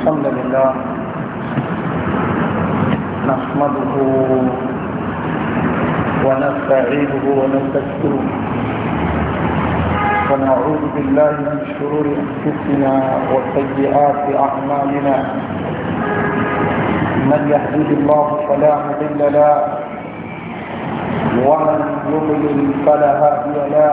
الحمد لله نحمده ونستعينه ونستكثره ونعوذ بالله من شرور انفسنا وسيئات اعمالنا من يهديه الله فلا مضل له ومن يضلل فلا هادي له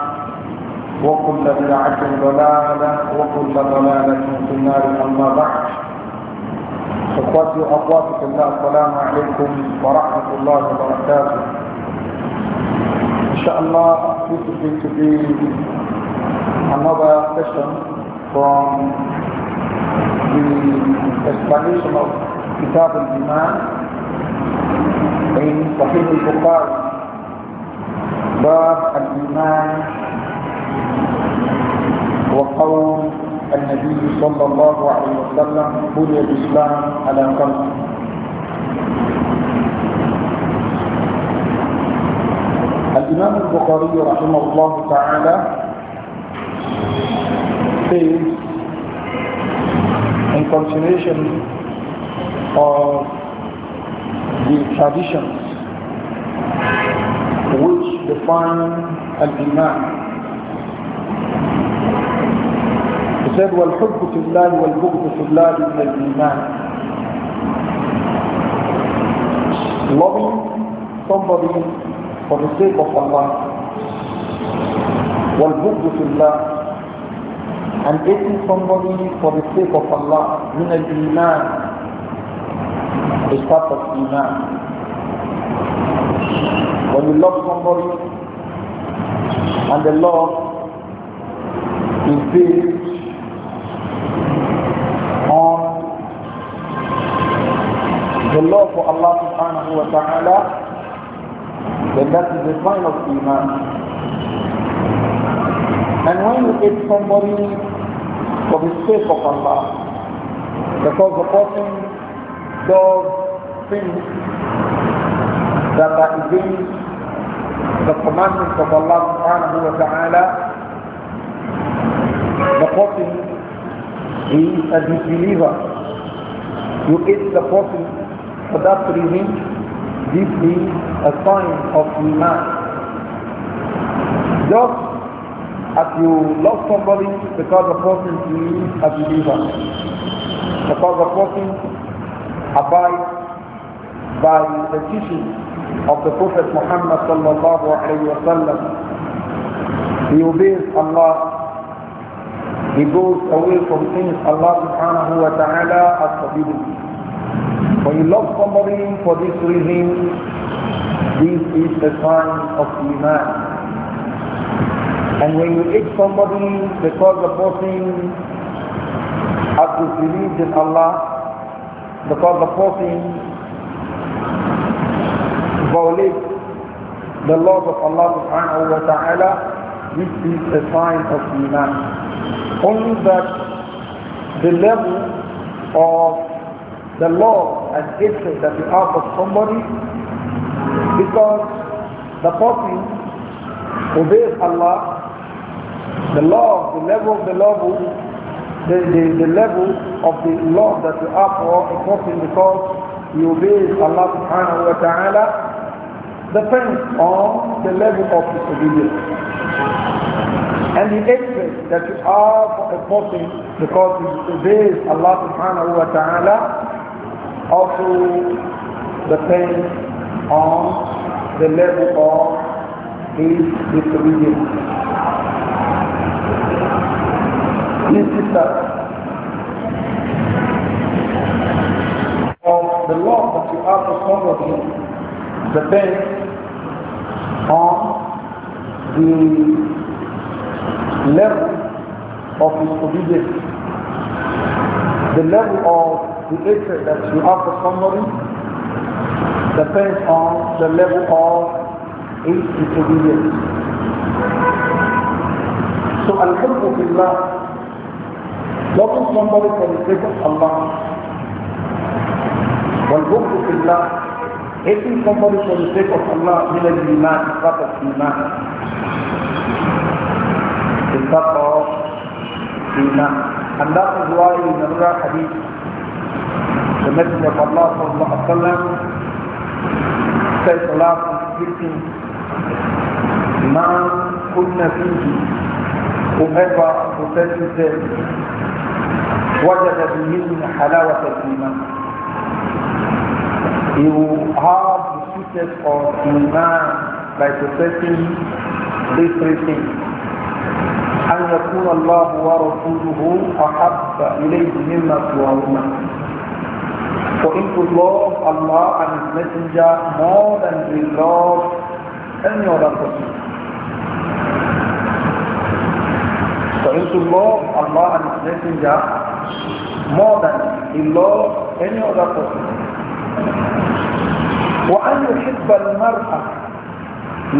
وكل بدعة ضلالة وكل ضلالة في النار أما بعد أخواتي وأخواتي في الله السلام عليكم ورحمة الله وبركاته إن شاء الله this is going to be another session from the explanation of Kitab al-Iman in Sahih al-Bukhari al-Iman وقول النبي صلى الله عليه وسلم بني الإسلام على قلب الإمام البخاري رحمه الله تعالى says in continuation of the traditions which define al-Iman said, وَالْحُبُّ فِي اللَّهِ وَالْبُغْضُ فِي اللَّهِ مِنَ الْإِيمَانِ Loving somebody for the sake of Allah. وَالْبُغْضُ فِي اللَّهِ And hating somebody for the sake of Allah. مِنَ الْإِيمَانِ Is part of Iman. When you love somebody and the love is based the law for Allah subhanahu wa ta'ala, then that is the sign of Iman. And when you hate somebody for the sake of Allah, because the person does things that are against the commandments of Allah subhanahu wa ta'ala, the person is a disbeliever. You hate the person for that reason, this is a sign of Iman. Just as you love somebody because the person is a believer, because the person abides by the teaching of the Prophet Muhammad sallallahu alayhi wa sallam, he obeys Allah he goes away from things Allah subhanahu wa ta'ala has forbidden. When you love somebody for this reason, this is a sign of Iman. And when you hate somebody because the person has disbelieved in Allah, because the person violates the laws of Allah subhanahu wa ta'ala, this is a sign of Iman. Only that the level of the love and hatred that you have for somebody because the person obeys Allah, the love, the level of the level, the, the, the level of the love that you have for a person because he obeys Allah subhanahu wa ta'ala depends on the level of his obedience. And the hatred that you have for a person because he obeys Allah subhanahu wa ta'ala also depends on the level of his disobedience. This is the of the law that you have for depends on the level of his obedience, the level of the effort that you offer somebody depends on the level of his disobedience. So Alhamdulillah, loving somebody for the sake of Allah, والبغض في الله hating somebody for the sake of Allah من الإيمان part of إيمان is part of إيمان and that is why in another hadith the Messenger of Allah sallallahu alaihi wasallam said Allah speaking, Man kunna fihi, whoever possesses them, وجد بهن حلاوة الإيمان. He will have the sweetness of Iman by possessing these three things. أن يكون الله ورسوله أحب إليه مما سواهما. For him to love Allah and His Messenger more than he loves any other person. For him to love Allah and His Messenger more than he loves any other person. وأن يحب المرء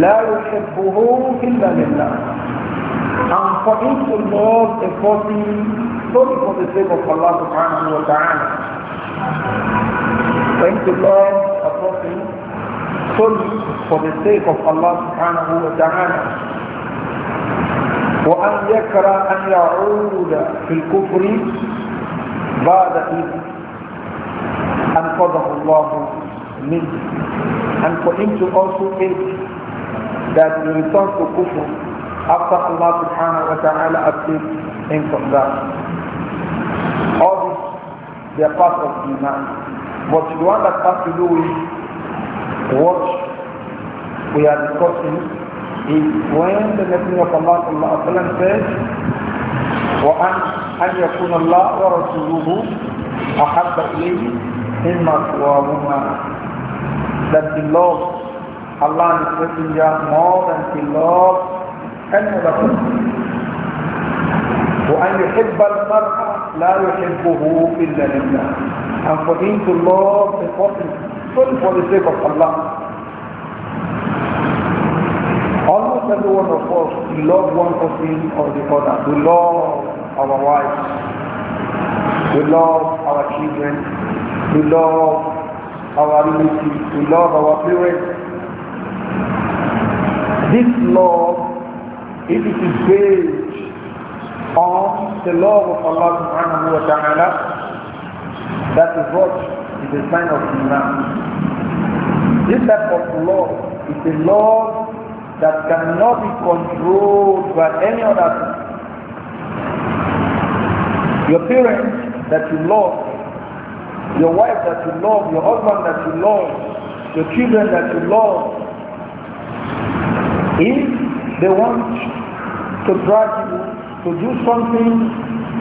لا يحبه إلا لله. And for him to love a person solely for the sake of Allah subhanahu wa ta'ala. going the Lord a person solely for the sake of Allah subhanahu wa ta'ala. وأن يكره أن يعود في الكفر بعد إذ أنقذه الله منه. And for him to also hate that he returns to kufr after Allah subhanahu wa ta'ala abstains him from that. All this, they are part of Iman. But the one that has to do with what we are discussing is when the Messenger of Allah وسلم, says, وأن أن يكون الله ورسوله أحب إليه مما سواهما that he loves Allah and His Messenger more than he loves any other person. وأن يحب المرء لا يحبه إلا لله and for him to love the person solely for the sake of Allah almost everyone of us we love one person or the other we love our wives we love our children we love our relatives we love our parents this love if it is based on the love of Allah subhanahu wa ta'ala, that is what is a sign of Iman. This type of love is a love that cannot be controlled by any other thing. Your parents that you love, your wife that you love, your husband that you love, your children that you love, if they want to drag you to do something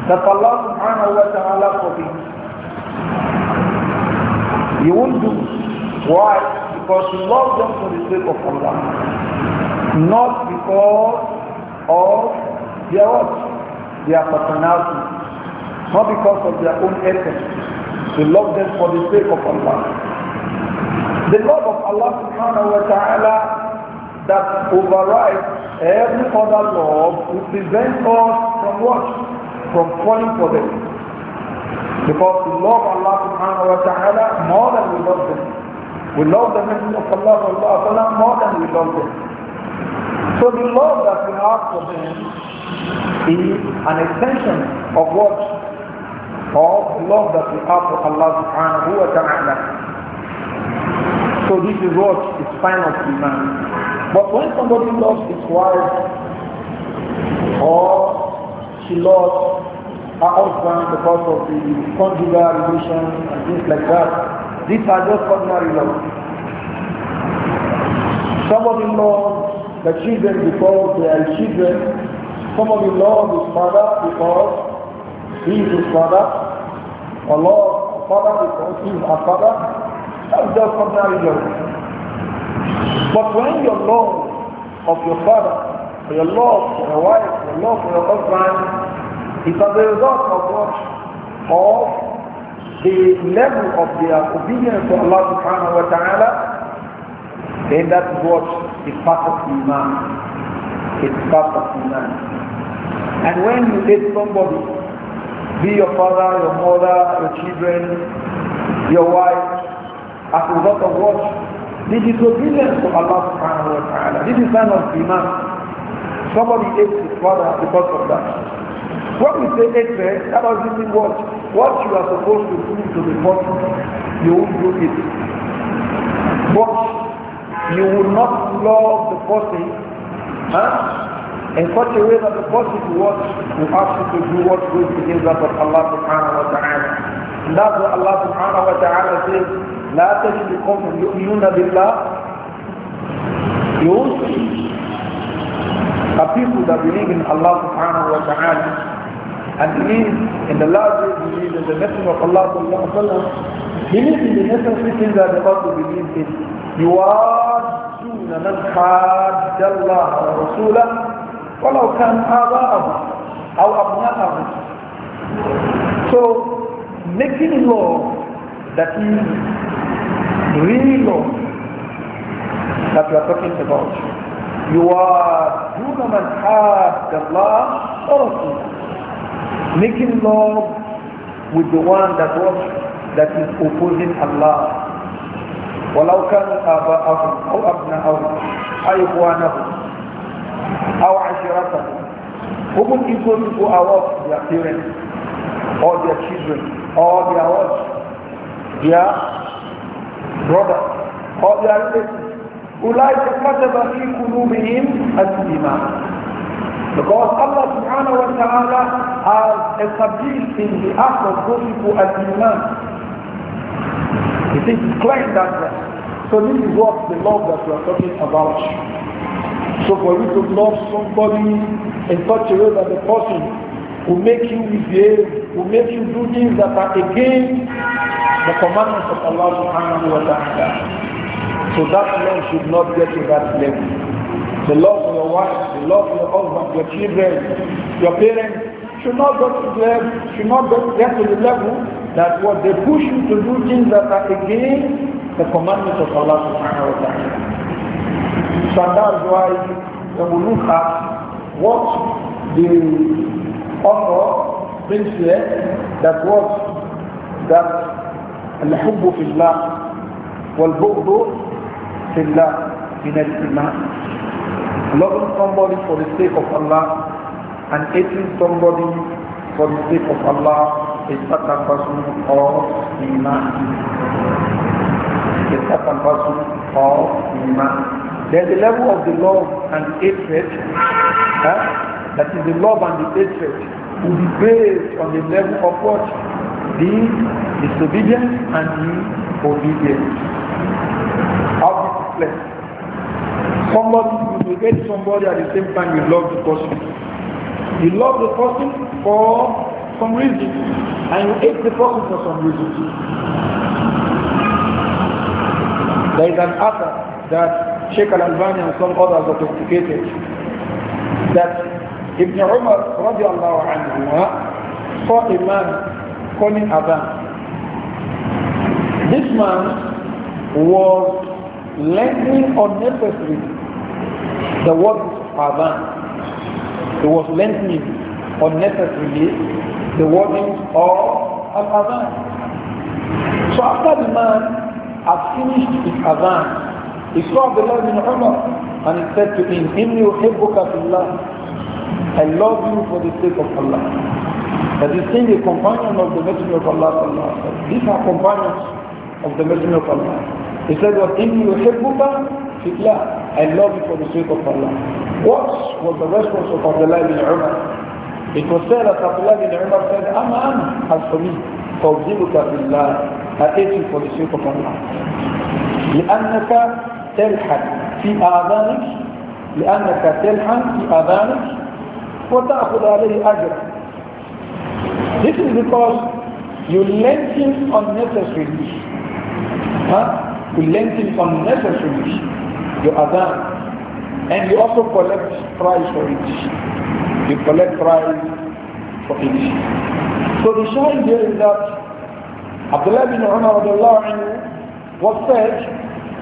that Allah subhanahu wa ta'ala forbids. You won't do. Why? Because you love them for the sake of Allah. Not because of their what? Their personality. Not because of their own essence. You love them for the sake of Allah. The love of Allah subhanahu wa ta'ala that overrides every other law to prevent us from what? From falling for them. Because we love Allah subhanahu wa ta'ala more than we love them. We love the Messenger of Allah Wa Taala more than we love them. So the love that we have for them is an extension of what? Of the love that we have for Allah subhanahu wa ta'ala. So this is what is final iman. But when somebody loves his wife or she loves her husband because of the conjugal relation and things like that, these are just ordinary love. Somebody loves the children because they are children. Somebody loves his father because he is his father. Or love father because he is her father. That's just ordinary love. But when your love of your father, or your love for your wife, your love for your husband is as a result of what? Of the level of their obedience to Allah subhanahu wa ta'ala, then that is what is part of Iman. It's part of Iman. And when you hate somebody, be your father, your mother, your children, your wife, as a result of what? The disobedience to Allah subhanahu wa ta'ala. This is sign of Somebody hates his father because of that. What we say hatred, eh, that doesn't mean what? What you are supposed to do to the person, you will do it. But you will not love the person huh? in such a way that the person who wants to ask you to do what goes against that of Allah subhanahu wa ta'ala. And that's what Allah subhanahu wa ta'ala says, لا تجد قوم يؤمنون بالله يوصي a people that believe in Allah subhanahu wa ta'ala and believe in the last days believe in the message of Allah subhanahu wa ta'ala, believe in the things that they ought to believe in. You are يوادون من حاد الله ورسوله ولو كان آباءهم أو أبناءهم. So, making law that that is really love that we are talking about. You are دون من حاد الله ورسوله making love with the one that was that is opposing Allah ولو كانوا آباءهم أو أبناءهم أو إخوانهم أو عشيرتهم even if those who are their parents or their children or their wives their brother or their relative. أولئك كتب في قلوبهم الإيمان Because Allah subhanahu wa ta'ala has established in the heart of those people an iman. It is clear that way. So this is what the love that we are talking about. So for you to love somebody in such a way that the person will make you behave, will make you do things that are against the commandments of Allah subhanahu wa ta'ala. So that love should not get to that level. The love of your wife, the love of your husband, your children, your parents should not go to the level, should not get to the level that what they push you to do things that are against the commandments of Allah subhanahu wa ta'ala. So that's why when we look at what the also brings here that what that الحب في الله والبغض في الله من الإيمان loving somebody for the sake of Allah and hating somebody for the sake of Allah is part and parcel of Iman is part and parcel of Iman there's a level of the love and hatred huh? that is the love and the hatred, will be based on the level of what? The disobedience and the obedience. How this is played. Somebody, you will get somebody at the same time you love the person. You love the person for some reason, and you hate the person for some reason. There is an author that Sheikh Al-Albani and some others authenticated that Ibn Umar radiyallahu anhu saw a man calling Adhan. This man was lending unnecessarily the word Adhan. He was lending unnecessarily the warnings of Al-Adhan. So after the man had finished his Adhan, he saw the Lord in Umar and he said to him, إِنِّي أُحِبُّكَ فِي اللَّهِ I love you for the sake of Allah. That is saying a companion of the Messenger of Allah. These are companions of the Messenger of Allah. He said, وَإِنِّي يُحِبُّكَ فِي اللَّهِ I love you for the sake of Allah. What was the response of Abdullah bin Umar? It was said that Abdullah bin Umar said, أَمَا أَنْ As for me, for فِي اللَّهِ I hate you for the sake of Allah. لأنك تلحن في آذانك لأنك تلحن في آذانك وتأخذ عليه أجرا This is because you him unnecessarily. Huh? You him unnecessarily your done. And you also collect price for it. You collect price for it. So the sign here is that Abdullah bin Umar was said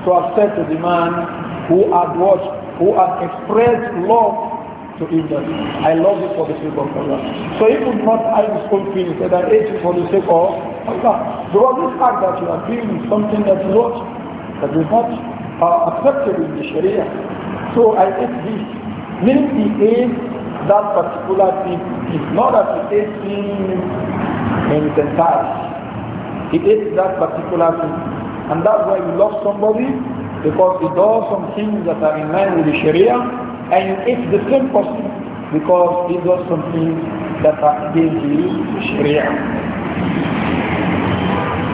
to have said to the man who had watched, who had expressed love to illness. I love it for the sake of Allah. So you would not I his own that I ate it for the sake of Allah. because was this act that you are doing something that is not, that is not uh, acceptable in the Sharia. So I ate this. Meaning he ate that particular thing. It's not that he ate things in its entirety. He ate that particular thing. And that's why you love somebody because he does some things that are in line with the Sharia and it's the same person because he does something that are against the Sharia.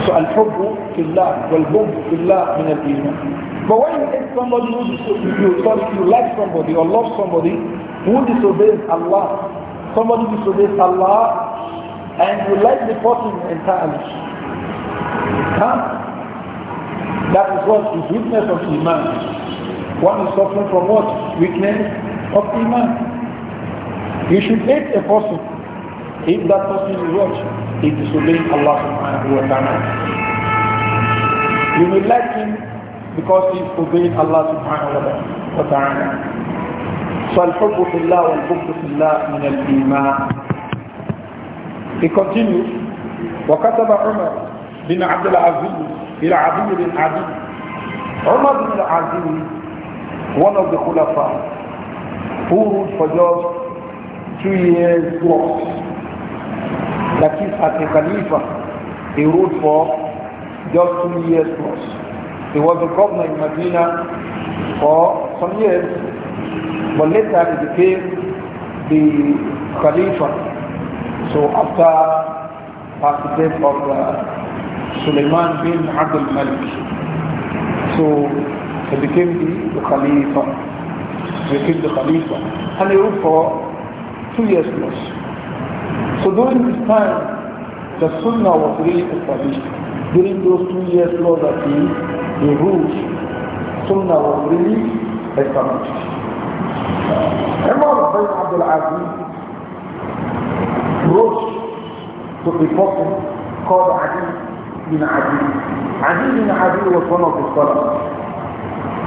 So al-hubb fillah wal-hubb fillah min al But when you eat somebody who you, sorry, you like somebody or love somebody who disobeys Allah, somebody disobeys Allah and you like the person entirely. Huh? That is what is forgiveness of Iman. One is suffering from what? Weakness of Iman. You should hate a person if that person is what? He disobeying Allah subhanahu wa ta'ala. You may like him because he is obeying Allah subhanahu wa ta'ala. فالحب في الله والحب في الله من الإيمان He continues, وكتب عمر بن عبد العزيز إلى عدي بن عدي عمر بن العزيز one of the Khulafa who ruled for just two years plus. That is as a Khalifa, he ruled for just two years plus. He was a governor in Medina for some years, but later he became the Khalifa. So after the death of uh, Suleiman bin Abdul Malik. So he became the, the Khalifa. He became the Khalifa. And he ruled for two years plus. So during this time, the Sunnah was really established. During those two years plus that he, he ruled, Sunnah was really established. Umar bin Abdul Aziz wrote to the Prophet called Ali bin Adi. Ali bin Adi was one of the scholars.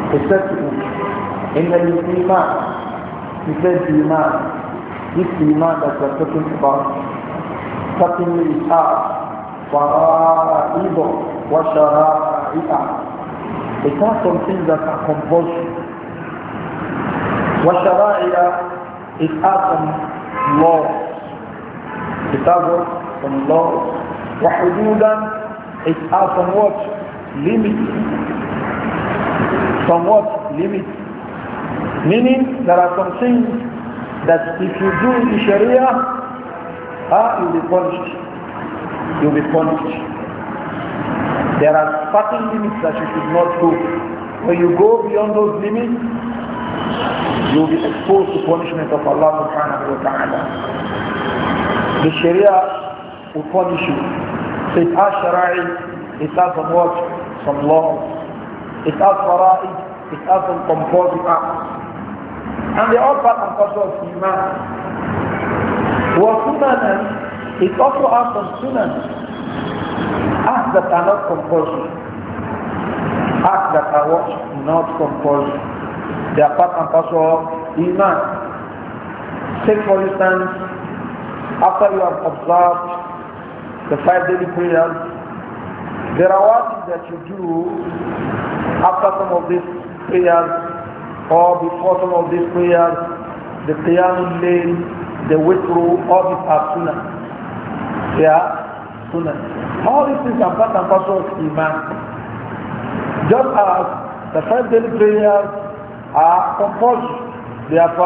It in the him, إن الإيمان He says iman. This iman that we're talking about certainly is hard. فرائض وشرائع It has some things that are compulsory. وشرائع It has some laws. It has some laws. وحدودا It has some what? Limits. From what limit? Meaning there are some things that if you do in the Sharia, ah, you'll be punished. You'll be punished. There are certain limits that you should not go. When you go beyond those limits, you'll be exposed to punishment of Allah subhanahu wa ta'ala. The Sharia will punish you. So it's has Shara'i, it has some what? Some laws. It has fara'id, it has some composite, acts. And they all part and parcel of Iman. Wasunanan, it also has some sunan. Acts that are not compulsory. Acts that are what? Not compulsory. They are part and parcel of Iman. Take for instance, after you have observed the five daily prayers, there are what that you do after some of these prayers or before some of these prayers, the Qiyamul Layl, the Witru, all these are Sunnah. Yeah, Sunnah. All these things are part and parcel of Iman. Just as the five daily prayers are composed they are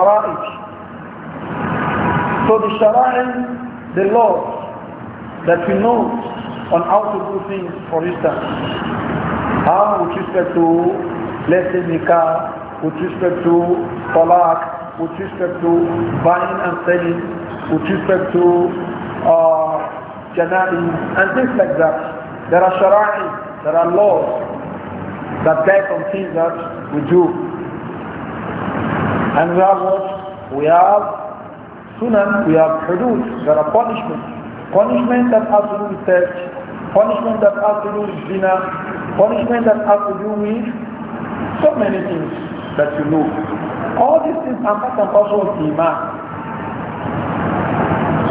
So the shara'i, the laws that we know on how to do things, for instance. How with respect to, let's say, nikah, with respect to talak, with respect to buying and selling, with respect to uh, and things like that. There are shara'i, there are laws that guide on things that we do. And we have what? We have sunan, we have hudud, there are punishments. punishments that absolutely to do with punishment that has to do with dinner, punishment that has to do with so many things that you know. All these things are part and parcel of Iman.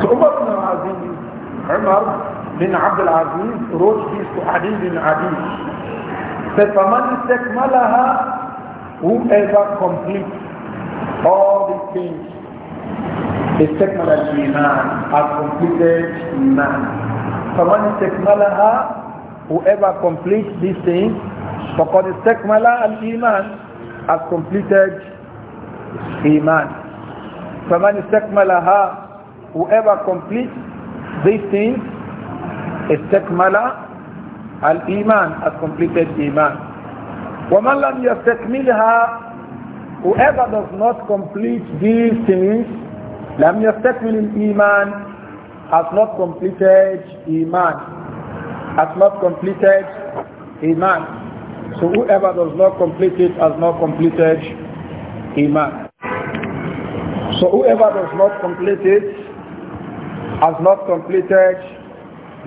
So Umar bin Aziz, Umar bin Abdul Aziz wrote this to Adi bin Adi. Said, فَمَنْ إِسْتَكْمَلَهَا Whoever completes all these things, إِسْتَكْمَلَ الْإِيمَانِ has completed Iman. فَمَنْ اسْتَكْمَلَهَا Whoever completes this thing, فَقَدْ اسْتَكْمَلَ الْإِيمَانِ Has completed Iman. فَمَنْ اسْتَكْمَلَهَا Whoever completes this thing, استكمل الإيمان has completed Iman. وَمَنْ لَمْ يَسْتَكْمِلْهَا Whoever does not complete these things, لَمْ يَسْتَكْمِلِ الْإِيمَانِ has not completed Iman. Has not completed Iman. So whoever does not complete it has not completed Iman. So whoever does not complete it has not completed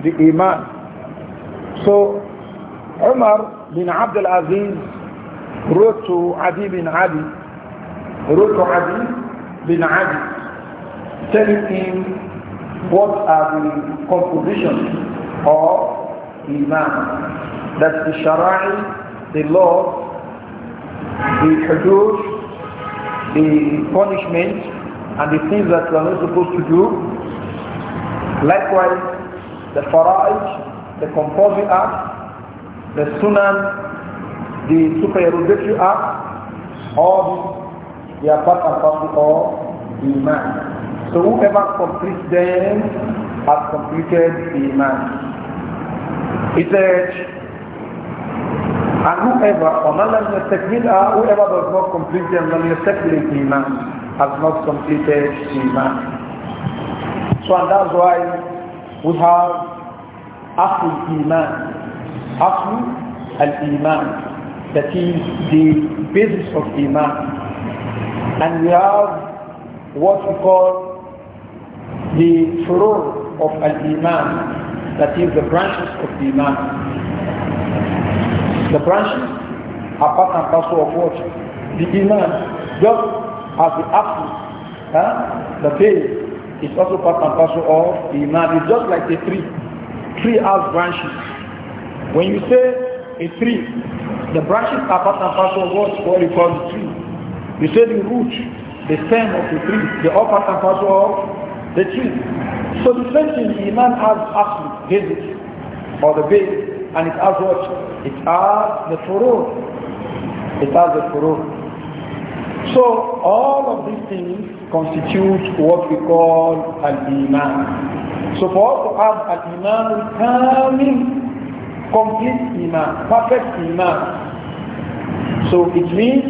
the Iman. So Umar bin Abdul Aziz wrote to Adi bin Adi, wrote to Adi bin Adi, telling him what are the composition of Iman. That's the Shara'i, the law, the hudud, the punishment, and the things that we are not supposed to do. Likewise, the fara'ij, the composite act, the sunan, the supererogatory act, all these, they are part and parcel of Iman. So whoever completes them has completed the Iman. He said, and whoever, on whoever does not complete them, then the Iman, has not completed the Iman. So and that's why we have Asl Iman. Asl al-Iman. That is the basis of Iman. And we have what we call the furor of al-iman, that is the branches of the iman. The branches are part and parcel of what? The iman, just as the apple, huh? the base, is also part and parcel of the iman. It's just like a tree. Tree has branches. When you say a tree, the branches are part and parcel of what? you call the tree. You say the root, the stem of the tree, the upper and parcel of the chief. So the faith the Iman has actually his or the base and it has what? It has the furor. It has the furor. So all of these things constitute what we call an iman So for us to have al-Iman al-Kamil, complete Iman, perfect Iman. So it means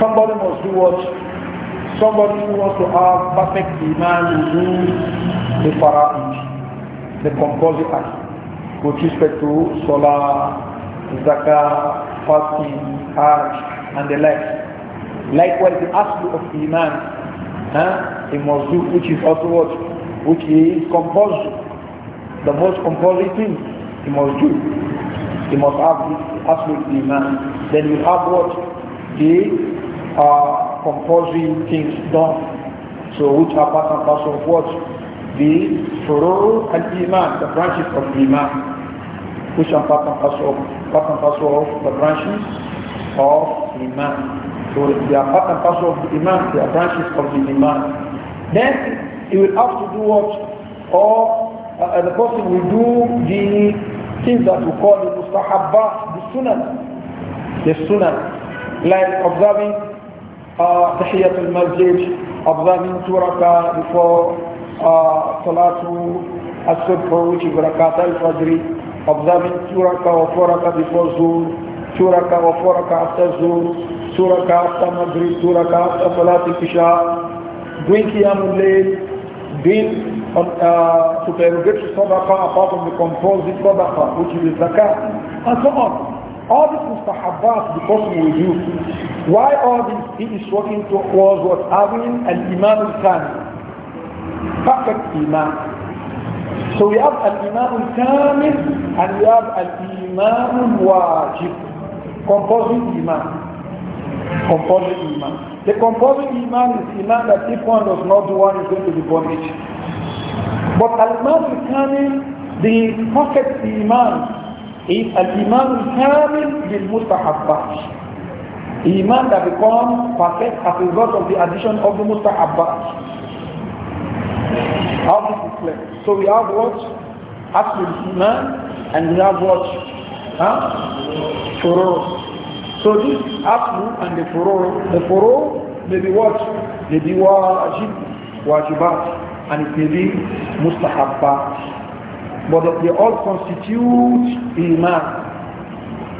somebody must do what? Somebody who wants to have perfect iman will do the fara'id, the compulsory act, with respect to salah, zakah, fasting, hajj, and the like. Likewise, the aspect of iman, huh? must do, which is also what, which is compulsory, the most compulsory thing he must do. He must have this of iman. Then you have what the are compulsory things done. So which are part and parcel of what? The furor and iman, the branches of iman, which are part and parcel of, part and parcel of the branches of iman. So they are part and parcel of the iman, they are branches of the iman. Then you will have to do what? Or uh, the person will do the things that we call the mustahabbat, the sunnah, the sunnah, like observing آه، تحية المسجد أفضل من تركة آه، صلاة الصبح وبركة الفجر أفضل من تركة وفركة بفور زور تركة وفركة أفضل زور تركة أفضل مغرب تركة صلاة الكشاء دوين قيام الليل دين تتعرضت آه، صدقة أفضل بكمفوز صدقة وتي بالزكاة and so on all these مستحبات بقسم وجود Why all this? He is working towards what having an Imam al-Kamil. Perfect Imam. So we have an Imam al-Kamil and we have an Imam al-Wajib. Composing Imam. Composing Imam. The composing Imam is Imam that if one does not do one is going to be punished. But al-Imam al-Kamil, the perfect Imam, is al-Imam al-Kamil bil-Mustahabbat. Iman that becomes perfect as a result of the addition of the Musta'abbat. How this is clear. So we have what? Absolute Iman and we have what? Huh? Furor. So this Absolute and the Furor, the Furor may be what? May be wajib, wajibat, and it may be mustahabbat. But they all constitute Iman.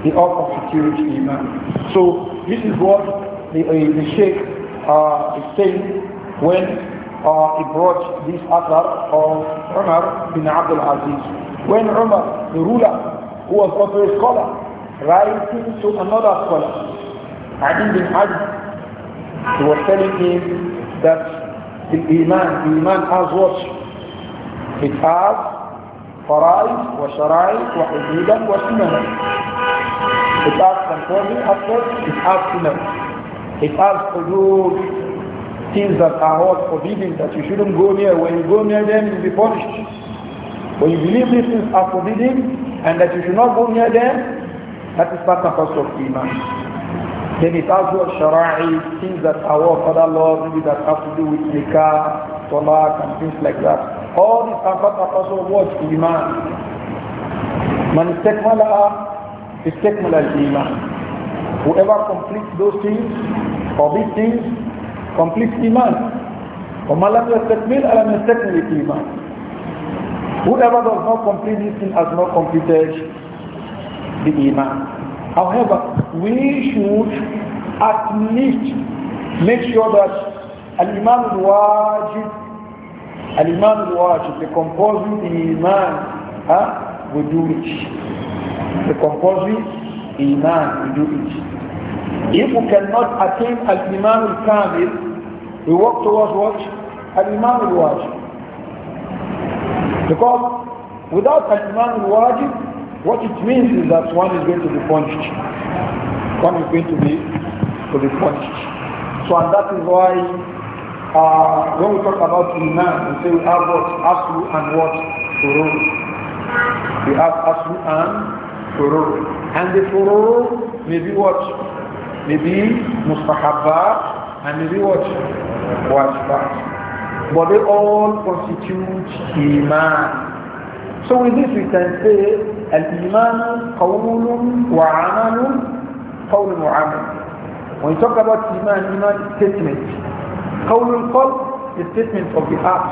They all constitute Iman. So this is what the, uh, the Sheikh uh, is saying when uh, he brought this athar of Umar bin Abdul Aziz. When Umar, the ruler, who was also a scholar, writing to another scholar, Adi bin Adi, he was telling him that the Iman, the Iman has what? It has فرائض وشرائع وحدودا وسننا it asks for controlling, of course, it asks sinners. It asks for you things that are all forbidden that you shouldn't go near. When you go near them, you'll be punished. When you believe these things are forbidden and that you should not go near them, that is part the parcel of Iman. Then it also shara'i, things that our father Lord, maybe that have to do with nikah, talaq and things like that. All these are part the parcel of what? Iman. Man istakmalaha is al-Iman. Whoever completes those things or these things completes Iman. وَمَا لَمْ يَسْتَكْمِلْ أَلَمْ يَسْتَكْمِلْ iman. Whoever does not complete this thing has not completed the Iman. However, we should at least make sure that Al-Iman al-Wajib, Al-Iman al-Wajib, the compulsory Iman, huh, we do it. The compulsory Iman, we do it. If we cannot attain Al-Iman al-Kamil, we work towards what? Al-Iman al-Wajib. Because without Al-Iman al-Wajib, what it means is that one is going to be punished. One is going to be, to be punished. So and that is why uh, when we talk about Iman, we say we have what? Aslu and what? rule We have Aslu and furur. And the furur may be what? May be mustahabbat and may be what? Wajibat. But they all constitute iman. So with this we can say al-iman qawlun wa amalun qawlun wa amal. When we talk about iman, iman is statement. Qawlun qalb is statement of the heart,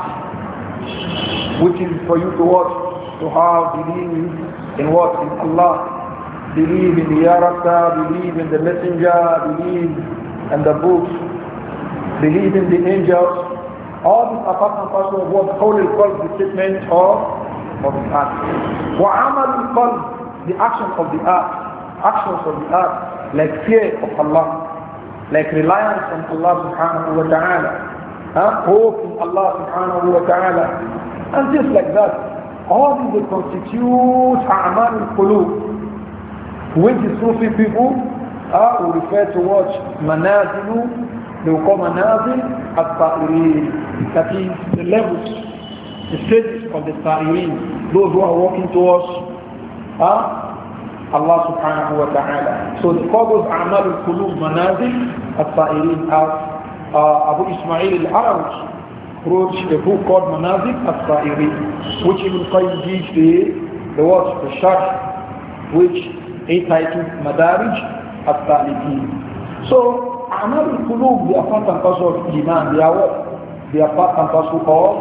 which is for you to watch, to have, believe, in what? In Allah. Believe in the hereafter, believe in the messenger, believe in the books, believe in the angels. All these are part and parcel of what Holy calls the statement of, of the act. Wa'amal calls the action of the act, actions of the act, like fear of Allah, like reliance on Allah subhanahu wa ta'ala, huh? hope in Allah subhanahu wa ta'ala, and just like that. All these they constitute A'mal al-Qulub, which the Sufi people uh, will refer to what Manazilu, they will call Manazil al-Ta'irin, that is the levels, the stages of the Ta'irin, those who are walking towards uh, Allah subhanahu wa ta'ala. So the call those A'mal al-Qulub Manazil al-Ta'irin as uh, Abu Ismail al-Arabi Approach a book called Manazik al-Sa'iri, which Ibn Qayyim gives the, the word, the sharh, which he titled Madarij al-Salikin. So, Amal al-Qulub, they are part and parcel of Iman, they are what? They are part and parcel of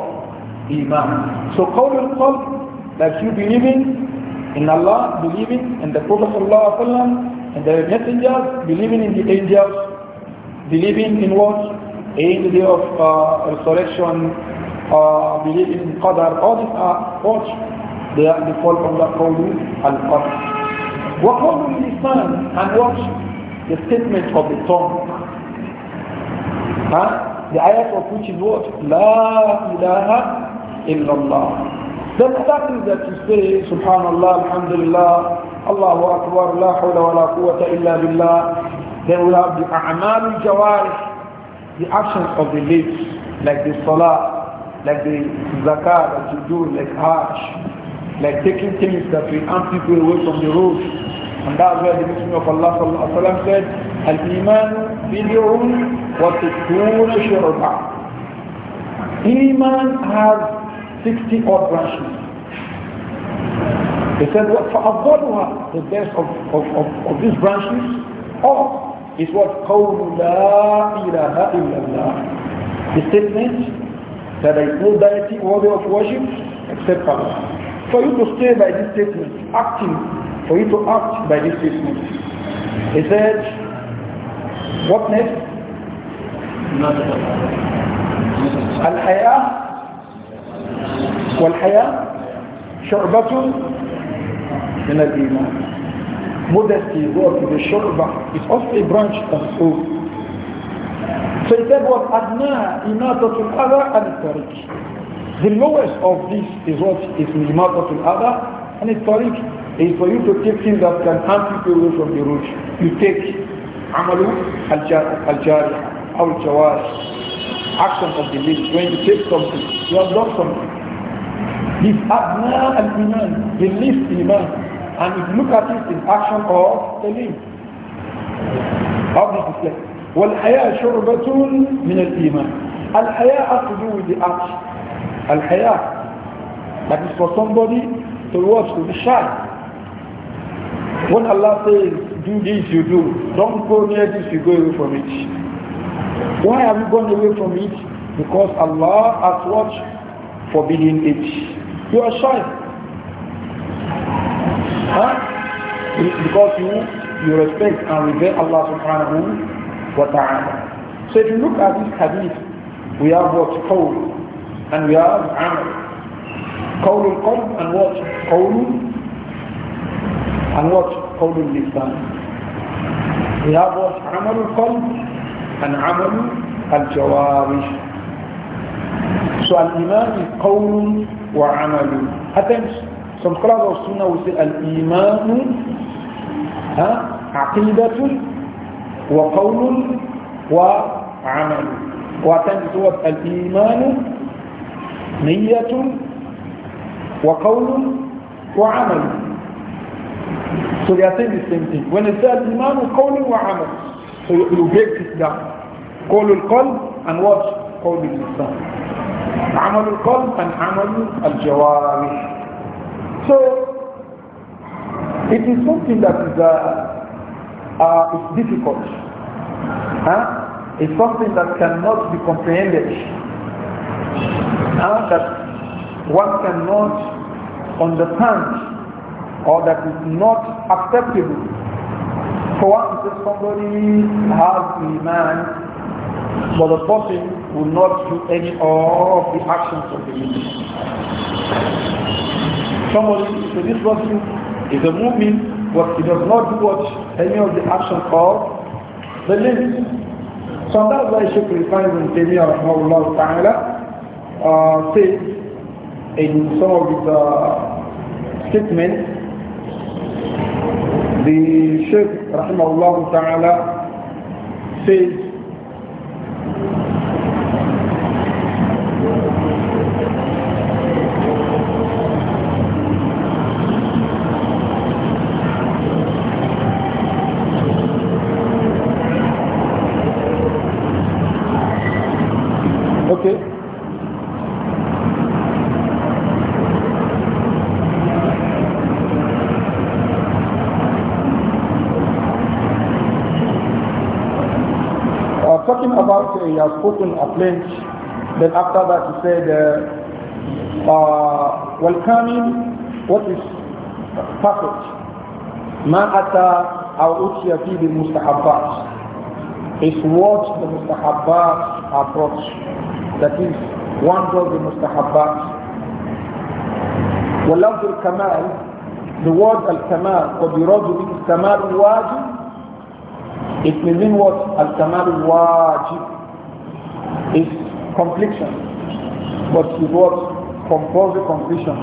Iman. So, Qawl al-Qalb, that you believing in Allah, believing in the Prophet sallallahu alaihi and the messengers, believing in the angels, believing in what? in the day of uh, resurrection, uh, believe in Qadar, all these are watch they, are, the fall under Qawlu and Qadr. What we understand and what the statement of the tongue. Huh? The ayat of which is what? La ilaha illallah. Then other that you say, Subhanallah, Alhamdulillah, Allahu Akbar, La hawla wa la quwwata illa billah, then we have the A'mal al-Jawarih, the actions of the lips, like the salah, like the zakah that you do, like hajj, like taking things that will arm people away from the road. And that's why the Messenger of Allah وسلم, said, Al-Iman bid'un wa tukuna shurba. Iman has 60 odd branches. He said, what for avoiding the best of, of, of, of these branches, or is what قَوْلُ لَا إِلَهَ إِلَّا اللَّهِ The statement that there is no deity worthy of worship except Allah. For you to stay by this statement, acting, for you to act by this statement. He said, what next? الحياة والحياة شعبة من الإيمان modesty what the shurba is also a branch of soul. So he said what adna to other and tariq. The lowest of this is what is to other and tariq is for you to take things that can harm people away from the root. You take amalu al-jari or jawari action of the lips when you take something you have done something. This adna al-iman, the least iman and if you look at it in action of the limb, of the reflex. والحياة شعبة من الإيمان. الحياة has to do with the action. الحياة. That is for somebody to watch, to be shy. When Allah says, do this, you do. Don't go near this, you go away from it. Why have you gone away from it? Because Allah has what? Forbidden it. You are shy. Huh? Because you, you respect and revere Allah subhanahu wa ta'ala. So if you look at this hadith, we have what? Qawl. And we have Amal. Qawl al and what? Qawl and what? Qawl al We have what? Amal al and Amal al-Jawarish. So al-Iman is Qawl wa Amal. Attention. فالقرآن والسنة وسئ الإيمان عقيدة وقول وعمل وتاني سوى الإيمان نية وقول وعمل سياتين السنتين وين سئ الإيمان قول وعمل يبيك ده قول القلب عن وجه قول الإنسان عمل القلب عن عمل الجوارح So it is something that is uh, uh, difficult. Huh? It's something that cannot be comprehended. Huh? That one cannot understand or that is not acceptable. For one if somebody has iman, but the person will not do any of the actions of the religion somebody so this person is a mu'min but he does not watch any of the action of the limbs. So that's why Shaykh Rifan ibn Taymiyyah rahmahullah ta'ala uh, says in some of his uh, statements the Shaykh rahmahullah ta'ala says he has spoken at length. Then after that he said, uh, uh, welcoming what is perfect. ما أتى أو أتي فيه بالمستحبات It's what the mustahabbat are brought. That is, one does the mustahabbat. ولفظ الكمال the word al-kamal قد يراد به الكمال الواجب it may mean what al-kamal الواجب is completion. But it was Compulsory completion.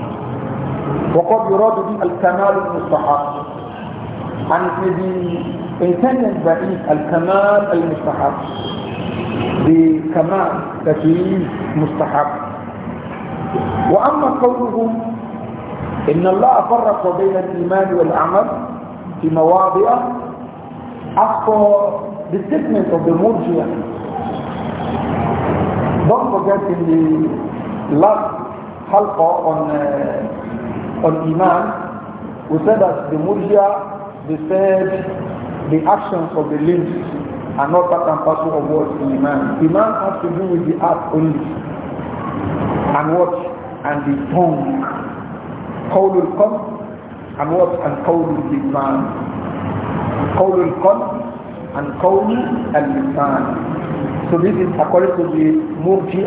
وقد يراد به الكمال المستحق. And it may be intended by it الكمال المستحق. The كمال that is مستحق. وأما قولهم إن الله فرق بين الإيمان والعمل في مواضع after the statement of the Murjiah Don't forget in the last halqa on, uh, on Iman, we said that the Murjia, they said the actions of the limbs are not part and parcel of what Iman. Iman has to do with the heart only. And what? And the tongue. will come and what? And قول اللسان. will come and قول اللسان. So this is according to the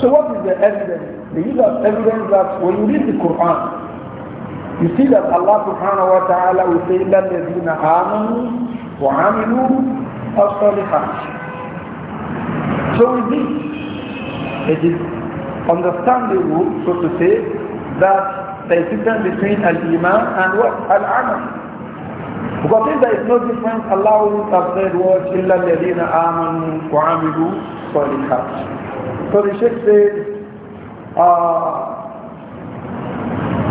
So what is the evidence? The use of evidence that when you read the Quran, you see that Allah subhanahu wa ta'ala will say, إِلَّا الَّذِينَ آمَنُوا وَعَمِلُوا الصَّالِحَاتِ So with this, it is understandable, so to say, that the difference between al-iman and what? Al-amal. Because if there is no difference, Allah would have said what? إِلَّا الَّذِينَ آمَنُوا وَعَمِلُوا صَالِحَاتِ So the Sheikh says, uh,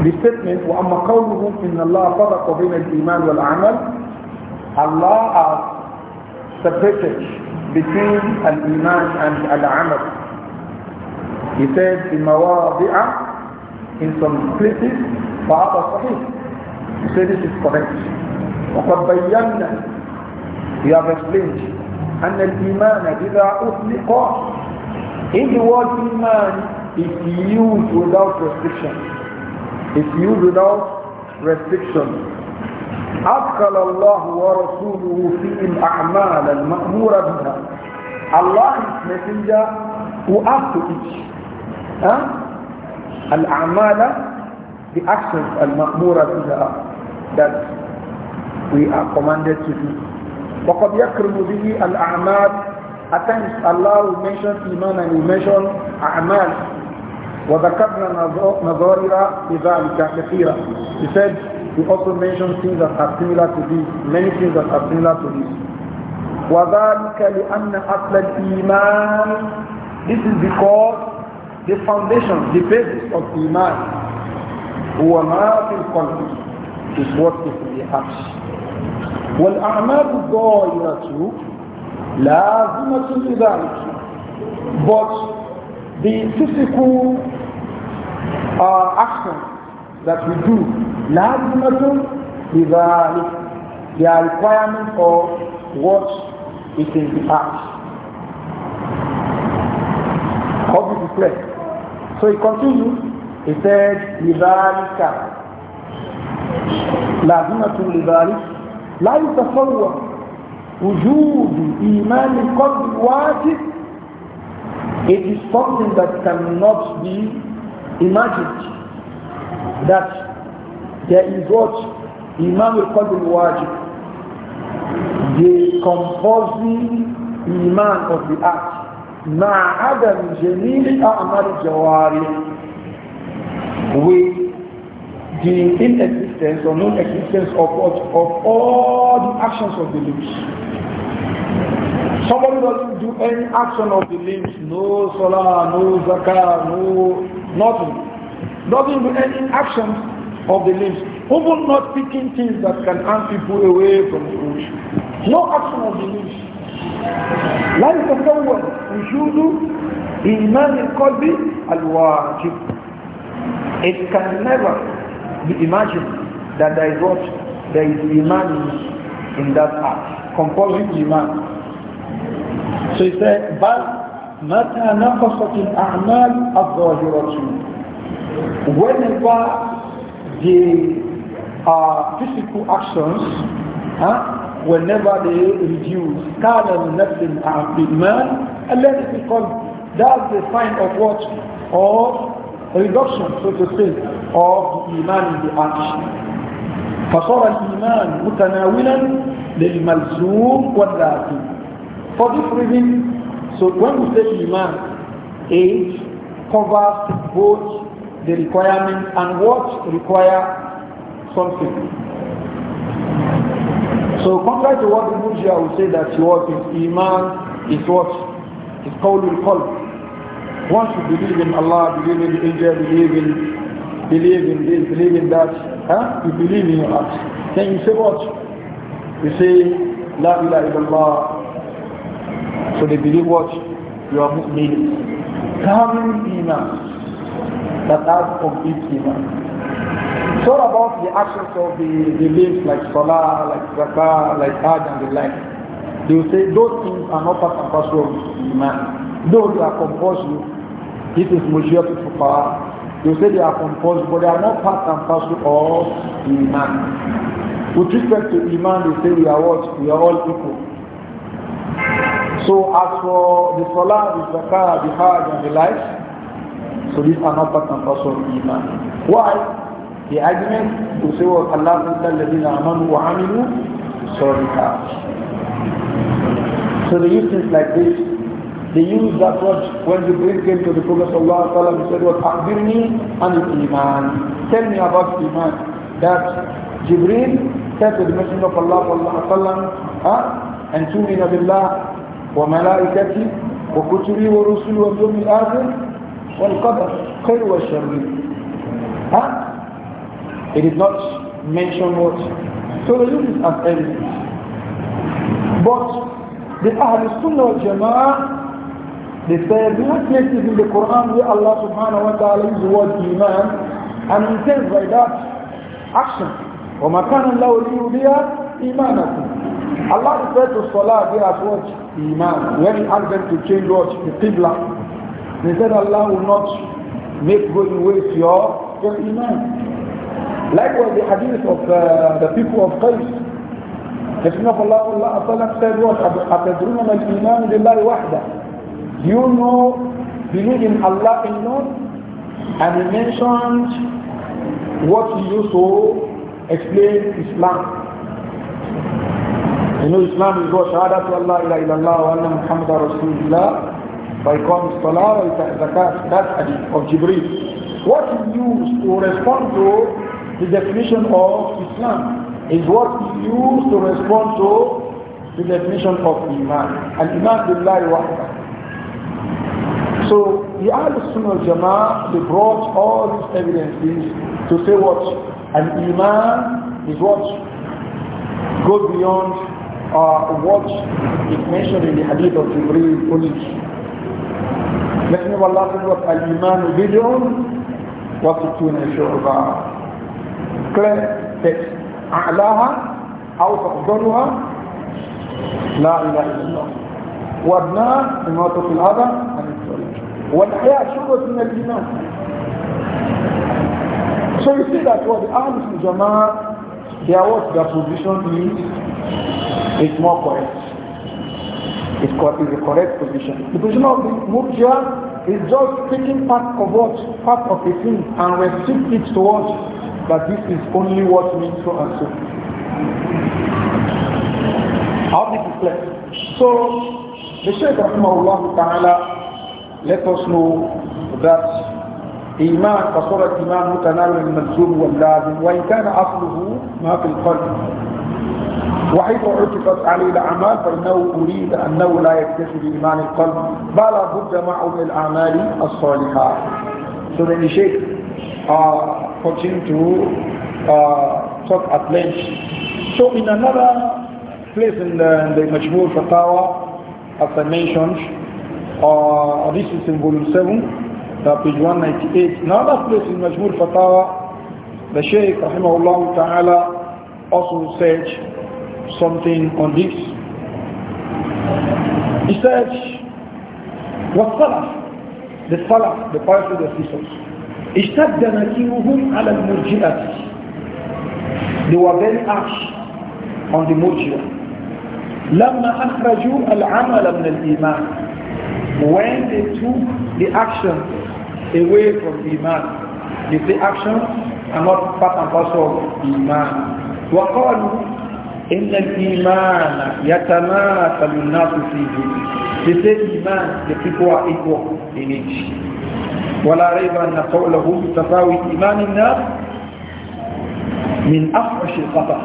the statement, وَأَمَّا قَوْلُهُمْ إِنَّ اللَّهَ فَرَقَ بَيْنَ الْإِيمَانِ وَالْعَمَلِ Allah has separated between al-Iman and al-Amal. He said, in مواضع in some places, فَهَذَا صَحِيح He said this is correct. وقد بينا يا have أن الإيمان إذا أطلق in the word إيمان is used without restriction It's used without restriction أدخل الله ورسوله في الأعمال المأمورة بها is messenger who asked to each الأعمال the actions المأمورة بها that we are commanded to do. وَقَدْ يَكْرِمُ بِهِ الْأَعْمَالِ At times Allah will mention Iman and will mention A'mal. وَذَكَرْنَا نَظَائِرَ لِذَلِكَ كَثِيرًا He said, he also mentioned things that are similar to this, many things that are similar to this. وَذَلِكَ لِأَنَّ أَصْلَ الْإِيمَانِ This is because the foundation, the basis of Iman, هُوَ مَا فِي الْقَلْبِ is what is in the heart. والأعمال الظاهرة لازمة لذلك but the physical uh, action that we do لازمة لذلك they are requirement of what is in the act how do you play? so he continues he said لذلك لازمة لذلك لا يتصور وجود إيمان the واجب It is something that cannot be imagined that there is what Imam al-Qalb al-Wajib the composing Iman of the act مع عدم جميل أعمال الجوارح with the inexistence or non-existence of, what, of all the actions of the limbs. Somebody doesn't do any action of the limbs, no salah, no zakah, no nothing. Doesn't do any action of the limbs. Even not picking things that can harm people away from the bush. No action of the limbs. لا يتكون وجود إيمان القلب الواجب. It can never you imagine that there is what? There is iman in that act, compulsory iman. So he said, but متى نقصت الأعمال الظاهرة whenever the uh, physical actions huh, whenever they reduce كان لنفس الإيمان الذي في القلب that's the sign of what? of reduction so to speak of the iman in the action. فصار الإيمان متناولا للملزوم واللازم. For this reason, so when we say iman, it covers both the requirement and what require something. So contrary to what the would say that what is iman is what is qawlul call. One should believe in Allah, believe in the angel, believe in believe in this, believe in that. Huh? You believe in your heart. Then you say what? You say, La ilaha illallah. So they believe what? You are mu'min. in us. That has complete iman. It's all about the actions of the beliefs like Salah, like Zakah, like Hajj and the like. They will say those things are not part and parcel of Iman. Those are compulsory. This It is Mujahid al-Fuqara. They say they are composed, but they are not part and parcel of Iman. With respect to Iman, they say we are what? We are all equal. So as for the Salah, the Zakah, the Hajj, and the life, so these are not part and parcel of Iman. Why? The argument to say what Allah said, الَّذِينَ آمَنُوا وَعَمِلُوا صَالِحَاتِ So they use things like this they used that word when Jibril came to the Prophet Sallallahu he said, What Akbirni and Iman. Tell me about Iman. That Jibril said to the Messenger of Allah Sallallahu Alaihi Wasallam, huh? Ah, and tumin billah wa malaikati wa kutubi wa rusuli wa yawmi al-akhir wal qadar khair wa sharri. Ah, it is did not mention what. So they use it as evidence. But the Ahlul Sunnah wal Jama'ah they said, there are places in the Quran where Allah subhanahu wa ta'ala uses the word iman and intends by that action. وَمَا كَانَ اللَّهُ لِيُضِيَ إِيمَانَكُمْ Allah referred to Salah there as what? Iman. When he asked them to change what? The Qibla. They said Allah will not make going waste your, your Iman. Likewise the hadith of uh, the people of Qais لكن الله صلى Allah, عليه وسلم said what أتدرون ما الإيمان لله وحده you know, believe in Allah alone, and he mentioned what he used to explain Islam. You know, Islam is what Shahada to Allah ila illallah wa anna Muhammad Rasulullah by calling Salah wa Zakat, that hadith of Jibreel. What he used to respond to the definition of Islam is what he used to respond to the definition of Iman. And Iman billahi wahda. So the Ahlul Sunnah Jama'ah, they brought all these evidences to say what? An Iman is what? Go beyond uh, what is mentioned in the hadith of Jibreel Ulij. Messenger of Allah said what? an iman bid'un wa situna shu'ba. Clear text. أعلاها أو تقدرها لا إله إلا الله وابناء بموافق الأب عن الزوج والحياء شعبة من الإيمان So you see that what the arms in Jama'ah, their what their position is, is more correct. It's is the correct position. The position of the Murjia is just taking part of what, part of the thing and restrict it towards that this is only what means so and so. How this is clear. So the Shaykh Rahimahullah Ta'ala let us know that إيمان فصورة إيمان متناول الملزوم واللازم وإن كان أصله ما في القلب وحيث عتقت عليه الأعمال فإنه أريد أنه لا يكتفي بإيمان القلب بل بد معه من الأعمال الصالحة So then the Sheikh uh, continued to uh, talk at length. So in another place in the, in the Majmur Fatawa, as I mentioned, uh, this is in volume 7, uh, page 198. another place in Majmur Fatawa, the Shaykh Rahimahullah Ta'ala also said something on this. He said, what Salaf? The Salaf, the pious predecessors. اشتد نكيرهم على المرجئة. They were very harsh on the Murji'ah. لما أخرجوا العمل من الإيمان when they took the action away from the Iman if the action are not part and parcel of the Iman وقالوا إن الإيمان يتماثل الناس فيه they say Iman the people are equal in each ولا ريب أن قوله بتساوي إيمان الناس من أفرش الخطأ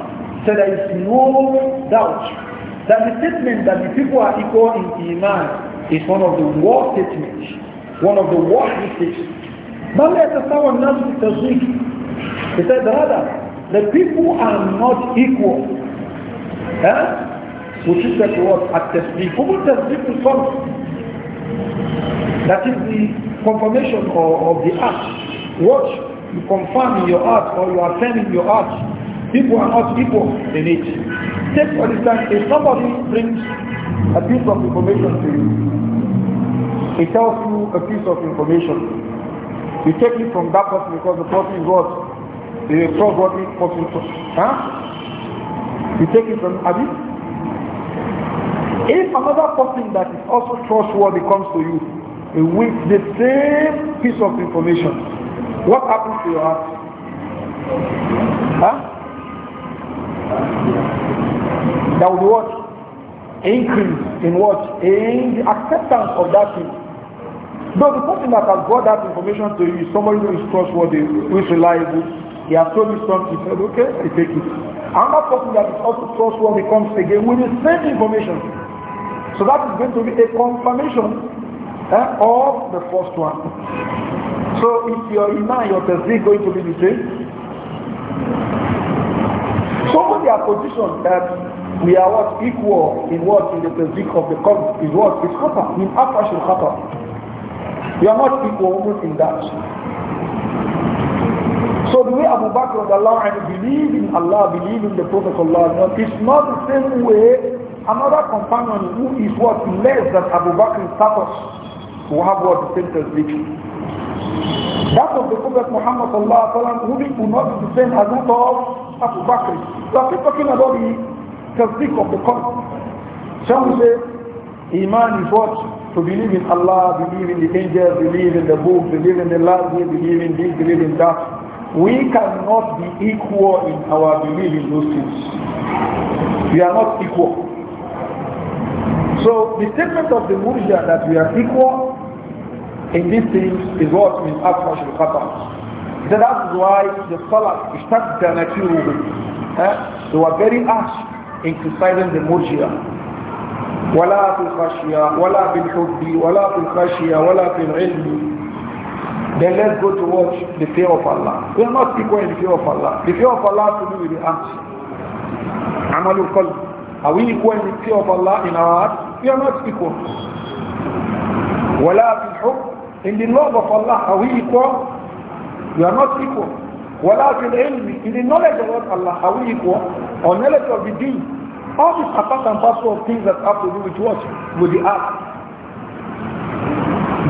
so there is no doubt that the statement that the people are equal in Iman is one of the worst statements, one of the worst mistakes. But let us now announce it as weak. He said, rather, the people are not equal. Huh? Eh? Which is that word at the speak? Who would tasbih to come? That is the confirmation of, of the act. What you confirm in your heart or you saying in your heart People are not equal in it. Take for instance, if somebody brings a piece of information to you, he tells you a piece of information. You take it from that person because the person is what? The trustworthy person. Huh? You take it from Abi. If another person that is also trustworthy comes to you with the same piece of information, what happens to your heart? Huh? That will what? Increase in what? In the acceptance of that thing. Though the person that has brought that information to you is somebody who is trustworthy, who is reliable, he has told you something, he said, okay, I take it. Another person that is also trustworthy comes again with the same information. So that is going to be a confirmation eh, of the first one. So if your iman, your tasbih going to be the same? So are positioned that um, we are what equal in what in the physique of the cause is what is khata. In should khata. We are not equal in that. So the way Abu Bakr and believe in Allah, believe in the Prophet Allah, it's not the same way another companion who is what less than Abu Bakr status to have what the same transmission. That of the Prophet Muhammad sallam, who will not be the same as that of Abu Bakr. So i talking about the tasdik of the Quran. Some say Iman is what? To believe in Allah, believe in the angels, believe in the book, believe in the last day, believe in this, believe in that. We cannot be equal in our belief in those things. We are not equal. So the statement of the Murja that we are equal in these things is what min afmash al-khata. So that's why the scholars ishtadda nakiruhu. Eh, they were very harsh in criticizing the Murjia. ولا في الخشية ولا في الحب ولا في الخشية ولا في العلم then let's go to watch the fear of Allah. We are not equal in the fear of Allah. The fear of Allah to do with the acts. Amalul qalb. Are we equal in the fear of Allah in our heart? We are not equal. ولا في الحب in the love of Allah, are we equal? We are not equal. Without In the knowledge of Allah, are we equal? Or knowledge of the deen? All these are part and parcel of things that have to do with what? With the act.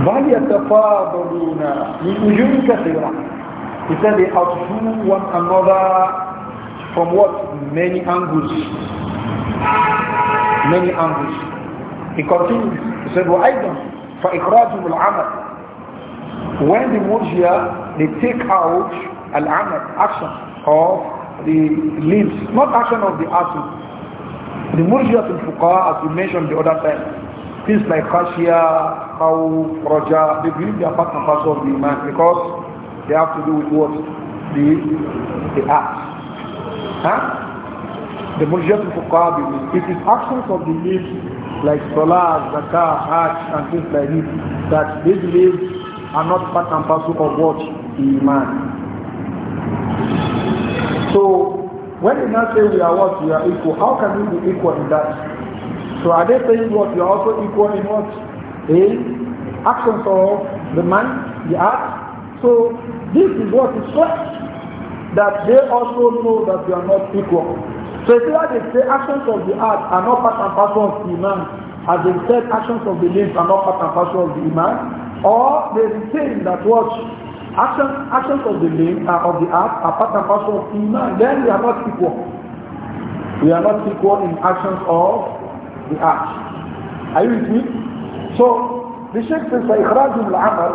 بَلْ يَتَفَاضَلُونَ مِنْ وُجُوهٍ كَثِيرًا He said they outdo one another from what? Many angles. Many angles. He continues. He said, وَأَيْضًا فَإِخْرَاجُهُ الْعَمَلِ when the mujia, they take out al-amal, action of the leaves, not action of the atom. The murjia in fuqa, as we mentioned the other time, things like khashia, khawf, raja, they believe they are part and parcel of the iman because they have to do with what? The, the act. Huh? the Murjat al-Fuqabi, is actions of the leaves, like Salah, Zakah, Hajj and things like this that they believe are not part and parcel of what? Iman. So, when they now say we are what? We are equal. How can we be equal in that? So are they saying what? We are also equal in what? the actions of the man, the act. So this is what said that they also know that we are not equal. So if they say actions of the act are not part and parcel of the iman, as they said actions of the limbs are not part and parcel of the iman, or they retain that what action, actions of the name uh, of the act are part and parcel of iman. Then we are not equal. We are not equal in actions of the act. Are you with me? So the Sheikh says, al amal,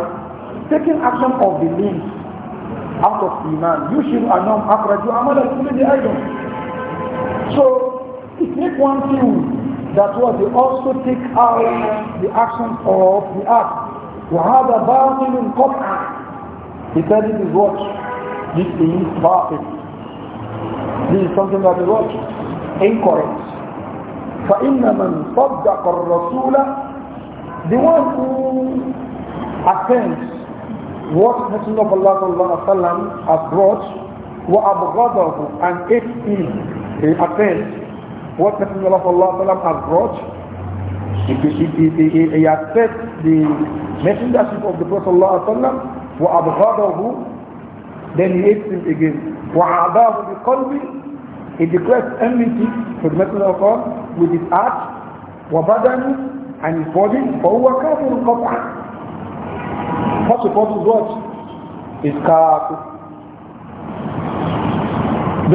taking action of the name out of iman. You should anam akhraju amal al the idol. So it makes one thing that was. they also take out the actions of the act. وهذا باطل قطعا He said it is what? This is باطل This is something that is what? Incorrect فإن من صدق الرسول The one who attends what Messenger of Allah صلى الله عليه وسلم has brought وأبغضه and if he attends what Messenger of Allah صلى الله عليه وسلم has brought he, he, he, he, he accepts the messengership of the Prophet ﷺ وَأَبْغَضَهُ then he hates him again وَعَضَاهُ بِقَلْبِ he declares enmity to the Messenger of God with his heart وَبَدَنِ and his body فَهُوَ كَافِرٌ قَطْعًا such a person's what? is kafir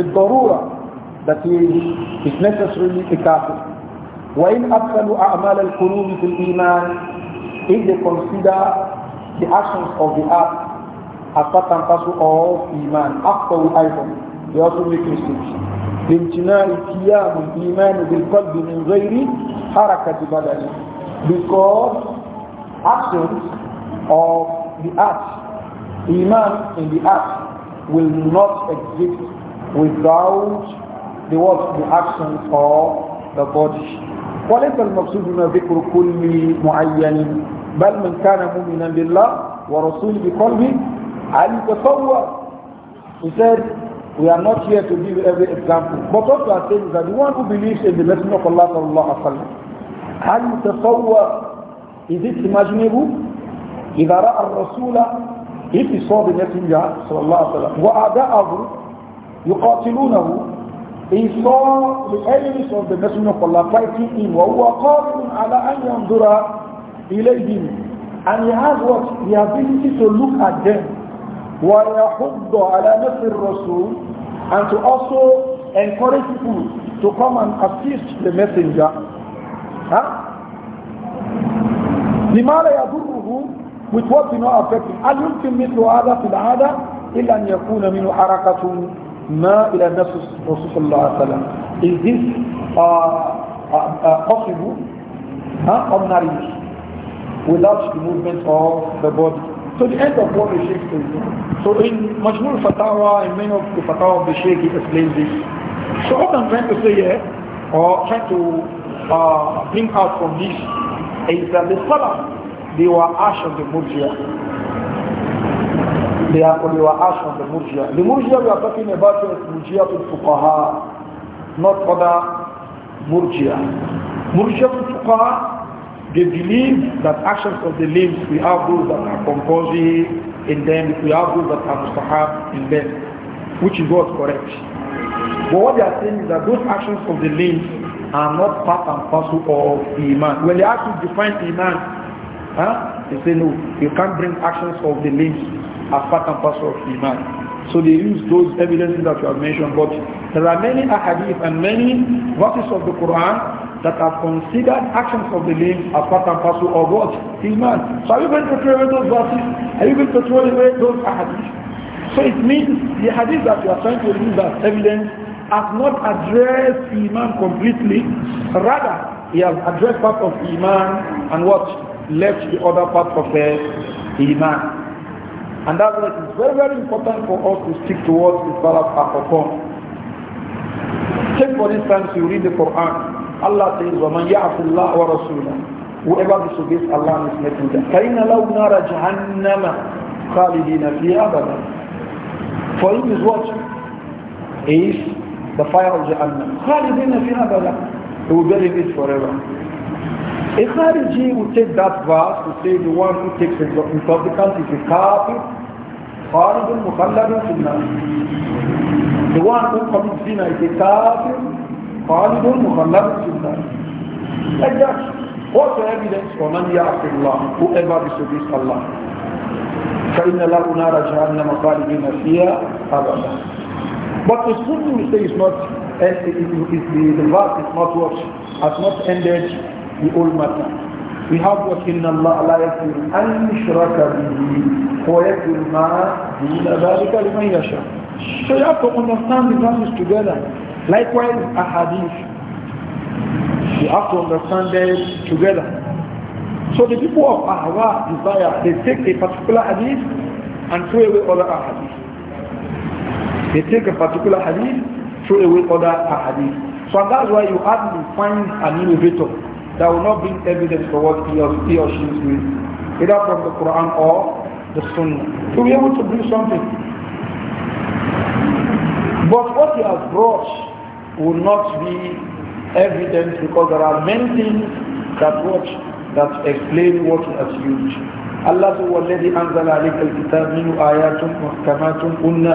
بالضرورة that he is necessarily a kafir وإن أدخلوا أعمال القلوب في الإيمان if they consider the actions of the earth as part and parcel of Iman, after item, they also make mistakes. بامتناع قيام الإيمان بالقلب من غير حركة بدني because actions of the the Iman in the earth will not exist without the what the actions of the body. وليس المقصود هنا ذكر كل معين بل من كان مؤمنا بالله ورسوله بقلبه علي يتصور He said, we are not here to give every example. But what we are saying is that the one who believes in the Messenger of Allah sallallahu wa sallam, هل يتصور is it imaginable? إذا رأى الرسول if he saw the messenger صلى الله عليه وسلم وأعداءه يقاتلونه He saw the enemies of the Messenger of Allah fighting him. وَهُوَ قَادِرٌ عَلَىٰ أَنْ يَنْظُرَ إِلَيْهِمْ And he has what? The ability to look at them. وَيَحُضَّ عَلَىٰ نَفْرِ الرَّسُولِ And to also encourage people to come and assist the messenger. Huh? لما لا with what we know affecting هل يمكن مثل هذا في العادة إلا أن يكون منه حركة ما إلى نفس الرسول صلى الله عليه وسلم is this uh, uh, uh, possible huh? ordinary without the movement of the body so the end of what the Sheikh says so in Majmul Fatawa in many of the Fatawa of the Sheikh he explains this so what I'm trying to say here or trying to uh, bring out from this is that the Salah they were ash of the here. They are on your ash on the Murjia. The Murjia we are talking about is Murjia to Fuqaha, not other Murjia. Murjia to Fuqaha, they believe that actions of the limbs, we have those that are compulsory in them, we have those that are mustahab in them, which is what's correct. But what they are saying is that those actions of the limbs are not part and parcel of Iman. When they ask to define Iman, huh, they say no, you can't bring actions of the limbs as part and parcel of Iman. So they use those evidences that you have mentioned, but there are many ahadith and many verses of the Quran that are considered actions of the limbs as part and parcel of what? Iman. So are you going to throw away those verses? Are you going to throw away those ahadith? So it means the hadith that you are trying to use as evidence has not addressed Iman completely. Rather, he has addressed part of Iman and what left the other part of the Iman. And that's why it's very, very important for us to stick to what is Salaf Akokon. Take for instance, you read the Quran. Allah says, وَمَنْ يَعْفِ اللَّهُ وَرَسُولَهُ Whoever disobeys Allah and His Messenger. كَيْنَ لَوْ نَارَ جَهَنَّمَ خَالِدِينَ فِي أَبَدًا For him is what? Is the fire of Jahannam. خَالِدِينَ فِي أَبَدًا He will bury it forever. A Khariji would take that verse to say the one who takes the intoxicant is a carpet, kharijun mukhalladun sunnah. The one who commits sin is a carpet, kharijun mukhalladun sunnah. Like that. What's the evidence for man Allah, whoever disobeys Allah? فإن له نار جهنم خالدين فيها أبدا. But the Sunni we say is not, and the, the, the verse is not what, has not ended the matter. We have what in Allah la yakfir an yushraka bihi wa yakfir ma duna dhalika liman yasha. So you have to understand the verses together. Likewise, a hadith. You have to understand it together. So the people of Ahwa desire, they take a particular hadith and throw away other hadith. They take a particular hadith, throw away other hadith. So that's why you hardly find an innovator that will not bring evidence for what he or, he or she is doing, either from the Quran or the Sunnah, to be able to do something. But what he has brought will not be evidence because there are many things that what that explain what he has used. Allah هو الذي أنزل عليك الكتاب منه آيات محكمات هن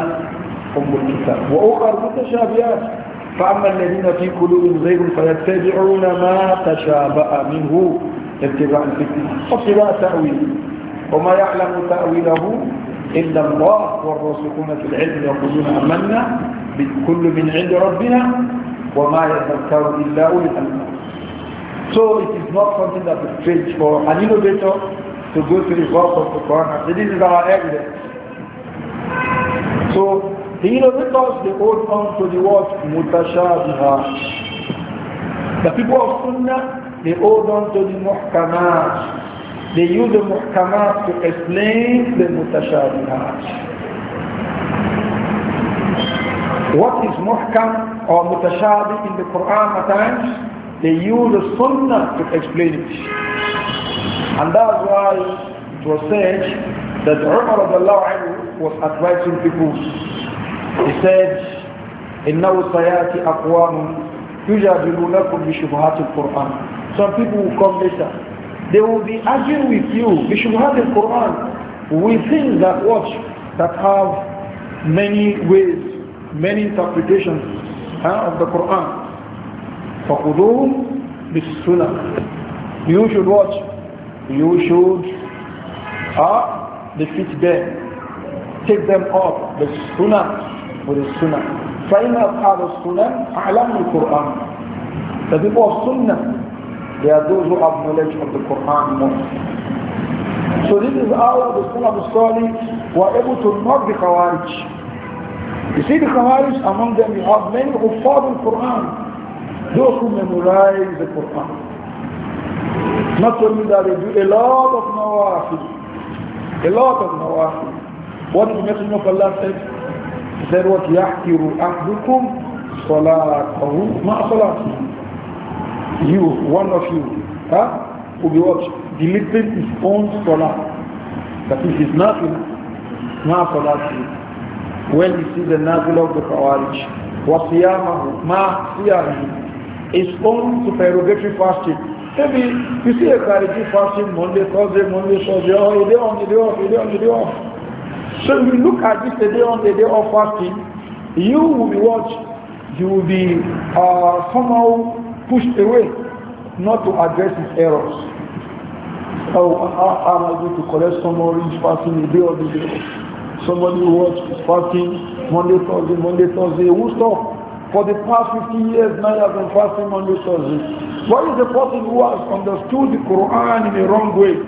أم الكتاب وأخر متشابهات فأما الذين في قلوبهم زيغ فيتبعون ما تشابه منه ابتغاء الفتنة ابتغاء تأويل وما يعلم تأويله إلا الله والراسخون في العلم يقولون أمنا بكل من عند ربنا وما يذكر إلا أولي So it is not something that is strange for an innovator to go to the verse of the Quran this is our evidence. So The innovators, they hold on to the word mutashabiha. The people of Sunnah, they hold on to the muhkamat. They use the muhkamat to explain the mutashabihat. What is muhkam or mutashabi in the Quran at times? They use the sunnah to explain it. And that's why it was said that Umar was advising people he said, إنه سيأتي أقوام يجادلونكم بشبهات القرآن Some people will come later. They will be arguing with you بشبهات القرآن We think that what? That have many ways, many interpretations huh, of the Quran. فخذوهم بالسنة You should watch. You should uh, ah, defeat them. Take them off The sunnah for the Sunnah. have فَإِنَّ أَصْحَابَ you أَعْلَمُ الْقُرْآنِ The The people of Sunnah, they are those who have knowledge of the Quran more. So this is how the Salaf Salih were able to knock the Khawarij. You see the Khawarij, among them you have many who follow the Quran, those who memorize the Quran. Not only that, they do a lot of nawafi. A lot of nawafi. What the Messenger of Allah said? said what yahkiru ahdukum salatahu ma salati you one of you huh, will be what deleting his own salah that is his nafila ma salati when he sees the nafila of the Khawarij wa siyamahu ma siyamahu his own supererogatory fasting maybe you see a Khariji fasting Monday, Thursday, Monday, Thursday, oh, a day on, a day off, a day on, a day off So if you look at this the day on the day of fasting, you will be watched. You will be uh, somehow pushed away not to address his errors. So uh, how am I going to correct someone more. fasting the day of the day? Somebody who was fasting Monday, Thursday, Monday, Thursday, who stop? For the past 50 years now I have been fasting Monday, Thursday. What is the person who has understood the Quran in a wrong way?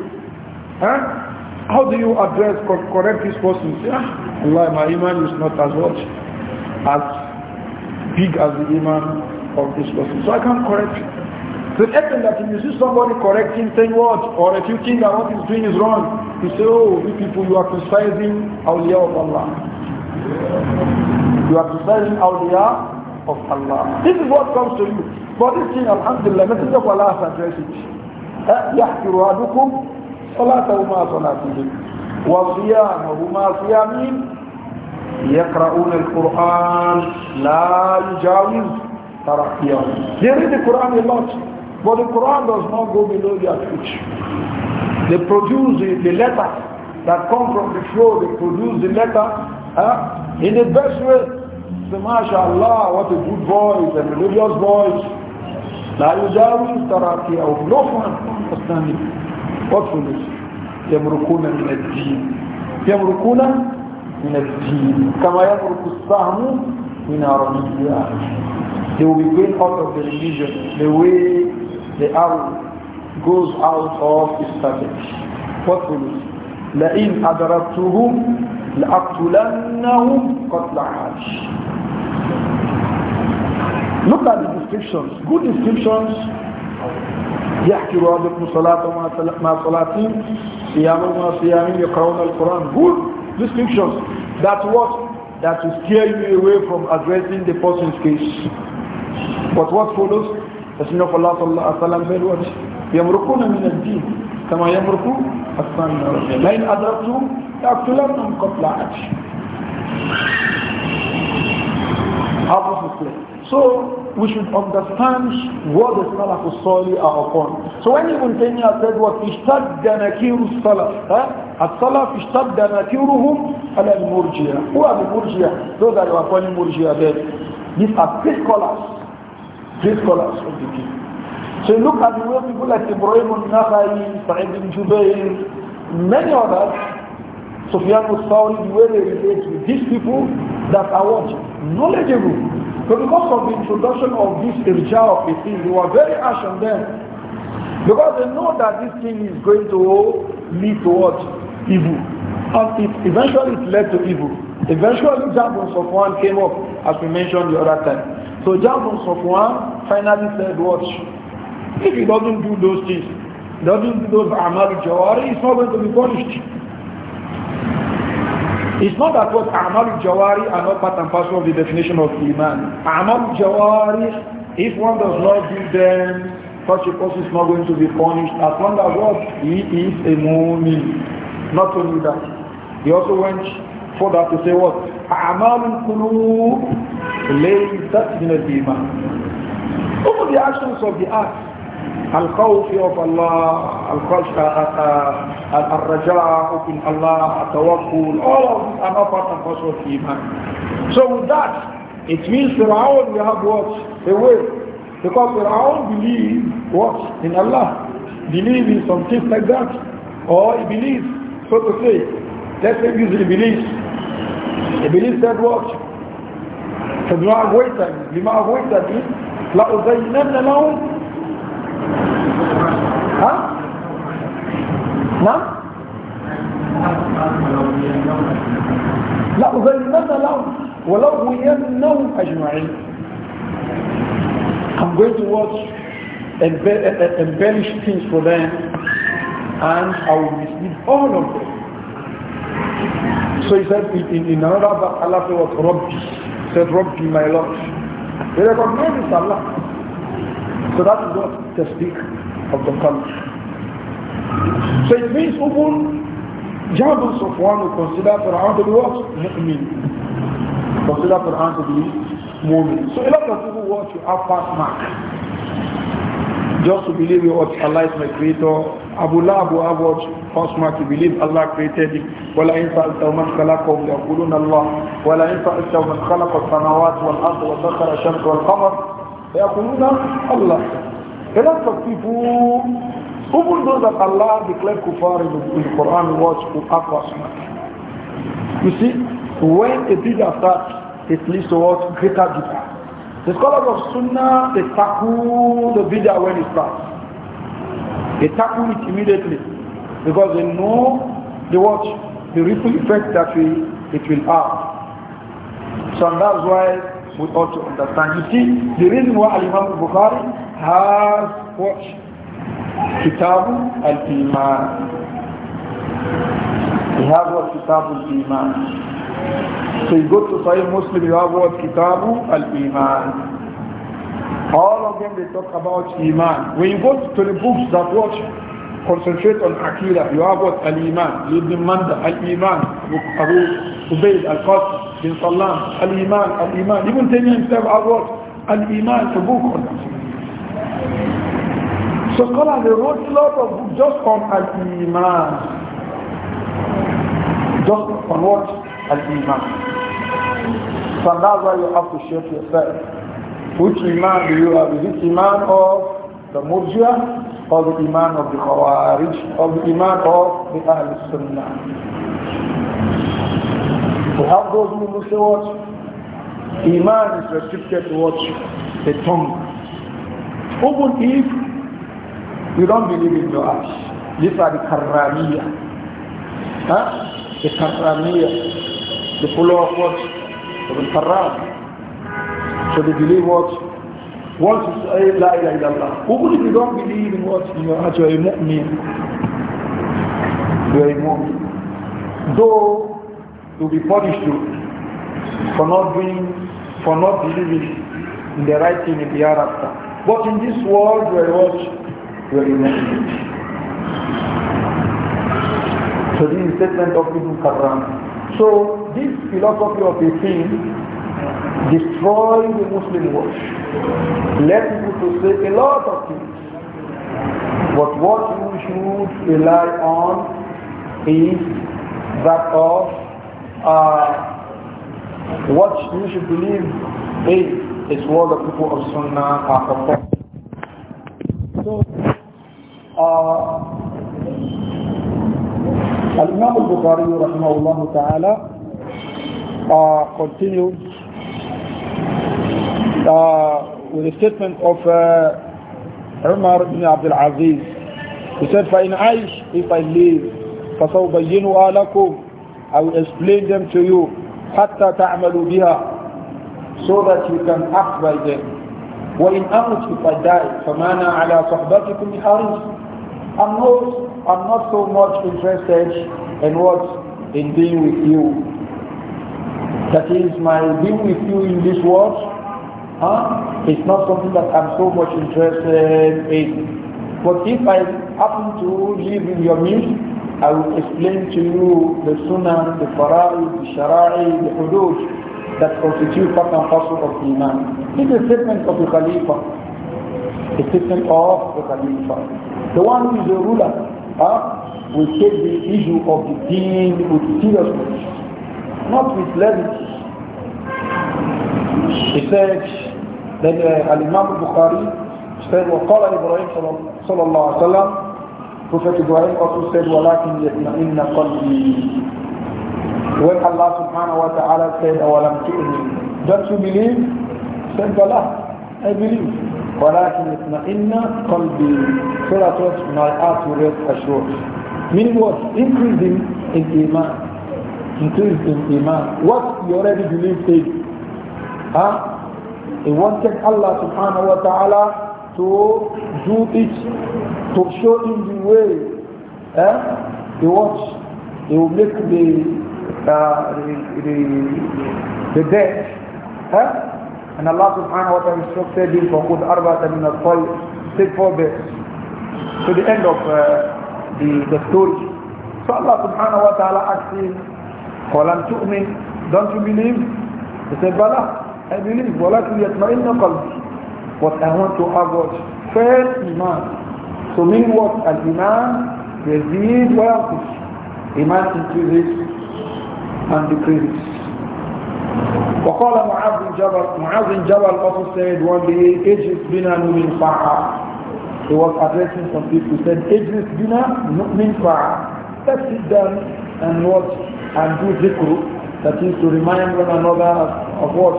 Huh? How do you address, correct this person? Say, Allah, my iman is not as much as big as the iman of this person. So I can't correct him. The happen that if you see somebody correcting, saying what? Or if you think that what he's doing is wrong, you say, oh, you people, you are criticizing awliya of Allah. You are criticizing awliya of Allah. This is what comes to you. But this thing, alhamdulillah, Messenger of Allah has addressed it. Eh, صلاتهما صلاتهم وصيامهما صيامهم يقرؤون القرآن لا يجاوز تراقيهم They read the Quran a lot but the Quran does not go below their feet. They produce the, the letter that come from the flow, they produce the letter uh, in the best way. Say, MashaAllah, what a good voice, a religious voice. لا يجاوز تراقيهم. No one understanding. وثلث يمركون من الدين يمركون من الدين كما يمرك السهم من عربية They will be going out of the religion the way the arrow goes out of its target. وثلث لئن أدرتهم لأقتلنهم قتل عاش Look at the descriptions, good descriptions يحكي رابطهم صلاتهم مع صلاتهم صيام مع صيامهم يقرأون القرآن good distinctions that what that is steer you away from addressing the person's case but what follows the Sunnah of Allah صلى الله عليه وسلم said what يمرقون من الدين كما يمرق الثاني من الرجل لئن أدركتم لأقتلنهم قبل عجل How does it play? So, we should understand what the Salaf Salih are upon. So when Ibn Taymiyyah said what اشتد نكير السلف السلف اشتد نكيرهم على المرجية Who are the Murjiyah? Those are you are calling Murjiyah there. These are three scholars. Three scholars of the people. So look at the way people like Ibrahim al-Nakhai, Sa'id ibn Jubayr, many others, Sufyan al-Sawri, the way they relate with these people that are what? Knowledgeable. But because of the introduction of this irja of the thing, they were very harsh on them. Because they know that this thing is going to lead to what evil. And it eventually it led to evil. Eventually Jabun Safwan came up as we mentioned the other time. So Jabun Safwan finally said, watch, if he doesn't do those things, doesn't do those Amal Jawari, he's not going to be punished. It's not that what Amal Jawari are not part and parcel of the definition of Iman. Amal Jawari, if one does not do them, such a person is not going to be punished as long as what? He is a mu'min. Not only that. He also went further to say what? Amal lay laysat min al-Iman. Over the actions of the act. الخوف of Allah, uh, uh, uh, الرجاء in Allah, التوكل, all of these are not part and parcel of Iman. So with that, it means Fir'aun we have what? A way. Because Fir'aun believe what? In Allah. Believe in some things like that. Or he believes, so to say. Let's say usually believes. He believes that what? فبما أغويتني بما أغويتني لأزينن لهم Huh? نعم لا أغلمن لهم ولغوينهم أجمعين I'm going to watch embellish things for them and I will mislead all of them. So he said in, in another Allah said, Rabbi, said, Rabbi, my Lord. They recognize this Allah. So that is what the speak of the country. So it means even jabs of one who consider Quran to be what? Mu'min. Consider Quran to be Mu'min. So a lot of people watch you half past mark. Just to believe you what Allah is my creator. Abu Lahab will have what first mark to believe Allah created him. إِنَّ سَأَلْتَهُ مَنْ خَلَقَهُمْ لَيَقُولُونَ اللَّهُ وَلَئِنْ سَأَلْتَهُ مَنْ خَلَقَ السَّمَاوَاتِ وَالْأَرْضَ وَسَخَّرَ الشَّمْسَ وَالْقَمَرَ يقولون الله a lot of people even those that Allah declared kuffar in the, the Quran was kuffar you see when a bigger starts it leads towards greater bidah the scholars of Sunnah, they tackle the bid'ah when it starts. They tackle it immediately because they know the what the ripple effect that we, it will have. So that's why we ought to understand. You see, the reason why Imam Bukhari has what? Kitab al-Iman. He has what? Kitab al-Iman. So you go to Sahih Muslim, you have what? Kitab al-Iman. All of them, they talk about Iman. When you go to the books that what? Concentrate on Aqidah. You have what? Al-Iman. Ibn Manda, Al-Iman. Abu Ubaid, Al-Qasim. bin Salam, Al-Iman, Al-Iman. Ibn Taymiyyah himself has what? Al-Iman, a book on that. So scholars, they wrote a lot of books just on Al-Iman. Just on what? Al-Iman. So that's why you have to shape yourself. Which Iman do you have? Is it Iman of the Murjia or the Iman of the Khawarij or the Iman of the Ahl-Sunnah? To help those who must watch, Iman is restricted to watch The tongue. Even if you don't believe in your eyes. These are the karamiya. Huh? The karamiya. The follower of what? Of the karam. So they believe what? what is you eh, say La ilaha illallah. Even if you don't believe in what in your heart, you are a mu'min. You are a mu'min. Though to be punished for not doing, for not believing in the right thing in the hereafter. But in this world, we are what? We are in enemy. So this is statement of Ibn Karram. So this philosophy of the thing destroy the Muslim world. Let people to say a lot of things. But what you should rely on is that of uh, what you should believe is, is what the people of Sunnah are performing. So, uh, Al-Imam al-Bukhari rahimahullah ta'ala uh, continued uh, with a statement of uh, Umar ibn Abdul Aziz. He said, فَإِنْ عَيْشْ If I live, فَسَوْبَيِّنُوا لَكُمْ I will explain them to you حتى تعملوا بها so that you can act by them وإن أمت if I die فمانا على صحبتكم بحريص I'm not, I'm not so much interested in what in being with you that is my being with you in this world huh? it's not something that I'm so much interested in but if I happen to live in your midst I will explain to you the sunnah, the fara'i, the shara'i, the hudud that constitute part and parcel of the iman. It is a statement of the Khalifa, a statement of the Khalifa. The one who is the ruler huh, will take the issue of the deen with seriousness, not with levity. He said that uh, Al-Imam Bukhari said, وقال إبراهيم صلى الله عليه وسلم Prophet Ibrahim also said, وَلَكِنْ يَتْمَئِنَّ قَلْبِي When Allah subhanahu wa ta'ala said, أَوَلَمْ تُؤْمِنْ Don't you believe? Said Allah, I believe. وَلَكِنْ يَتْمَئِنَّ قَلْبِي So that was my heart will rest assured. Meaning what? Increasing in Iman. Increase in Iman. What you already believe is. Huh? He wanted Allah subhanahu wa ta'ala to do it, to show him the way. Eh? He wants He will make the uh, the, the, the Eh? And Allah subhanahu wa ta'ala instructed him for good arba'at min al-tayr, take four birds. To the end of uh, the, the story. So Allah subhanahu wa ta'ala asked him, قَوْلَمْ تُؤْمِنْ Don't you believe? He said, Bala, I believe. وَلَكِنْ يَتْمَئِنَّ قَلْبِي but I want to have what? First Iman. So mean what? Al Iman resides wealthy. Iman increases and decreases. وقال معاذ بن جبل معاذ بن جبل also said one day اجلس بنا نؤمن فعا he was addressing some people he said اجلس بنا نؤمن فعا let's sit down and watch and do zikr that is to remind one another of what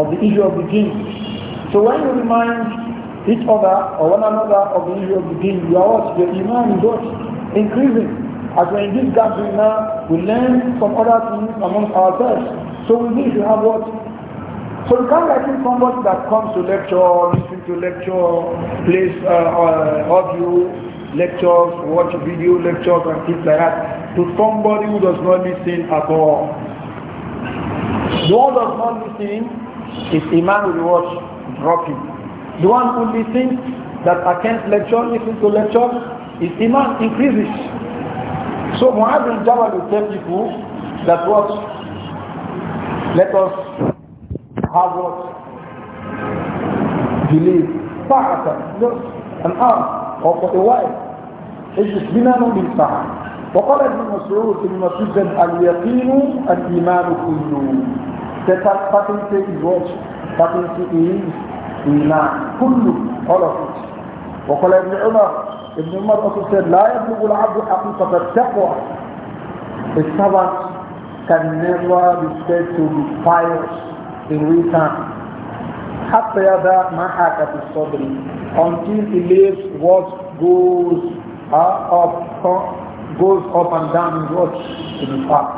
of the issue of the jinn so when you remind each other or one another of the issue of the deen, you are what? Your iman is what? Increasing. As we're in this gathering now, we learn from other things among ourselves. So we need to have what? So you can't like somebody that comes to lecture, listen to lecture, place uh, uh, audio lectures, watch video lectures and things like that to somebody who does not listen at all. The one does not listen, is iman will be watched. dropping. The one who listens that attends lecture, listens to lecture, his iman increases. So Mu'adh bin Jabal will tell people that what? Let us have what? Believe. Sa'atan, just an arm or for a while. It is minanu min sa'an. وقال ابن مسعود ابن مسعود اليقين الايمان كله. The third is what? That is it is iman. Kullu, all of it. وقال ابن عمر ابن عمر also said لا يبلغ العبد حقيقة التقوى. A servant can never be said to be pious in return. حتى يضع ما حاك until he lives what goes uh, up uh, goes up and down in what in his heart.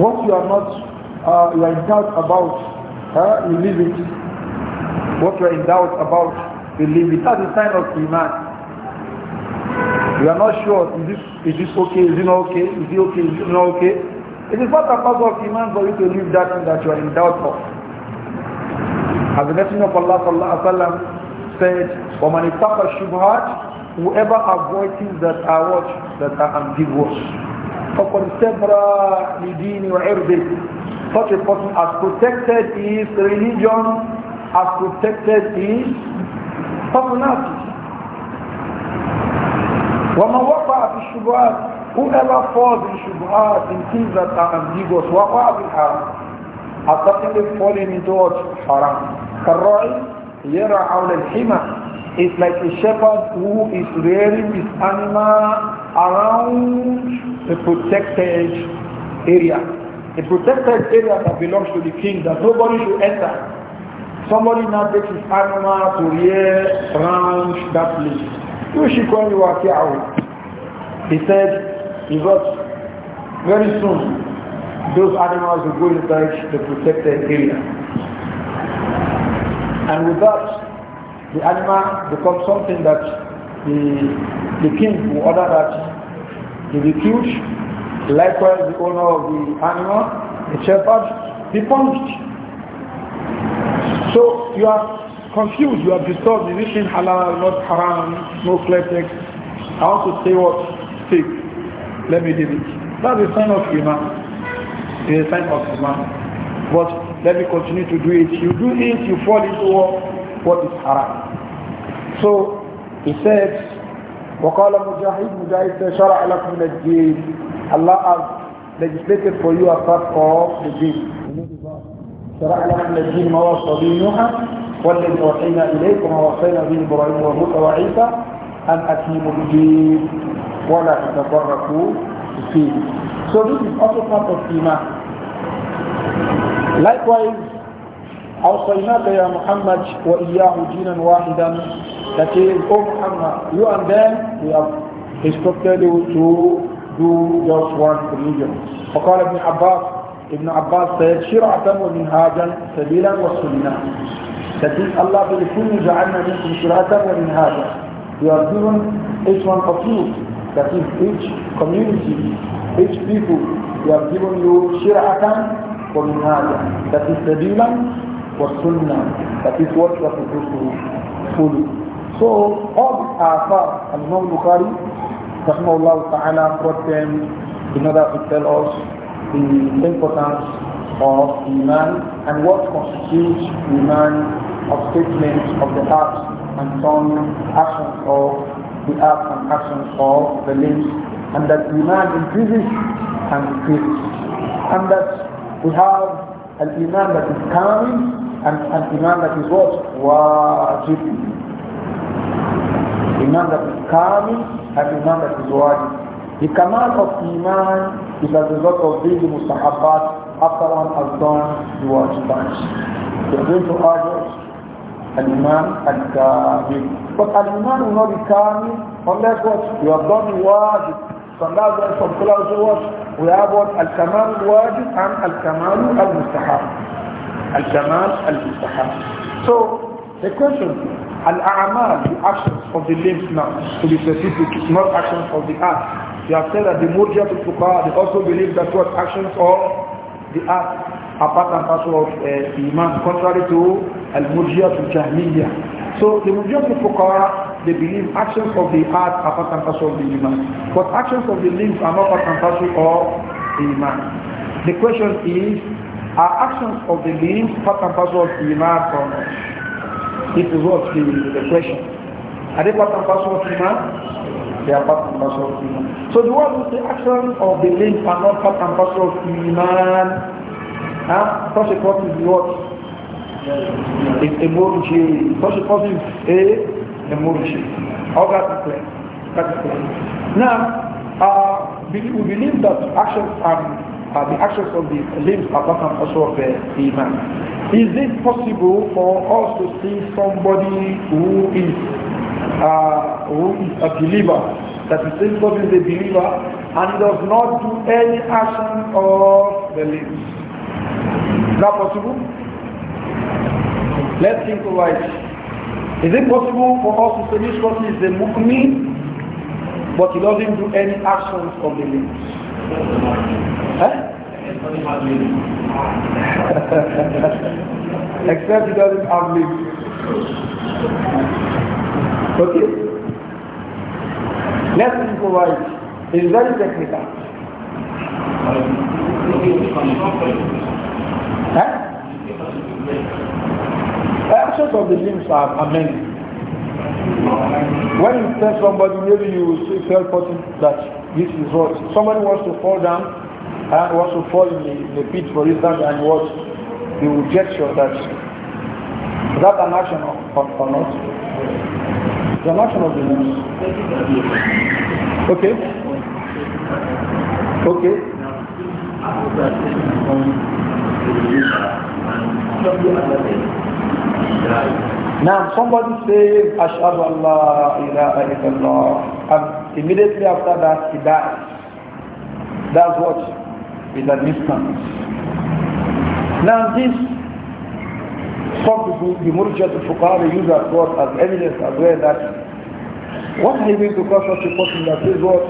What you are not uh, you are in doubt about Huh? You leave it. What you are in doubt about, you leave it. That's a sign of Iman. You are not sure, is this, is this okay, is it not okay, is it okay, is it not okay? It is not a part of Iman for you to leave that thing that you are in doubt of. As the Messenger of Allah sallallahu alaihi wasallam said, وَمَنِ اتَّقَ الشُّبْهَاتِ whoever avoids things that are what that are ambiguous فقد استبرأ لدين وعرضه such a person has protected his religion, has protected his personality. وَمَنْ وَقَعَ فِي الشُّبْهَاتِ Whoever falls in shubuhat, in things that are ambiguous, وَقَعَ فِي have Has suddenly fallen into what? Haram. كَالرَّعِي يَرَى عَوْلَ الْحِمَةِ It's like a shepherd who is rearing his animal around a protected area a protected area that belongs to the king that nobody should enter. Somebody now takes his animal to rear ranch that place. You should call you out He said, because very soon those animals will go inside the protected area. And with that, the animal becomes something that the, the king will order that to be killed Likewise, the owner of the animal, the shepherd, be punished. So you are confused, you are disturbed, This vision halal, not haram, no clear text. want to say what? Speak. Let me do it. That's a sign of iman. It's a sign of iman. But let me continue to do it. You do it, you fall into what is haram. So he said, وقال مجاهد مجاهد شرع لكم الدين Allah has legislated for you as part of the deen. شرع لكم الدين ما وصى به نوحا والذي اوحينا اليكم ووصينا به ابراهيم وموسى وعيسى ان اتمموا الدين ولا تتفرقوا فيه. So this is also part of Iman. Likewise, أوصيناك يا محمد وإياه دينا واحدا that is, O Muhammad, you and them, we have instructed you to do just one religion. فقال ابن عباس ابن عباس said شرعة ومنهاجا سبيلا والسنة That is Allah will جعلنا منكم شرعة ومنهاجا We are given each one of you that is each community each people we have given you شرعة ومنهاجا That is the سبيلا Sunnah. that is what we are supposed to follow. So all our Imam Bukhari Rahimahullah Ta'ala brought them in order to tell us the importance of Iman and what constitutes Iman of statements of the heart and tongue, actions of the heart and actions of the limbs, and that Iman increases and decreases. And that we have an Iman that is coming and an Iman that is what? Wajib. Iman that is coming al-iman that is wajib. The kamal of iman is as a result of doing the mustahabbat after one has done the wajibat. We are going to argue iman al But iman will not come unless what? You have done wajib. From that way, from Kulawzi what? We have what? Al-kamal wajib and So, the question Al-A'mal, the actions of the limbs now, to be specific, not actions of the heart. They have said that the Murjah to Fuqah, they also believe that what actions of the heart are part and parcel of uh, Iman, contrary to Al-Murjah to Jahmiyyah. So the Murjah to Fuqah, they believe actions of the heart are part and parcel of the Iman. But actions of the limbs are not part and parcel of the Iman. The question is, are actions of the limbs part and parcel of the Iman or not? This is what the, the question. Are they part and parcel of Iman? They are part and parcel of Iman. So the one with the action of the link are not part and parcel of Iman. Huh? Such a person is what? It's a Murji. Such a person is a, a Murji. All that is clear. That is clear. Now, uh, we believe that actions are uh, the actions of the limbs are part and parcel of the uh, Iman. Is it possible for us to see somebody who is uh, who is a believer, that is this person is a believer and does not do any action of the lips? Is that possible? Let's think about it. Is it possible for us to say this person is a mu'min but he doesn't do any actions of the lips? Huh? Eh? Except he doesn't have Okay. Let's improvise. It's very technical. Huh? The actions of the limbs are, amazing. When you tell somebody, maybe you will tell person that this is what somebody wants to fall down, and was to fall in the, in the pit, for instance, and what he will get your that. Is that an action or, or, not? It's an action of the news. Okay. Okay. Now somebody says Ashhadu Allah ilaha illallah and immediately after that he dies. That's what with distance. Now this some people, the Murjat of fuqara use as word as evidence as well that what are you going to call such a person that says what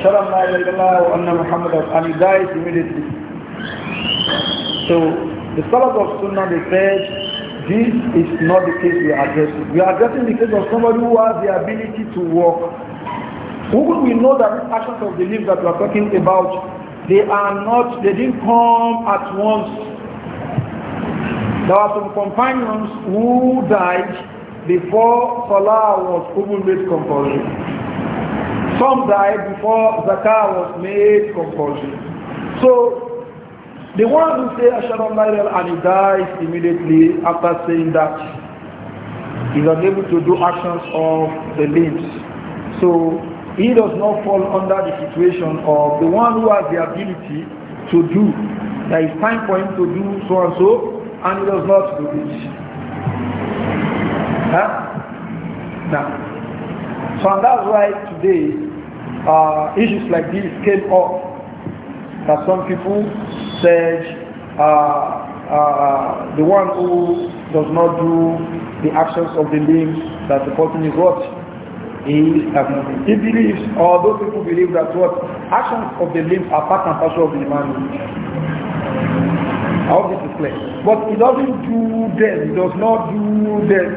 Ashara Allah wa anna Muhammad and he dies immediately. So the scholars of Sunnah they said this is not the case we are addressing. We are addressing the case of somebody who has the ability to walk. Who would we know that these actions of belief that we are talking about they are not, they didn't come at once. There were some companions who died before Salah was even made compulsory. Some died before Zakah was made compulsory. So, the one who say Ashad Allah and he dies immediately after saying that, that, is unable to do actions of the limbs. So, he does not fall under the situation of the one who has the ability to do. There is time for him to do so and so, and he does not do it. Huh? Now, so that's why today uh, issues like this came up. That some people said uh, uh, the one who does not do the actions of the limbs that the person is what is um, he believes or those people believe that what actions of the limbs are part and parcel of the man. I hope this is clear. But he doesn't do them, he does not do them.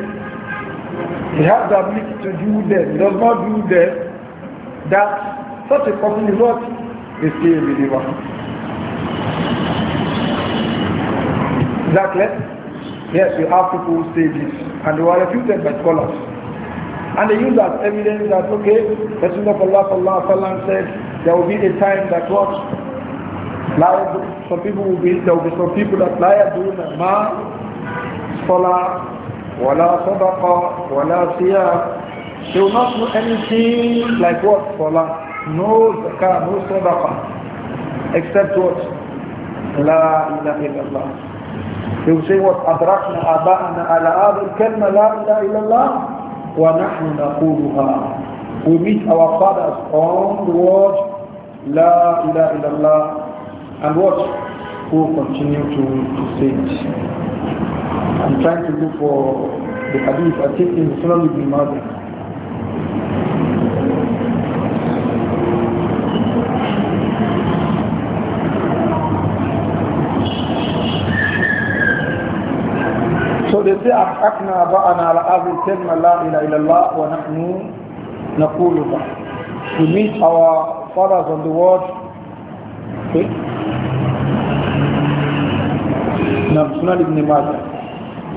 He has the ability to do them, he does not do them. That such a person is not a still a believer. Is that clear? Yes, we have people who say this and they were refuted by scholars. And they use as evidence that, okay, Messenger of Allah sallallahu alayhi wa sallam said, there will be a time that what? Some people will be, there will be some people that لا يدون ما صلاة ولا صدقة ولا siya, they will not do anything like what? Salah. No zakah, no sadaqa, Except what? La ilaha illallah. They will say what? Adrakna aba'ana ala adil kalma la ilaha illallah. وَنَحْنُ نَقُولُهَا We meet our fathers on the word La ilaha illallah and what? We will continue to, to say it. I'm trying to look for the hadith I think in Sunan Ibn Majah. الذي أحققنا أباءنا على هذه الكلمة لا إله إلا الله ونحن نقولها to meet our fathers on the world okay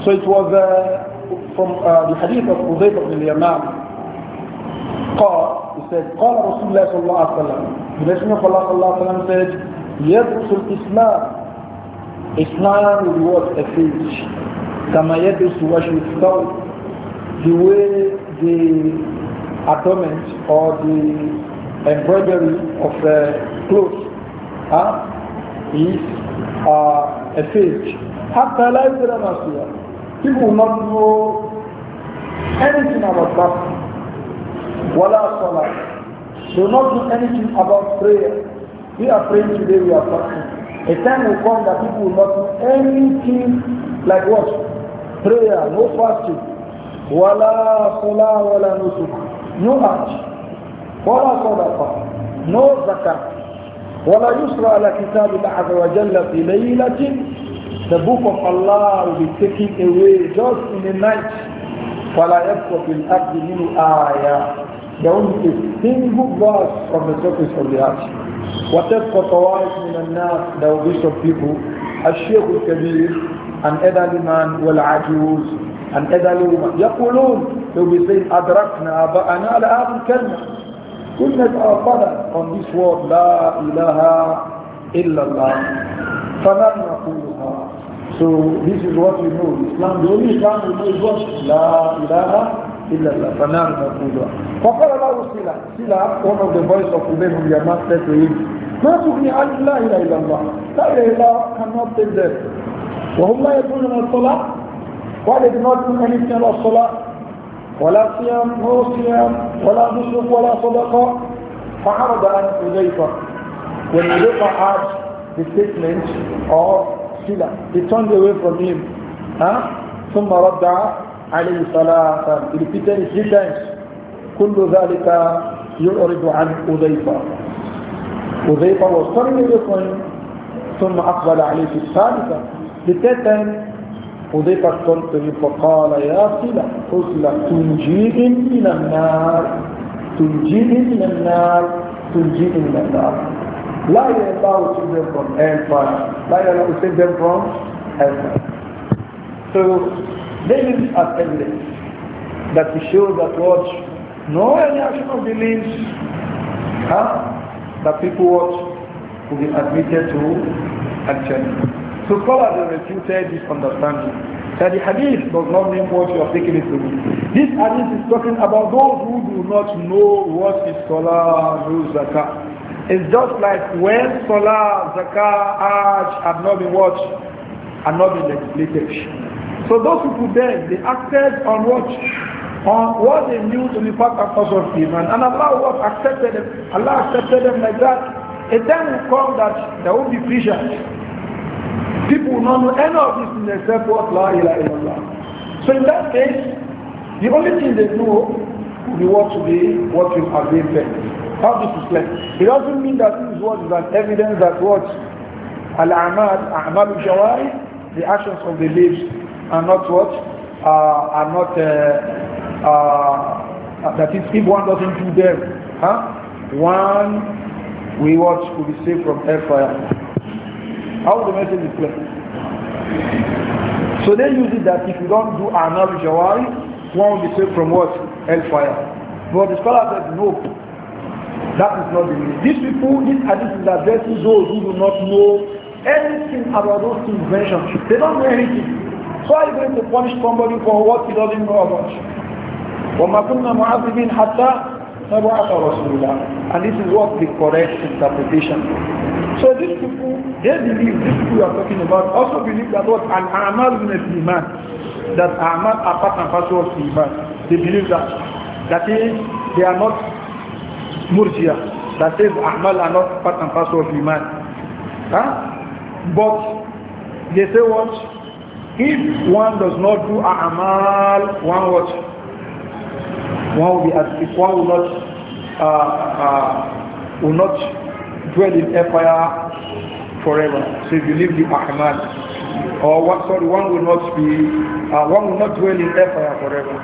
so it was uh, from uh, the hadith of Hudayb ibn al-Yaman he said قال رسول الله صلى الله عليه the Messenger of Allah صلى الله عليه وسلم said يدرس الإسلام Islam is be what a fish كما يلبس وجه الثوب the way the adornment or the embroidery of the uh, clothes huh, is uh, effaced حتى لا يدرى ما people will not know anything about that ولا They will not do anything about prayer we are praying today we are fasting a time will come that people will not do anything like what prayer, no fasting, wala salah, wala nusuk, no hajj, wala sadaqah, no zakat, wala yusra ala kitab Allah wa jalla fi laylatin, the book of Allah will be taken away just in the night. فَلَا يَبْقَ فِي الْأَرْضِ مِنْ آيَةٍ There will be a from the surface of the earth. Whatever طَوَائِفْ مِنَ النَّاسِ There will be some people. الشيخ الكبير an elderly man wal ajuz an elderly woman yaqulun they will be saying adrakna aba'ana ala hadhihi kalma kunna our father on this word la ilaha illa allah faman yaquluha so this is what we know islam the only islam we know is what la ilaha illa allah faman yaquluha faqala الله sila sila one of the voice of Ubay ibn Yaman said to him ما تغني عن لا إله إلا الله لا إله إلا الله cannot take that. وهم لا يدرون من الصلاة ولا يدرون من أن الصلاة ولا صيام ولا صيام ولا نصف ولا صدقة فعرض عن حذيفة when he looked at the statement of Sila, he turned away from him. ثم رد عليه الصلاة he repeated it three times. كل ذلك يعرض عن حذيفة حذيفة was turning away from him. ثم أقبل عليه في The third time, حذيفة قلت فقال يا صلة صلة تنجيه من النار تنجيه من النار تنجيه من النار لا يلاه to from hellfire لا يلاه to from hellfire so they use as that we show that what no any action of beliefs huh, that people what will be admitted to action so scholars have refuted this understanding that the hadith does not mean what you are taking it to mean. This hadith is talking about those who do not know what is Salah, zakaah. Zakah. It's just like when Salah, Zakah, Aj have not been watched, have not been legislated. So those people then, they acted on what? On what they knew to be part and of And Allah was accepted them. Allah accepted them like that. and then will come that there will be visions. People will not know any of this in except what La ilaha illallah. So in that case, the only thing they know will be what be, what you have been said. How this is left. It doesn't mean that these words is an evidence that what Al-Amal, Amal al-Jawari, the actions of the leaves are not what? Uh, are not, uh, uh, that is, if one doesn't do them, huh? one we watch will be saved from hellfire. How the message is clear. So they use it that if you don't do anal jawari, one will be saved from what? Hellfire. But the scholar said, no, that is not the meaning. These people, these hadith is addressing those who do not know anything about those inventions. They don't know anything. So are you going to punish somebody for what he doesn't know about? وَمَا كُنَّا مُعَذِّبِينَ حَتَّى نَبْعَثَ رَسُولًا And this is what the correct interpretation so these people, they believe, these people you are talking about, also believe that what an amal is an iman, that amal apart and parcel of iman. They believe that. That is, they are not murjia. That is, amal are not part and parcel of iman. Huh? But they say what? If one does not do amal, one what? One will be as if one will not, uh, uh, will not dwell in empire forever. So if you leave the Ahmad, or what, sorry, one will not be, uh, one will not dwell in empire forever.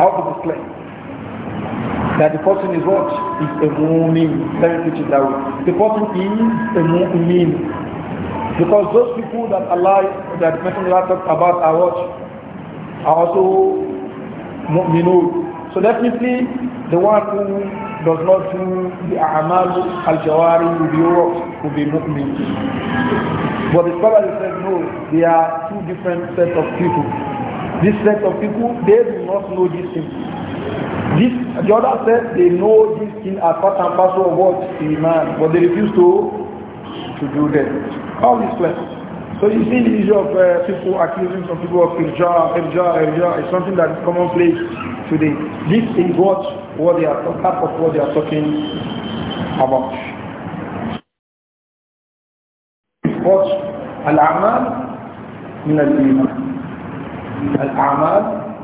Out of this claim. That the person is what? Is a mu'min. Let me put it that way. The person is a mu'min. Because those people that Allah, that Messenger talked about are what? Are also mu'minun. So definitely the one who does not do the amal al-Jawari with Europe, to be Muslim. But the scholar said, no, they are two different sets of people. This set of people, they do not know this thing. This, the other set, they know this thing as part and parcel of what? man, But they refuse to, to do that. How is that? So you see the issue of uh, people accusing some people of hijab, hijab, hijab is something that is commonplace today. This is what what they are half of what they are talking about. What al-amal من الإيمان الأعمال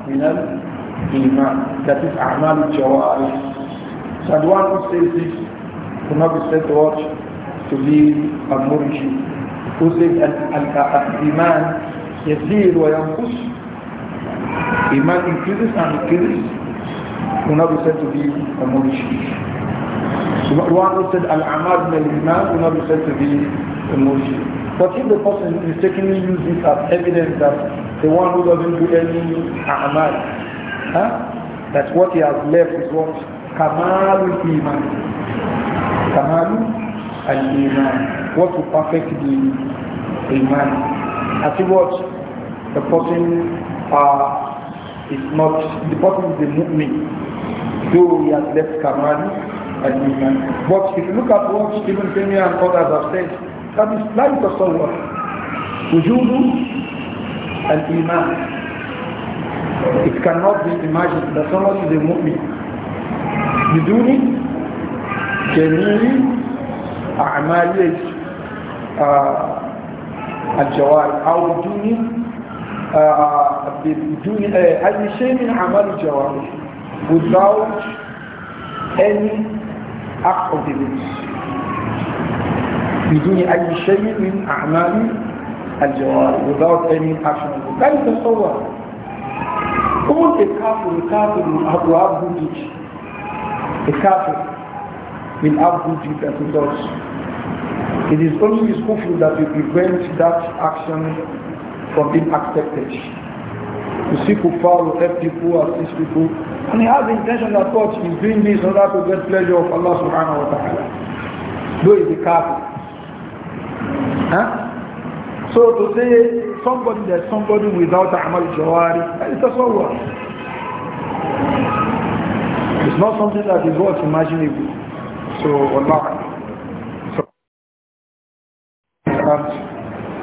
من الإيمان that is أعمال الجوارح so the one who says this cannot be said to watch to be a murji who says الإيمان يزيد وينقص إيمان increases and decreases will now be said to be a mushrik. One who said Al-Amad al-Iman will not be said to be a mushrik. But if the person mistakenly uses it as evidence that the one who doesn't do any A'mal, huh? that what he has left is what? Kamal al-Iman. Kamal al-Iman. What will perfect the Iman. As you what the person uh, is not the person is a mu'min though he has left Kamal and Iman. But if you look at what Stephen Premier and others have said, that is life of someone. Wujudu and Iman. It cannot be imagined that someone is a mu'min. بدون جميع أعمال الجوارح أو بدون بدون أي شيء in عمل الجوارح without any act of the lips بدون أي شيء من أعمال الجوارح without any action of the lips لا يتصور قول الكافر الكافر من أبو أبو جيج الكافر من أبو جيج It is only his kufr that will prevent that action from being accepted. You see Kufar will help people, assist people, and he has the intention that God is doing this in order to get pleasure of Allah subhanahu wa ta'ala. Though he's a kafir. Huh? So to say somebody that somebody without Amal Jawari, it's a sorrow. It's not something that is worth imagining. So Allah. So,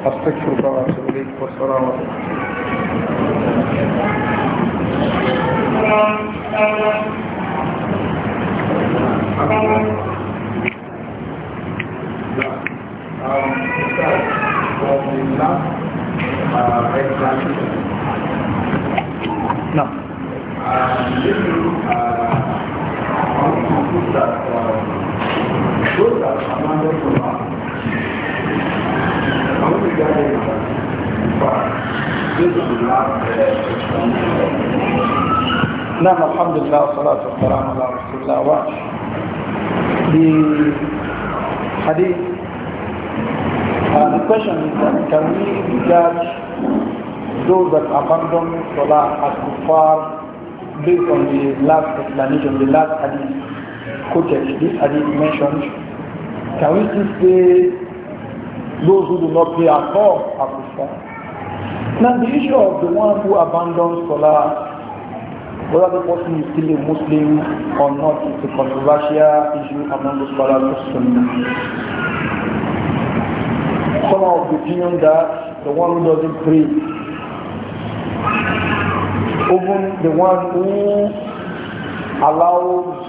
أستغفرك وأتوب إليك والسلام عليكم Um, for the last uh, explanation, no. Uh, if you uh, want to put that, uh, those that are not نعم الحمد لله والصلاة والسلام على رسول الله وعلى حديث uh, the question is that can we regard those that abandon Salah as kuffar based on the last explanation, the last hadith quoted, this hadith mentioned, can we just say Those who do not pay at all to kuffar. Now the issue of the one who abandons Salah, whether the person is still a Muslim or not, is a controversial issue among the scholars of Sunnah. Some of the opinion that the one who doesn't pray, even the one who allows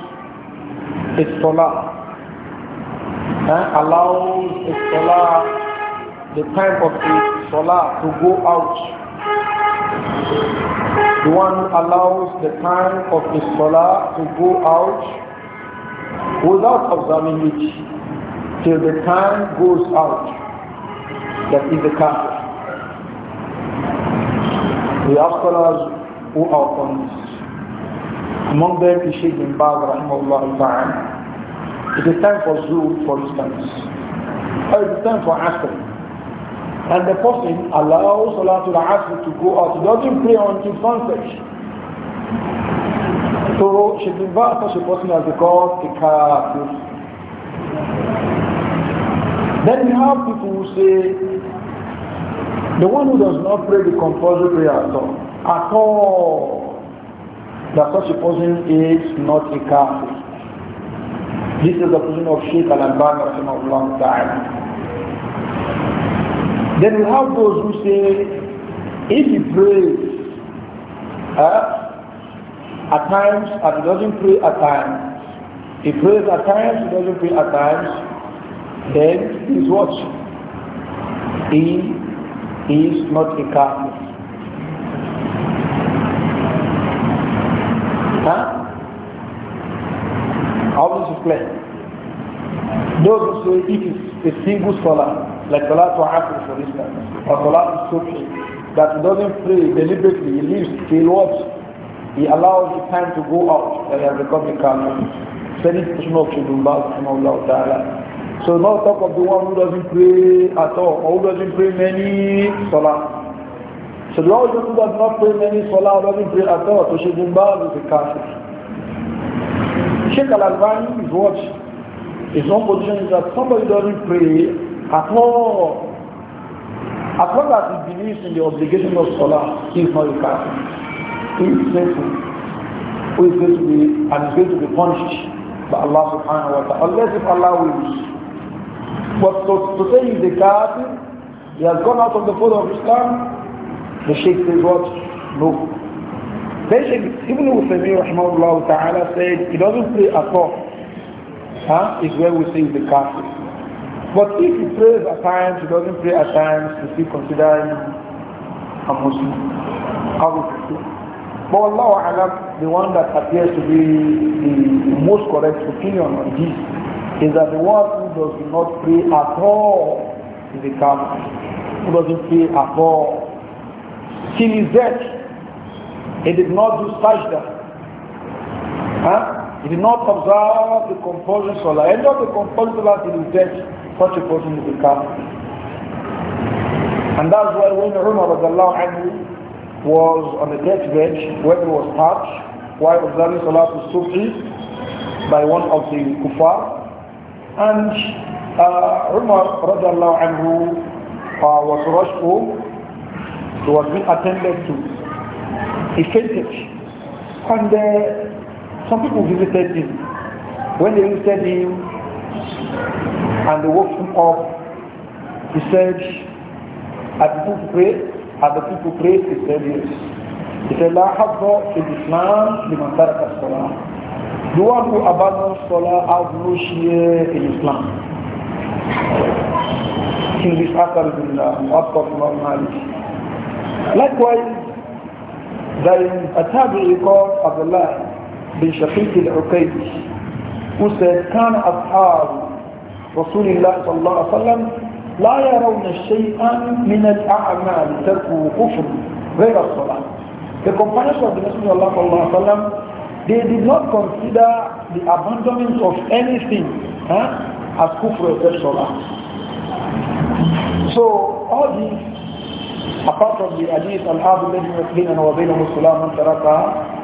a Salah uh, eh? allows the solar, the time of the solar to go out. The one allows the time of the solar to go out without observing it till the time goes out. That is the kafir. We have scholars who are on this. Among them is Sheikh bin Baz rahimahullah ta'ala. It is time for Zoom, for instance. Or it is time for Asr. And the person allows Salatul Asr to go out. He doesn't pray until sunset. So she invites back such a person as they call a kafir. Then we have people who say, the one who does not pray the compulsory prayer at all, at all, that such a person is not a kafir. This is the position of Sheikh Al-Albani rahimahullah ta'ala. Then we have those who say, if he prays uh, at times and he doesn't pray at times, he prays at times, he doesn't pray at times, then he's what? He is not a kafir. is Those who say it is a single salah like Salah to Asr for instance, or Salah to Subhi, that doesn't pray deliberately, he leaves he walks, He allows the time to go out and he become a Said Ta'ala. So now talk of the one who doesn't pray at all, or who doesn't pray many Salah. So the one who does not pray many Salah, doesn't pray at all, to Shudumba is a kafir. Sheikh Al-Albani is what? His position that somebody doesn't pray at all. As long as he believes in the obligation of Salah, he is not a kafir. He sinful. Who is going to be and is going to be punished by Allah subhanahu wa ta'ala. Unless if Allah wills. But to, to say he is a kafir, he has gone out of the fold of Islam, the Sheikh says what? No. Then Sheikh Ibn Uthaymeen Allah ta'ala said, he doesn't pray at all. Huh? It's where we think the kafir. But if he prays at times, he doesn't pray at times, he still considered a Muslim. How would you But Allah Alam, the one that appears to be the most correct opinion on this is that the one who does not pray at all is a kafir. Who doesn't pray at all. Till his dead. He did not do sajda. Huh? He did not observe the compulsion salah. End of the compulsion salah did his death, such a person will become. And that's why when Umar anhu was on the deathbed, whether he was touched, while observing salah to Sufi by one of the kuffar, and uh, Umar uh, was rushed home. He was being attended to. He fainted. And uh, some people visited him. When they visited him and they woke him up, he said, Are the people pray, Are the people prayed? He said, Yes. He said, La habba fil Islam liman taraka salah. The one who abandons salah has no share in Islam. In this Akhar bin Mu'attaf Imam Malik. Likewise, then a tabi'i called Abdullah bin Shafiq al-Uqaydi who said, كان أصحاب رسول الله صلى الله عليه وسلم لا يرون شيئا من الأعمال تركه كفر غير الصلاة. The companions of the Messenger of Allah صلى الله عليه وسلم, they did not consider the abandonment of anything huh, as kufr except salah. So all these apart from the hadith al-habu bainana wa bainahu salam man taraka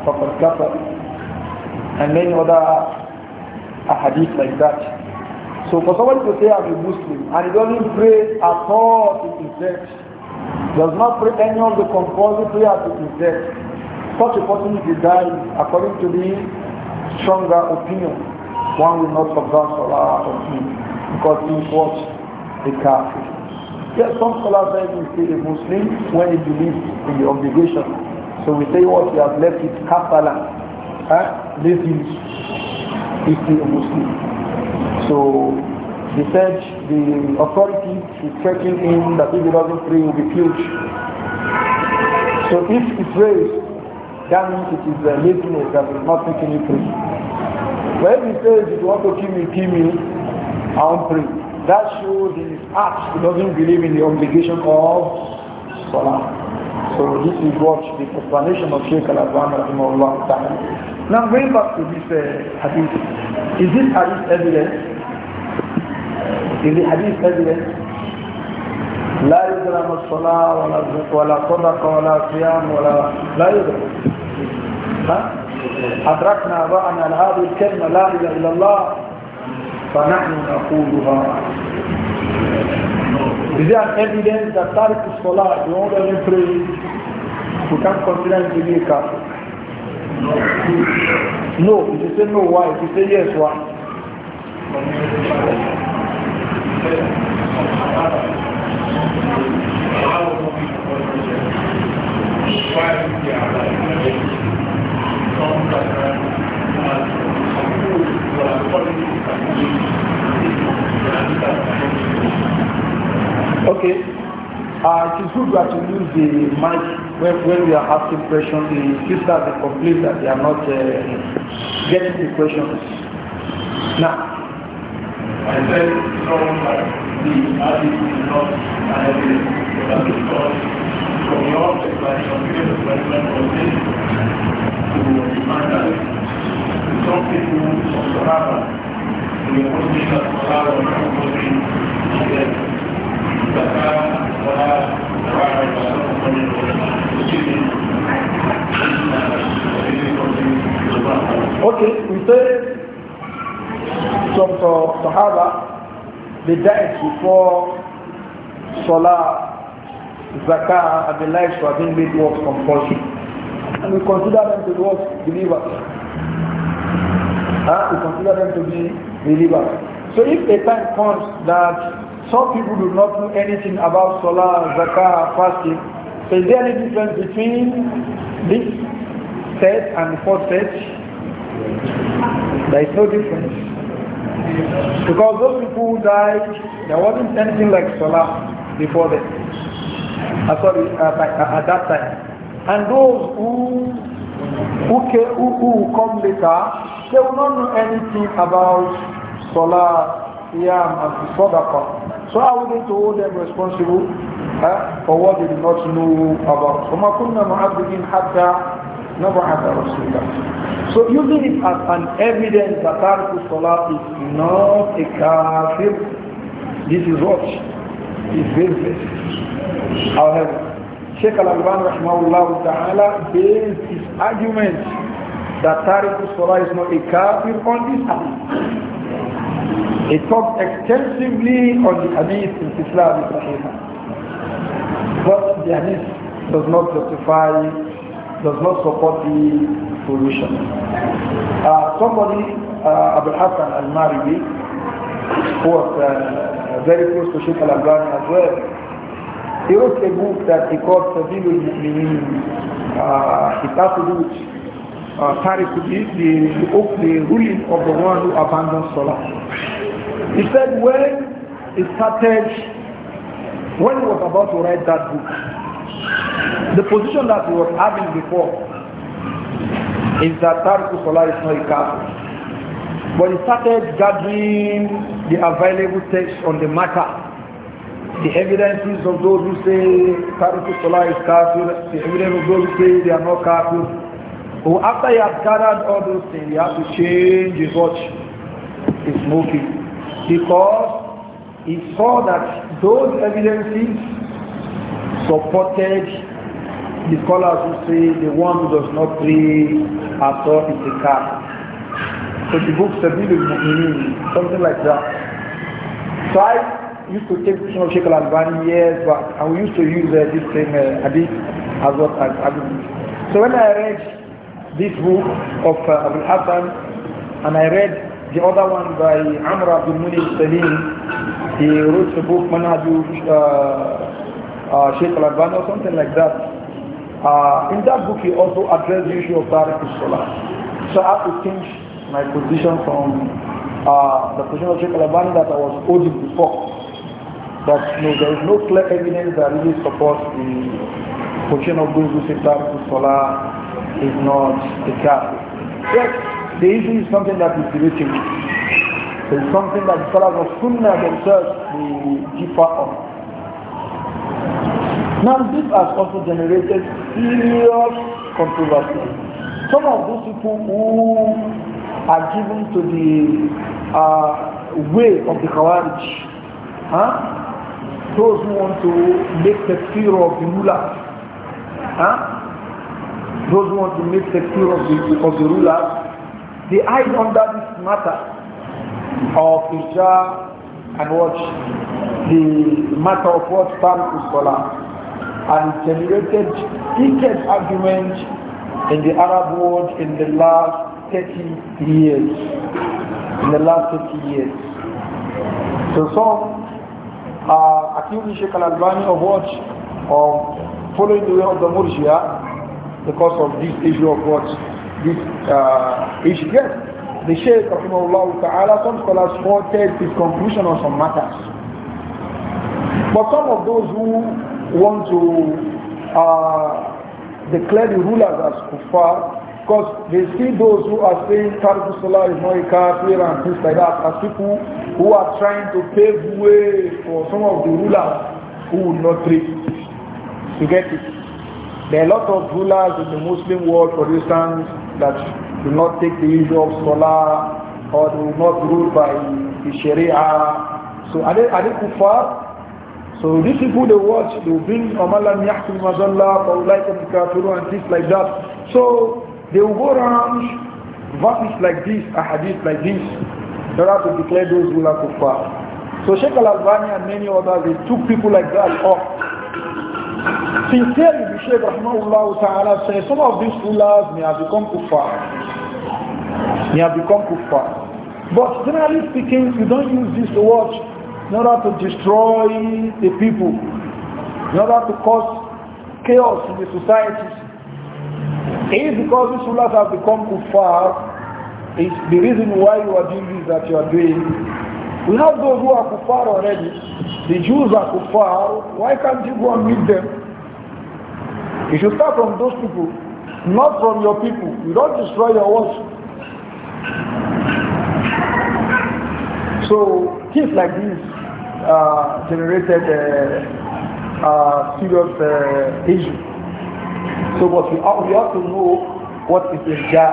faqad kafar and many other hadith like that so for somebody to say I'm a Muslim and he doesn't pray at all to his does not pray any of the compulsory prayer to his such a person if he dies according to the stronger opinion one will not observe Salah on him because he was a kafir Yes, some scholars say you a Muslim when he believes in the obligation. So we say what he has left is kafala. Huh? This is is still a Muslim. So the said the authority is checking in that if he doesn't pray will be huge. So if it prays, that means it is a laziness that is not taking you free. When he says if you want to kill me, kill me, I will free. That shows in his heart he doesn't believe in the obligation of Salah. So this is what the explanation of sheik Al-Adwan time. Now going back to this uh, hadith, is this hadith evidence? Is the hadith evidence? لا يدرم الصلاة ولا ولا صدقة ولا صيام ولا لا يدرم ها أدركنا بأن هذه الكلمة لا إله إلا الله فَنَحْنُ نَقُولُهَا Is there an evidence that Tariq Salah, the one that you we can consider him to be a kafir? No. If you say no, why? If you say yes, why? Why Okay. Uh, it is good that you use the mic when, when we are asking questions. The sisters they complain that they are not uh, getting the questions. Now. I said from the artist is not an because from your explanation, because the question was to the some we are posting that Sahara and not posting together. Okay, we say some uh, Sahaba, they died before Salah, Zakah, and the lives were being made works compulsory. And we consider them to be believers. Huh? We consider them to be believers. So if a time comes that some people do not know anything about Salah, Zakah, fasting, so is there any difference between this set and the fourth set? There is no difference. Because those people who died, there wasn't anything like Salah before them. Uh, sorry, uh, uh at that time. And those who who, came, who, who come later, they will not know anything about Salah, Yam, and Sadaqah. So how are we going to hold them responsible for what they do not know about? So كُنَّا مُعَذِّبِينَ So using it as an evidence that Tariq Salah is not a kafir, this is what is baseless. However, Sheikh Al-Alban Rahmahullah Ta'ala based his arguments that Tariqul Salah is not a kafir on this hadith. It talks extensively on the hadith in Islam But the hadith does not justify, does not support the solution. Uh, somebody, uh, Abu Hassan al-Maribi, who was uh, very close to Sheikh al-Albani as well, he wrote a book that he called Sabilul Mu'minin. Uh, it has to do with uh, tariq is the, the, the ruling of the one who abandoned Salah. He said when he started, when he was about to write that book, the position that he was having before is that Tariq Salah is not a Catholic. But he started gathering the available texts on the matter, the evidences of those who say Tariq Salah is Catholic, the evidence of those who say they are not Catholic. But after he has gathered all those things, he has to change his watch, his smoking. Because he saw that those evidences supported the scholars who say the one who does not pray at all is a cat. So the book Sabil al something like that. So I used to take you know, al al-Albani years back, and we used to use uh, this thing uh, bit, as what well as So when I read this book of uh, Abu Hassan, and I read the other one by Amr Abdul Munir Salim. He wrote a book, Manhaju uh, uh, Sheikh Al-Albani or something like that. Uh, in that book, he also addressed the issue of Tariq Salah. So I have to change my position from uh, the position of Sheikh Al-Albani that I was holding before. But no, there is no clear evidence that really supports the position of those who say Tariq Salah is not the kafir. Yes, the issue is something that is debatable. it's something that the scholars of Sunnah themselves will differ on. Now this has also generated serious controversy. Some of those people who are given to the uh, way of the Khawarij, huh? those who want to make the fear of the ruler, huh? Those who want to make the fear of the, of the rulers, they hide under this matter of Isha and what the matter of what time is Salah and generated heated argument in the Arab world in the last 30 years. In the last 30 years. So some are accusing Sheikh Al-Albani of what? Of following the way of the Murjia because of this issue of what this uh, issue. Yes, the Shaykh Allah, Ta'ala, some scholars faulted his conclusion on some matters. But some of those who want to uh, declare the rulers as kuffar, because they see those who are saying Tariq Salah is not a kafir and things like that as people who are trying to pave way for some of the rulers who will not treat to get it. There are a lot of rulers in the Muslim world, for instance, that do not take the issue of Salah or do not rule by the Sharia. So are they, are they kuffar? So these people they watch, they bring Amalam Yahkum Mazallah, Paulaikum Kafiru and things like that. So they will go around verses like this, a hadith like this, in order to declare those who kuffar. So Sheikh Al-Albani and many others, they took people like that off Sincerely, the Shaykh Rahmanullah Ta'ala says, some of these rulers may have become kuffar. May have become kuffar. But generally speaking, you don't use this watch in order to destroy the people, in order to cause chaos in the societies. It is because these rulers have become kuffar, it's the reason why you are doing this that you are doing we have those who are kuffar already. The Jews are kuffar. Why can't you go and meet them? You should start from those people, not from your people. You don't destroy your worship. So things like this uh, generated serious uh, issue. So what we, have, we have to know what is a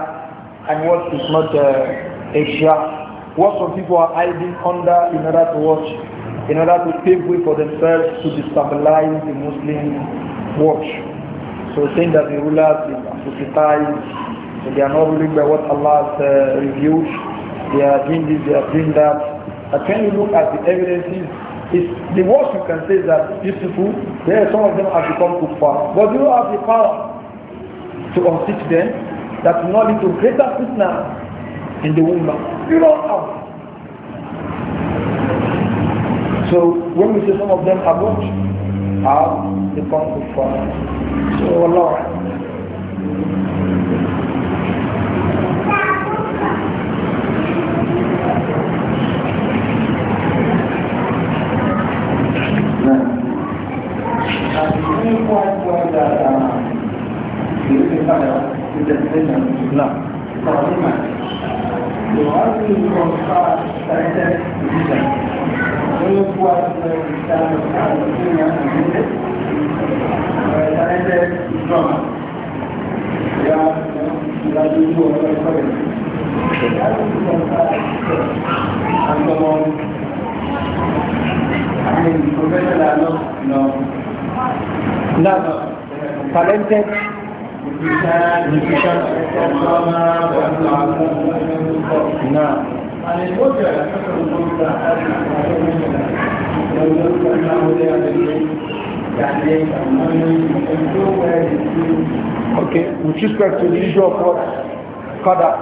and what is not uh, a, a what some people are hiding under in order to watch, in order to pave way for themselves to destabilize the Muslim watch. So saying that the rulers are politicized, they are not ruling by what Allah has uh, revealed, they are doing this, they are doing that. But when you look at the evidences, it's the worst you can say is that these people, there some of them have become far. But you have the power to unseat them that will not lead to greater fitna in the womb. You don't know. So when we see some of them are what? Are the conquered So Allah. Thank you. to the issue of Qadar.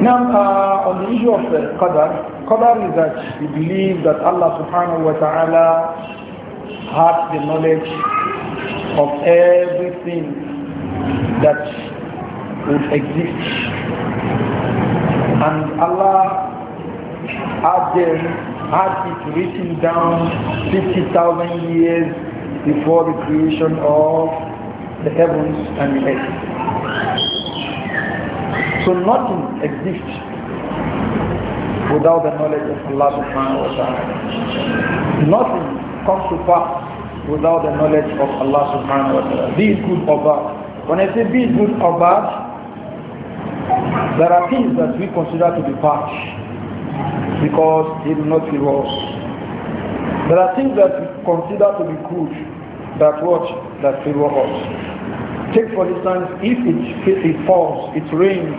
Now, uh, on the issue of uh, Qadar, Qadar is that we believe that Allah subhanahu wa ta'ala has the knowledge of everything that would exist. And Allah has the had it written down 50,000 years before the creation of the heavens and the earth. So nothing exists without the knowledge of Allah subhanahu wa ta'ala. Nothing comes to pass without the knowledge of Allah subhanahu wa ta'ala. Be it good or bad. When I say be it good or bad, there are things that we consider to be bad because he will not be lost. There are things that we consider to be good that what? That favor us. Take for instance, if it, it falls, it rains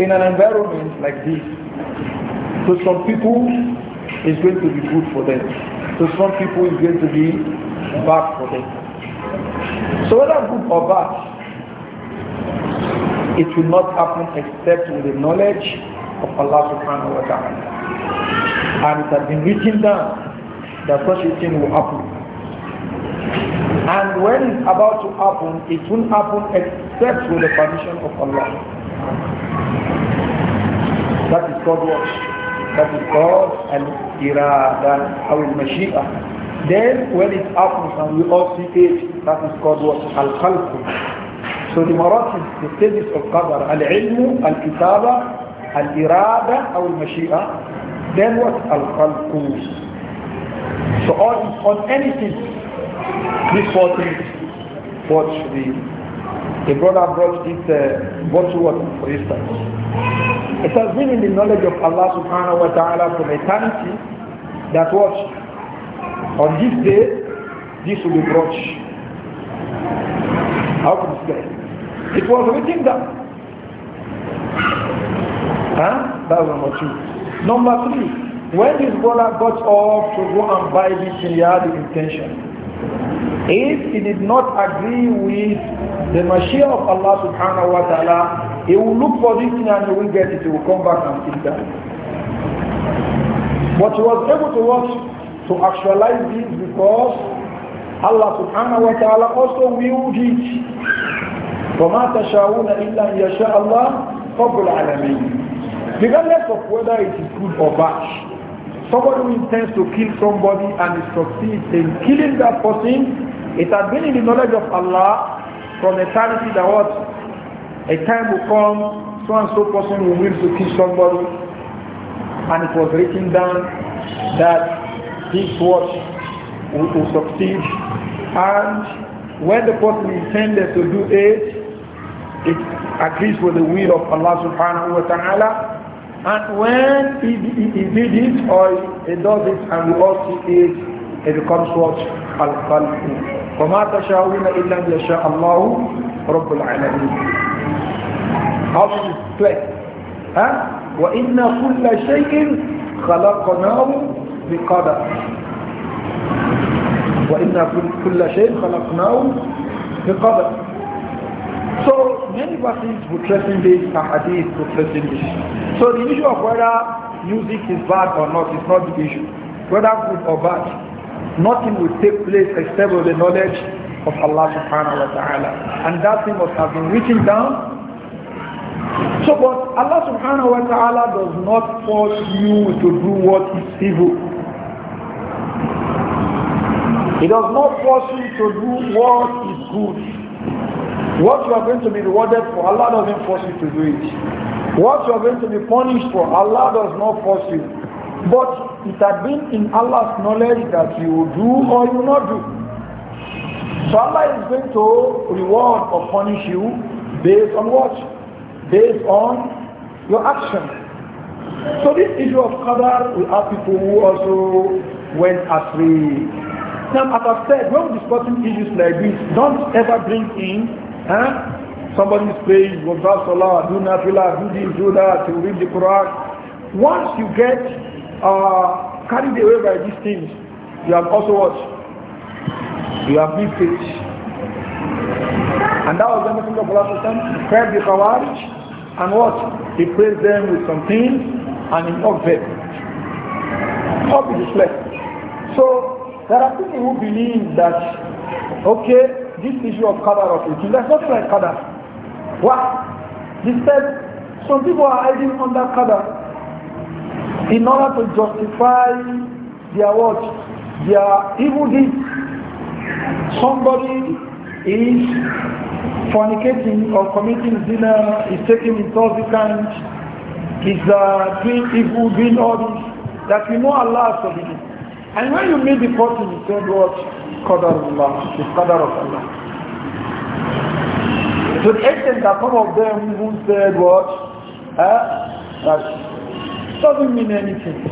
in an environment like this, to some people it's going to be good for them. To some people it's going to be bad for them. So whether good or bad, it will not happen except with the knowledge of Allah subhanahu wa ta'ala. And it has been written down that such a thing will happen. And when it's about to happen, it won't happen except with the permission of Allah. That is God's work. That is God and irada, our mashia. Then when it happens and we all see it, that is God's work, al-khalq. So the maratib, the stages of qadar, al ilmu, al-kitaba, al-irada or al-mashi'a, then what? Al-khalqu. So on, on anything, these four things, what the a brother brought this uh, bottle for instance. It has been in the knowledge of Allah subhanahu wa ta'ala from eternity that what? On this day, this will be brought. How to explain? It was written down. Huh? That was number two. Number three, when his brother got off to go and buy this, he had the intention. If he did not agree with the Mashiach of Allah subhanahu wa ta'ala, he will look for this thing and he will get it. He will come back and see that. But he was able to watch, to actualize this because Allah subhanahu wa ta'ala also willed it. وَمَا تَشَاءُونَ إِلَّا يَشَاءَ اللَّهُ رَبُّ الْعَالَمِينَ Regardless of whether it is good or bad, somebody who intends to kill somebody and succeeds in killing that person, it has been in the knowledge of Allah from eternity that what a time will come, so and so person will will to kill somebody, and it was written down that this what will, will succeed, and when the person intended to do it, it agrees with the will of Allah subhanahu wa ta'ala. And when he, he, he did it or he does it and we all see it, it becomes what? Al-Qalb. وَمَا تَشَاءُونَ إِلَّا يَشَاءَ اللَّهُ رَبُّ الْعَالَمِينَ How is it played? Huh? وَإِنَّ كُلَّ شَيْءٍ خَلَقْنَاهُ بِقَدَرٍ وَإِنَّ كُلَّ شَيْءٍ خَلَقْنَاهُ بِقَدَرٍ So many verses buttressing this and hadith buttressing this. So the issue of whether music is bad or not is not the issue. Whether good or bad, nothing will take place except with the knowledge of Allah subhanahu wa ta'ala. And that thing must have been written down. So but Allah subhanahu wa ta'ala does not force you to do what is evil. He does not force you to do what is good. What you are going to be rewarded for, Allah doesn't force you to do it. What you are going to be punished for, Allah does not force you. But it had been in Allah's knowledge that you will do or you will not do. So Allah is going to reward or punish you based on what? Based on your action. So this issue of qadar, we have people who also went astray. Now, as i said, when we're discussing issues like this, don't ever bring in Huh? Somebody is praying, go to Salah, do Nafila, do this, do that, you read the Quran. Once you get uh, carried away by these things, you have also what? You have been faith. And that was the message of Allah He prayed the Khawarij and what? He praised them with some things and he knocked them. Up is left. So there are people who believe that okay this issue of qadar of eating, that's not like qadar. What? He said, some people are hiding under qadar in order to justify their what? Their evil deeds. Somebody is fornicating or committing zina, is taking intoxicant, is uh, doing evil, doing all this, that we know Allah has forbidden. And when you meet the person, you said what? Kadarullah, the Qadar of Allah. So the extent that some of them who said what? Uh, that doesn't mean anything.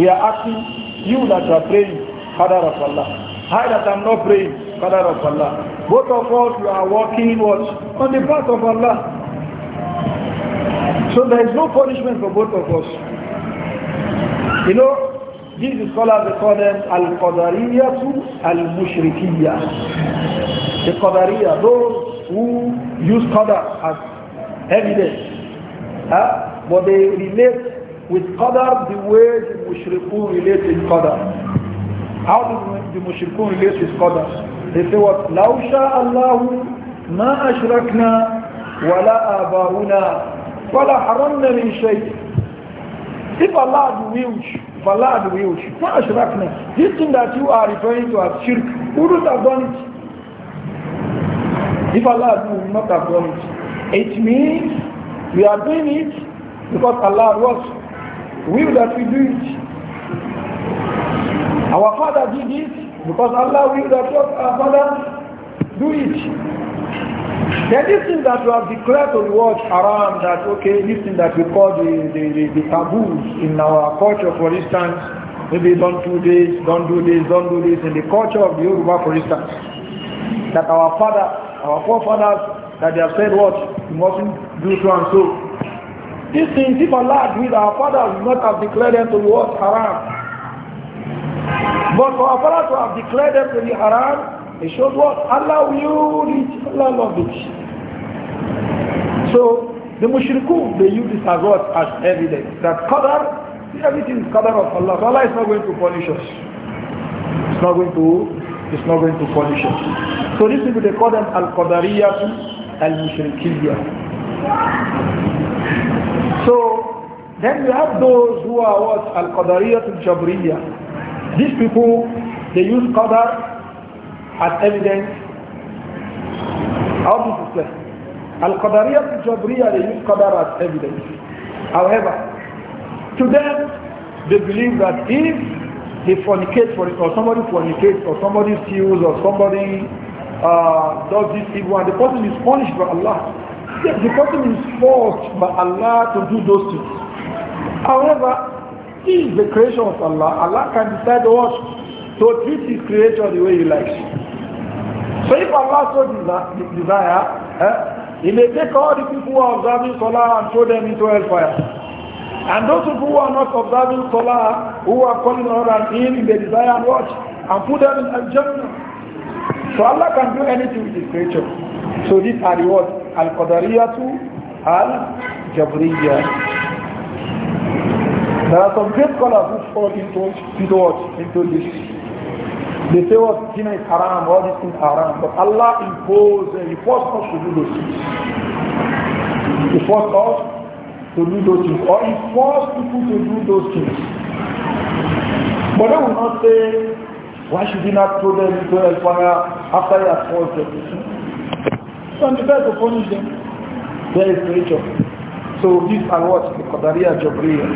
We are asking you that are praying, Qadar of Allah. I that I'm not praying, Qadar of Allah. Both of us we are walking what? On the path of Allah. So there is no punishment for both of us. You know, These scholars they call them al al The those who use قدر as evidence. uh, But they relate with قدر the way the مشركون relate with قدر How do the مشركون relate with قدر They say what? لَوْ شَاءَ اللَّهُ مَا أَشْرَكْنَا وَلَا آبَاؤُنَا وَلَا حَرَمْنَا مِنْ شَيْءٍ If Allah wills, Fala al-Wiyush, Fa'ashrakna. This thing that you are referring to as shirk, who would have done it. If Allah would not have done it. It means we are doing it because Allah was will that we do it. Our father did it because Allah will that our father do it. Then things that we have declared to the world around that, okay, this thing that we call the, the, the, the taboos in our culture, for instance, maybe don't do this, don't do this, don't do this, in the culture of the Yoruba, for instance, that our father, our forefathers, that they have said what, you mustn't do so and so. These things, if allowed, with our fathers would not have declared them to the world haram. But for our fathers to have declared them to be haram, it shows what Allah will it, Allah loves it. So the mushrikun, they use this as what? As evidence. That qadar, everything is qadar of Allah. So Allah is not going to punish us. It's not going to, it's not going to punish us. So this is what they call them al-qadariyah al-mushrikiyah. So then we have those who are what? Al-Qadariyat al-Jabriya. These people, they use Qadar as evidence. How this is Al-Qadariyah al-Jabriya, they use Qadar as evidence. However, to them, they believe that if he fornicates for, or somebody fornicates, or somebody steals, or somebody uh, does this evil, and the person is punished by Allah, the, the person is forced by Allah to do those things. However, he is the creation of Allah. Allah can decide what to treat his creation the way he likes. So if Allah so desire, eh, He may take all the people who are observing Salah and throw them into hellfire. And those people who are not observing Salah, who are calling out and in, the desire and watch, and put them in Al-Jannah. So Allah can do anything with His creature. So these are the words, Al-Qadariyatu, Al-Jabriya. There are some great scholars who fall into, into, into this they say what sin is haram, all these things are haram. But Allah imposed, eh, He forced us to do those things. He forced us to do those things. Or He forced people to do those things. But I will not say, why should He not throw them into the fire after He has forced them? So i the best to punish them. There is nature. So these are what the Qadariya Jabriya.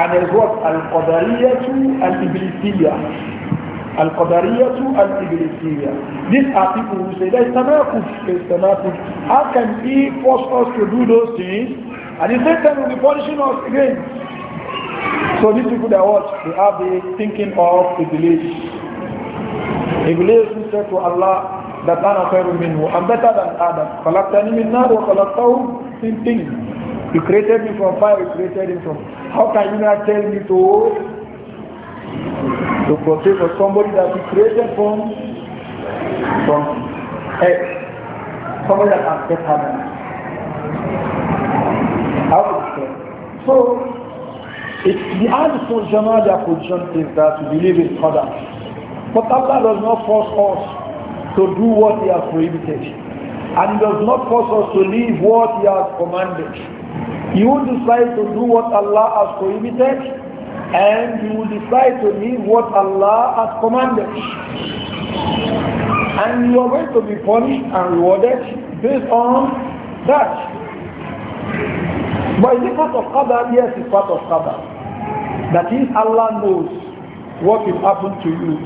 And there is what? Al-Qadariya to Al-Iblisiyya. Al-Qadariyah to Al-Iblisiyah. These are people who say, there is tanakuf, there is tanakuf. How can he force us to do those things? And the same time will be punishing us again. So these people that watch, they have the thinking of Iblis. Iblis who said to Allah, that better than منه, I'm better than Adam. خلقتني من نار وخلقته من thing. You created me from fire, you created him from... How can you not tell me to to protect for somebody he created from from X, somebody that has kept heaven. So it's the Ahl Sunnah their position is that we believe in Qadar. But Allah does not force us to do what He has prohibited. And He does not force us to leave what He has commanded. You decide to do what Allah has prohibited, and you will decide to me what Allah has commanded. And you are going to be punished and rewarded based on that. But is it part of Qadar? Yes, it's part of Qadar. That is, Allah knows what will happen to you,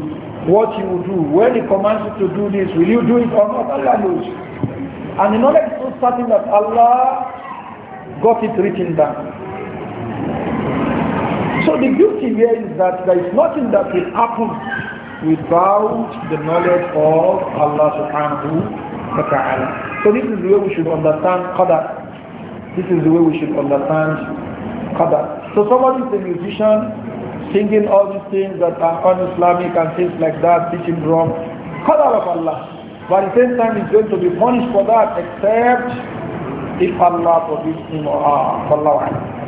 what you will do. When He commands you to do this, will you do it or not? Allah knows. And in order to certain that Allah got it written down. So the beauty here is that there is nothing that will happen without the knowledge of Allah subhanahu wa ta'ala. So this is the way we should understand qadar. This is the way we should understand qadar. So somebody is a musician singing all these things that are un-Islamic and things like that, teaching wrong. Qadar of Allah. But at the same time he's going to be punished for that except if Allah forgives him or Allah.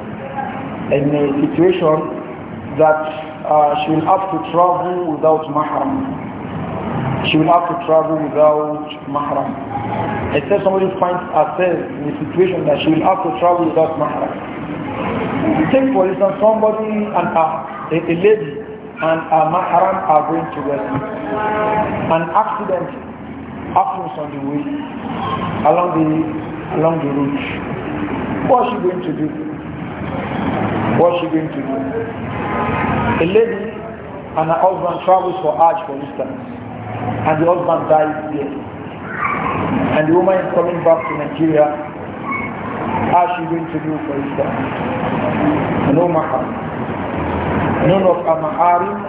in a situation that uh, she will have to travel without mahram. She will have to travel without mahram. Except somebody finds herself in a situation that she will have to travel without mahram. Take for instance somebody and a, a, a lady and a mahram are going together. An accident happens on the way along the along the route. What is she going to do? What's she going to do? A lady and her husband travels for Hajj, for instance, and the husband dies here. And the woman is coming back to Nigeria. How is she going to do, for instance? No mahar. None of our maharim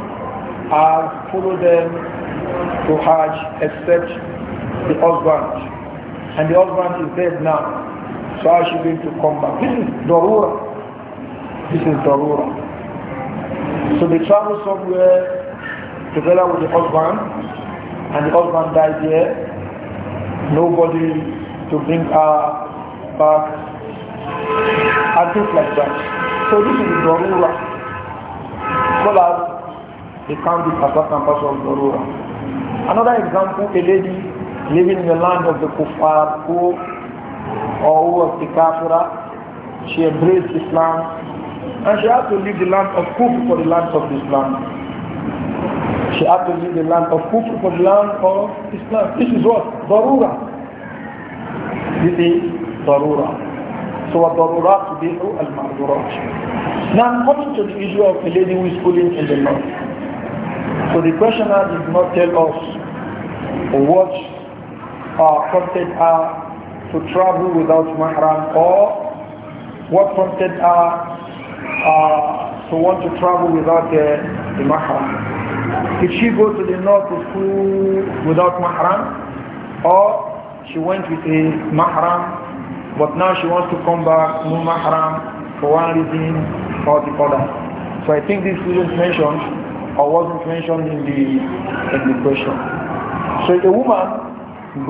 have followed them to Hajj except the husband. And the husband is dead now. So how is she going to come back? This is Dorura. This is Darura. So they travel somewhere together with the husband and the husband dies there. Nobody to bring her back and things like that. So this is Darura. So that they can't be part and parcel of Darura. Another example, a lady living in the land of the Kufar who or who was the Kafira, she embraced Islam and she had to leave the land of Kufu for the land of Islam. She had to leave the land of Kufu for the land of Islam. This is what? Darura. This is Darura. So Darura to be oh, al Now I'm coming to the issue of the lady who is pulling in the north. So the questioner did not tell us what uh, prompted her to travel without mahram or what prompted her so, uh, to want to travel without the, uh, the mahram. Did she go to the north to school without mahram? Or she went with a mahram, but now she wants to come back, no mahram, for one reason or the other. So I think this isn't mentioned or wasn't mentioned in the, in the question. So a woman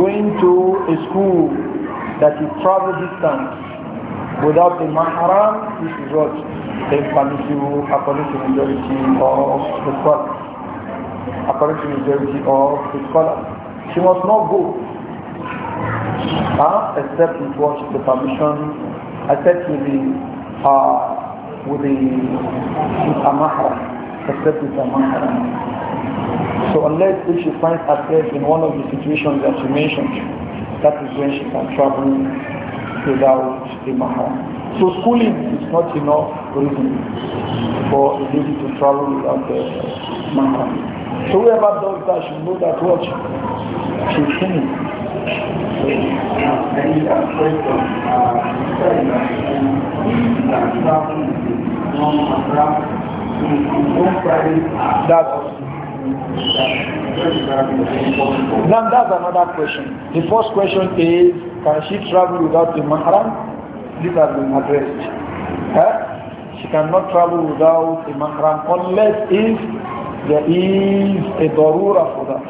going to a school that is travel distance without the mahram, this is punish you. according to majority of the scholar. According to majority of the scholar. She must not go. Huh? Except with what the permission, except with the, uh, with the, with a mahram, except with a mahram. So unless if she finds herself in one of the situations that you mentioned, that is when she can travel without so schooling is not enough reason for a lady to travel without the uh, mahram. So whoever does that should know that what she's sinning. That's now that's another question. The first question is, can she travel without the mahram? these has been addressed. Huh? She cannot travel without a mahram unless if there is a darura for that.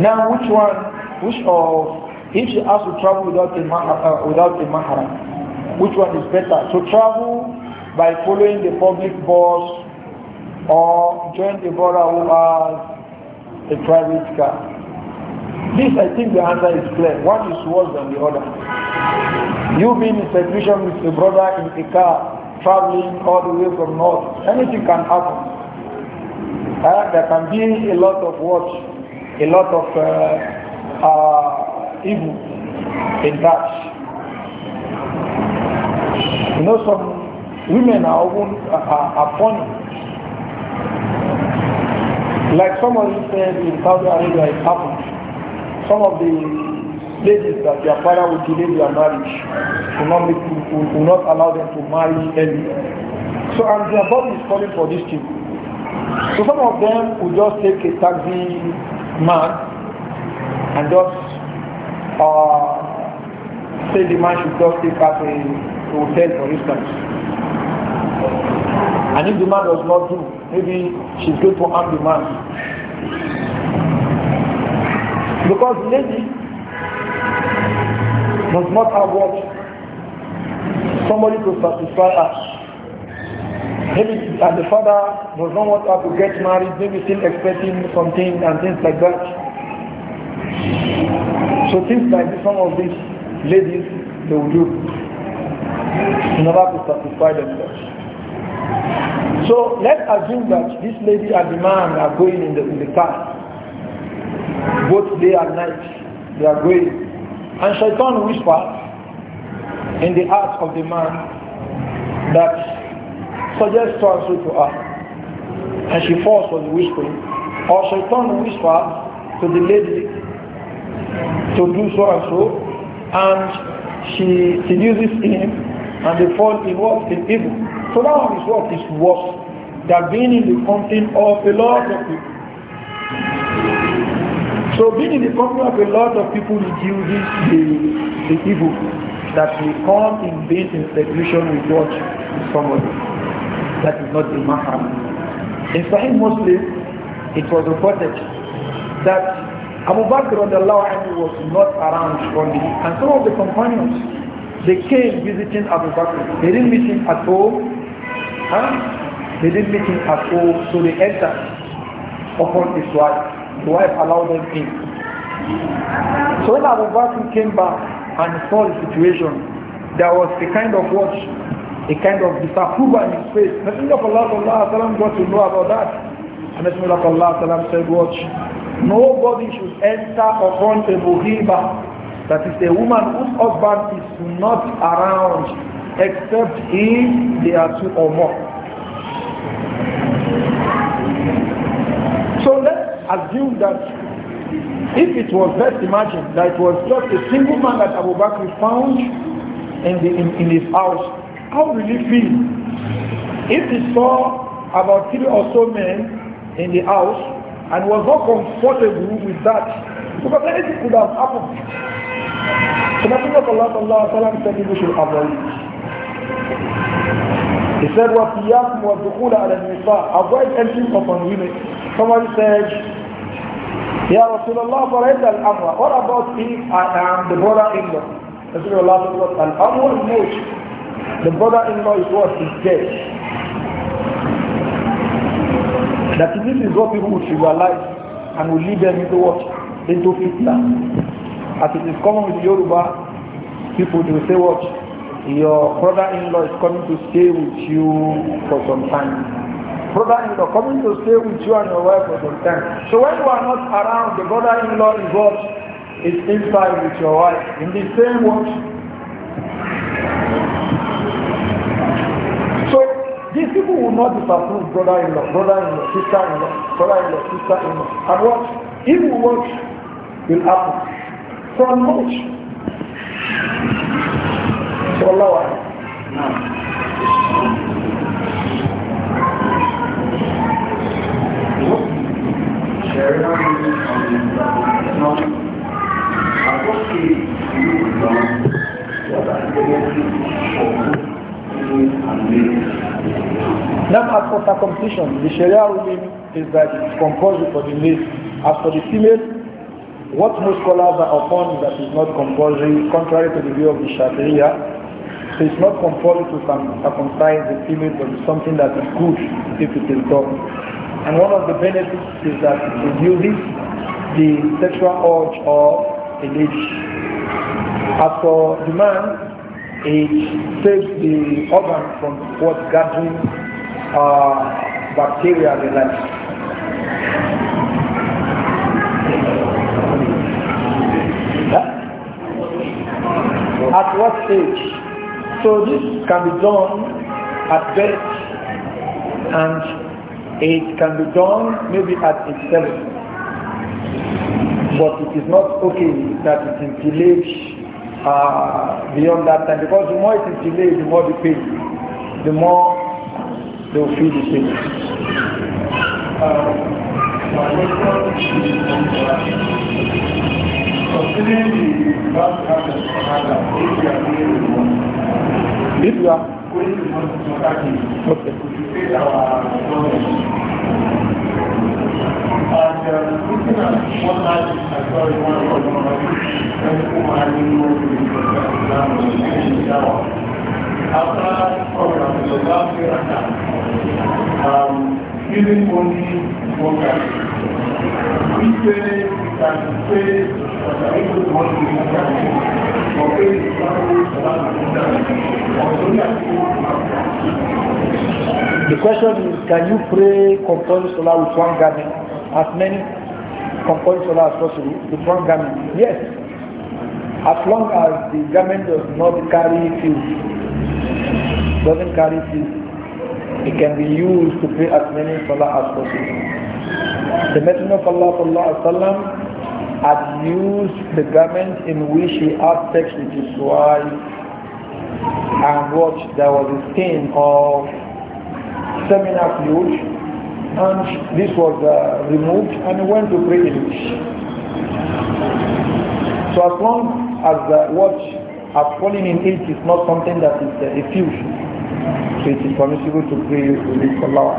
Now which one, which of, if she has to travel without a mahram, uh, without a mahram which one is better? To travel by following the public bus or join the brother who has a private car. This I think the answer is clear. One is worse than the other. You being in situation with your brother in a car, traveling all the way from north, anything can happen. Uh, there can be a lot of what, a lot of uh, uh, evil in that. You know, some women are often are, are funny. Like somebody said in Saudi Arabia, it happened. Some of the ladies that their father will delay their marriage, will not, make, will, not allow them to marry early. So and their body is calling for this thing. So some of them will just take a taxi man and just uh, say the man should just take us a hotel for instance. And if the man does not do, maybe she's going to harm the man. Because lady does not have what? Somebody to satisfy us. Maybe and the father does not want her to get married, maybe still expecting something and things like that. So things like this, some of these ladies, they will do in order to satisfy themselves. So let's assume that this lady and the man are going in the, in the car, both day and night. They are going. And shaitan whispers in the heart of the man that suggests to and so to her. And she falls for the whispering. Or shaitan whispers to the lady to do so and so. And she seduces him and they fall in what? In evil. So his work is worse than being in the company of a lot of people. So being in the company of a lot of people reduces the, the evil that we come in this institution with watch somebody. That is not the mahram. In Sahih Muslim, it was reported that Abu Bakr was not around one the And some of the companions, they came visiting Abu Bakr. They didn't meet him at home. Huh? They didn't meet him at home, so they entered upon his wife the wife allowed them in. So when Abu Bakr came back and saw the situation, there was a kind of what? A kind of disapproval in his face. Messenger of Allah sallallahu alayhi wa got to know about that. And Messenger of Allah sallallahu said, watch, nobody should enter upon a muhiba. That is a woman whose husband is not around except if they are two or more. So let assume that if it was, best imagined that it was just a single man that Abu Bakr found in, the, in, in his house, how will he feel? If he saw about three or so men in the house and was not comfortable with that, because anything could have happened. So the Prophet of Allah said we should avoid He said, وَفِيَاكُمْ وَالدُّخُولَ عَلَى النِّسَاءِ Avoid entering upon women. Somebody said, Ya Rasulullah, فَرَيْتَ الْأَمْرَ What about if I am the brother-in-law? Rasulullah said, what? Al-Amr al The brother-in-law is what? Is dead. That this is what people will realize and will lead them into what? Into fitna. As it is common with Yoruba, people will say what? your brother-in-law is coming to stay with you for some time. Brother-in-law coming to stay with you and your wife for some time. So when you are not around, the brother-in-law is what is inside with your wife. In the same watch. So these people will not disapprove brother-in-law, brother-in-law, sister-in-law, brother-in-law, sister-in-law. And what? evil we will happen. From much? والله Now as for circumcision, the Sharia ruling is that it's compulsory for the male. As for the female, What most scholars are upon that is not compulsory, contrary to the view of the Sharia, so it's not compulsory to circumcise the female, but it's something that is good if it is done. And one of the benefits is that it reduces the sexual urge of a lady. As for the man, it saves the organ from what gathering uh, bacteria they like. at what stage. So this can be done at birth and it can be done maybe at itself. But it is not okay that it is delayed uh, beyond that time because the more it is delayed, the more the pain, the more they will feel the pain. Uh, considering if you are if are going to okay. we And uh, looking at one night, I saw in one of the when the woman had to the Islam in the shower. After program, the last year um, using only one guy, we say the question is, can you pray compulsory solar with one garment? As many compulsory solar as possible with one garment? Yes. As long as the garment does not carry fuel, doesn't carry fuel, it can be used to pray as many salah as possible. The Messenger of Allah sallallahu alaihi wasallam had used the garment in which he had sex with his wife and what there was a stain of seminal fluid and this was uh, removed and went to pray So as long as the watch has fallen in it is not something that is uh, effusion. So it is permissible to pray with it for Allah.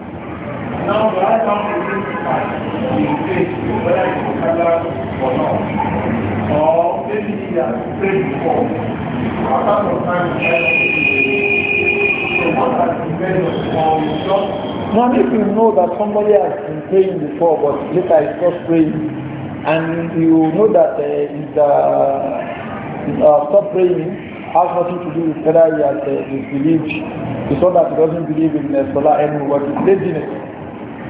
Now, the right one is crucified. He is faith, whether it's vocabulary or not. Or maybe he has prayed before. After some time, he has So what has been made of just now, if you know that somebody has been praying before, but later is not praying, and you know that uh, is uh, uh, stop praying, has nothing to do with whether he has uh, disbelieved. It's not that he doesn't believe in uh, Salah anymore, but it's laziness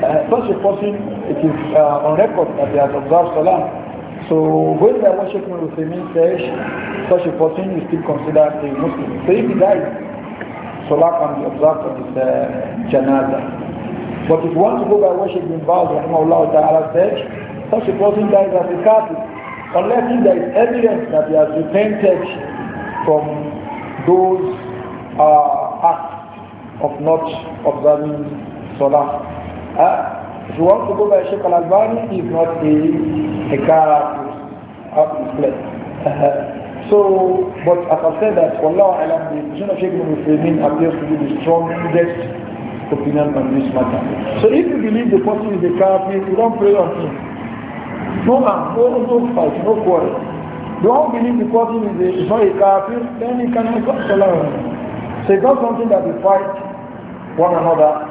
uh, such a person, it is uh, on record that they have observed Salah. So when they are worshipping with a mean flesh, such a person is still considered a Muslim. So if he dies, Salah can be observed on his uh, janaza. But if one to go by worshipping Baal, Rahmahullah Ta'ala said, such a person dies as a Catholic, unless there is evidence that he has repented from those uh, acts of not observing Salah. If you want to go by Sheikh Al-Albani, he's not a, a car outlet. so, but as I said that, Wallahu Alam, the position of Sheikh Ibn appears to be the strongest opinion on this matter. So if you believe the person is a kafir, you don't pray on him. No man, no, no fight, no quarrel. Don't believe the person is, a, is not a kafir, then he cannot come to So it's not something that we fight one another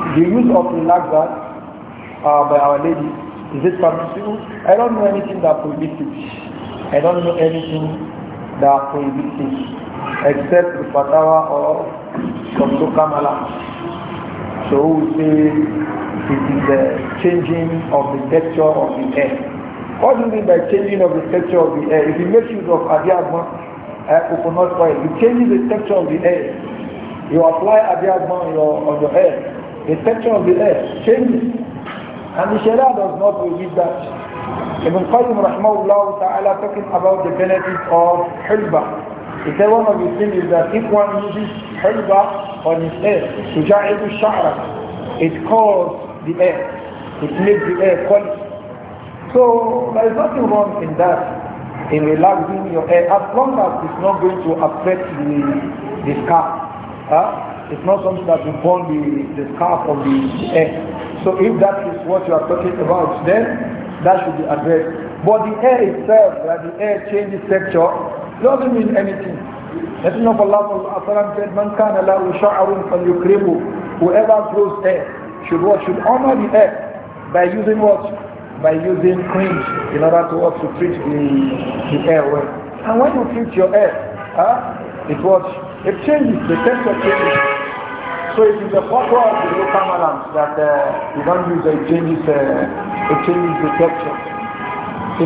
The use of relaxer uh, by Our Lady, is it permissible? I don't know anything that prohibits it. I don't know anything that prohibits it, except the fatwa or from Kamala. So we say it is the changing of the texture of the air. What do you mean by changing of the texture of the air? If you make use of adiabma, uh, coconut oil, you change the texture of the air. You apply adiabma on your, on your hair the texture of the earth changes. And the Sharia does not believe that. Ibn Qayyim rahmahullah ta'ala talking about the benefits of hulba. He said one of the things is that if one uses hulba on his hair, suja'idu sha'ra, it calls the earth, It makes the earth quality. So there is nothing wrong in that, in relaxing your hair, as long as it's not going to affect the, the scalp. Huh? It's not something that you pull the, the scarf from the, air. So if that is what you are talking about, then that should be addressed. But the air itself, that the air changes texture, doesn't mean anything. The Messenger of Allah said, Man kana lahu sha'arun falyukrimu. Whoever throws air should what? Should honor the air by using what? By using creams in order to what? To treat the, the hair well. And when you treat your air, huh, it what? It changes, the texture changes. So it is a proper of the local that uh, you don't use a changes, uh, it changes the texture.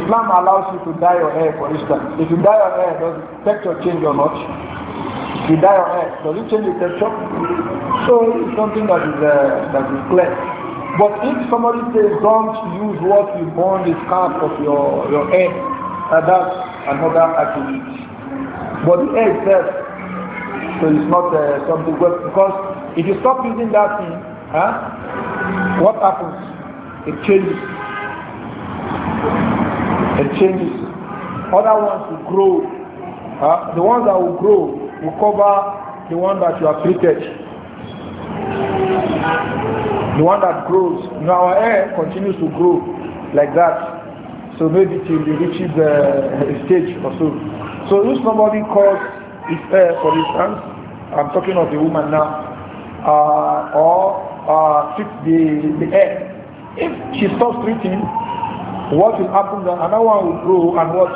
Islam allows you to dye your hair, for instance. If you dye your hair, does the texture change or not? If you dye your hair, does it change the texture? So it's something that is, uh, that is clear. But if somebody says, don't use what you burn the scalp of your, your hair, uh, that's another activity. But the hair itself, so it's not uh, something, because if you stop using that thing, huh, what happens? It changes. It changes. Other ones will grow. The ones that will grow will cover the one that you have treated. The one that grows. You know, our hair continues to grow like that. So maybe till it reaches the stage or so. So if somebody calls his hair, for instance, I'm talking of the woman now, uh, or uh, treat the, the air. If she stops treating, what will happen That Another one will grow and what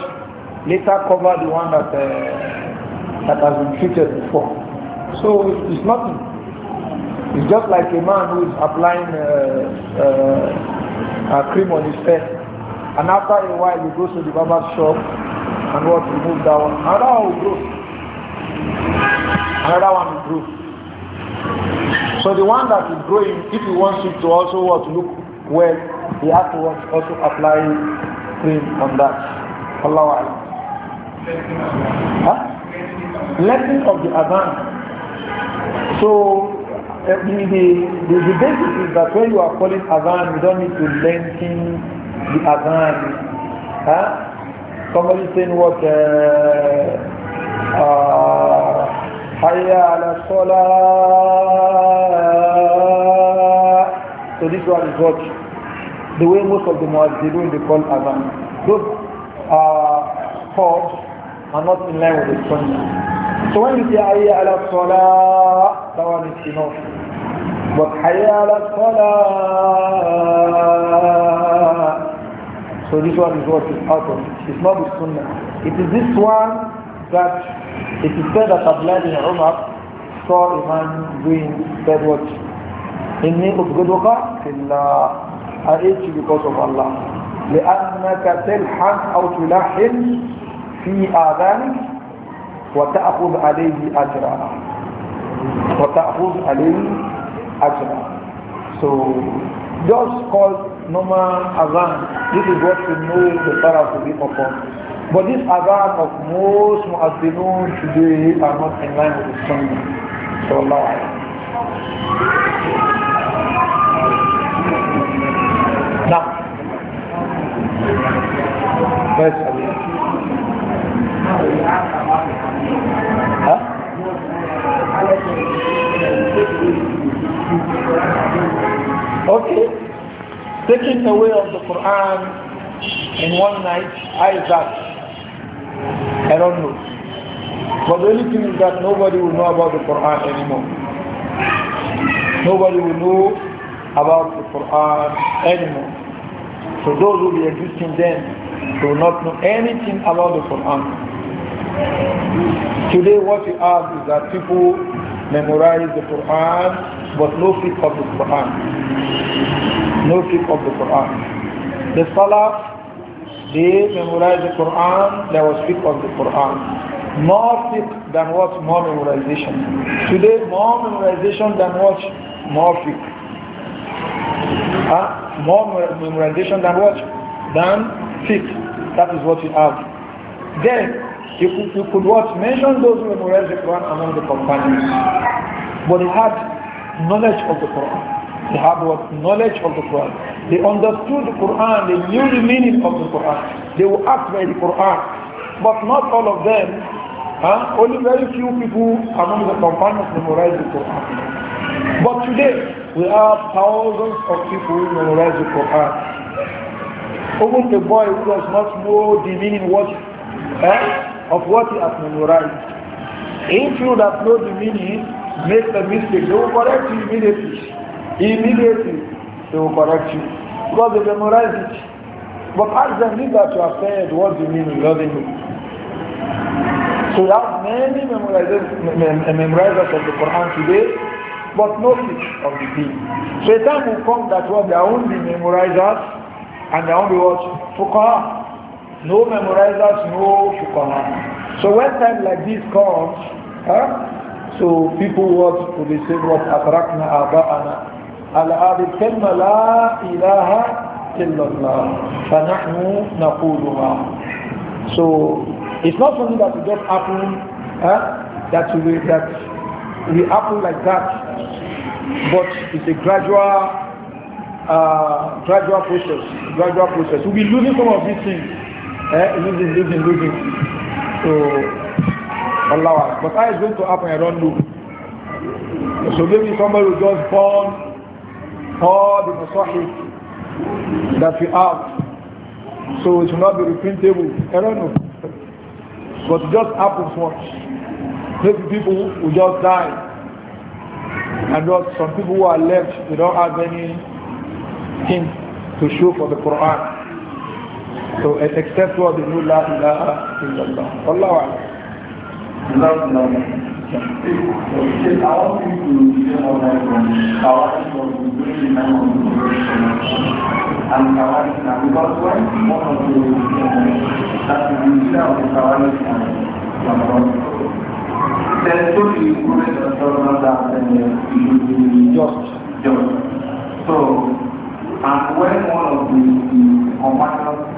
later cover the one that uh, that has been treated before. So it's nothing. It's just like a man who is applying uh, uh cream on his head, and after a while he goes to the barber shop and what remove that one. Another one will grow. Another one will grow. So the one that is growing, if he wants it to also what, look well, he has to also apply cream on that. Allah huh? Lesson of the Adhan. So uh, the, the, the, basis is that when you are calling Adhan, you don't need to lengthen the Adhan. Huh? Somebody saying what? Eh, uh, uh, حي على الصلاة So this one is what the way most of the muazzirun they call adhan. Those uh, calls are not in line with the sunnah. So when you say hayya ala salah, that one is enough. But hayya ala salah, so this one is what is out of it. It's not the sunnah. It is this one that it is said that Abdullah bin Umar saw a man doing said what? إني أبغضك في الله I hate you because of Allah لأنك تلحن أو تلحن في آذانك وتأخذ عليه أجرا وتأخذ عليه أجرا So just call normal Azan. This is what we know the Sarah to be performed. But this adhan of most mu'azzinoon today are not in line with the Sunnah. So Allah. Now, first huh? Okay, taking away of the Quran in one night, I that I don't know. But the only thing is that nobody will know about the Quran anymore. Nobody will know about the Quran anymore. So those who were existing then will not know anything about the Quran. Today what we have is that people memorize the Quran but no fiqh of the Quran. No fiqh of the Quran. The Salah they memorized the Quran, They were fiqh of the Quran. More fiqh than what? More memorization. Today, more memorization than what? More fiqh. Huh? More memorization than what? Than fiqh. That is what you have. Then, you could, you could what? Mention those who memorized the Quran among the companions. But they had knowledge of the Quran. They had what knowledge of the Quran. They understood the Quran. They knew the meaning of the Quran. They were asked by the Quran. But not all of them, huh? only very few people among the companions memorized the Quran. But today, we have thousands of people who memorize the Quran. Even the boy who does not know the meaning what, eh, of what he has memorized. If you that know the meaning, make the mistake, they will correct you immediately. Immediately, they will correct you. Because they memorize it. But ask them, leave that you have said, what do you mean in loving me? So you have many memorizers, memorizers of the Quran today, but no knowledge of the deen. So a time will come that what there won't be memorizers and there won't be what? No memorizers, no fuqaha. So when time like this comes, huh? so people what will be saying what atrakna aba'ana على هذه الكلمة لا إله إلا الله فنحن نقولها so it's not something that will just happen huh? that will that will happen like that but it's a gradual uh, gradual process gradual process we'll be losing some of these things eh? losing losing losing so Allah but how it's going to happen I don't know so maybe somebody will just born all the Masahif that we have. So it should not be repeatable. I don't know. But it just happens once. Maybe people will just die. And not some people who are left, they don't have any thing to show for the Quran. So except what the know, La ilaha illallah. Allah. Allah. Then so you put it as well as that and you just, just. So, and when one of the, the companions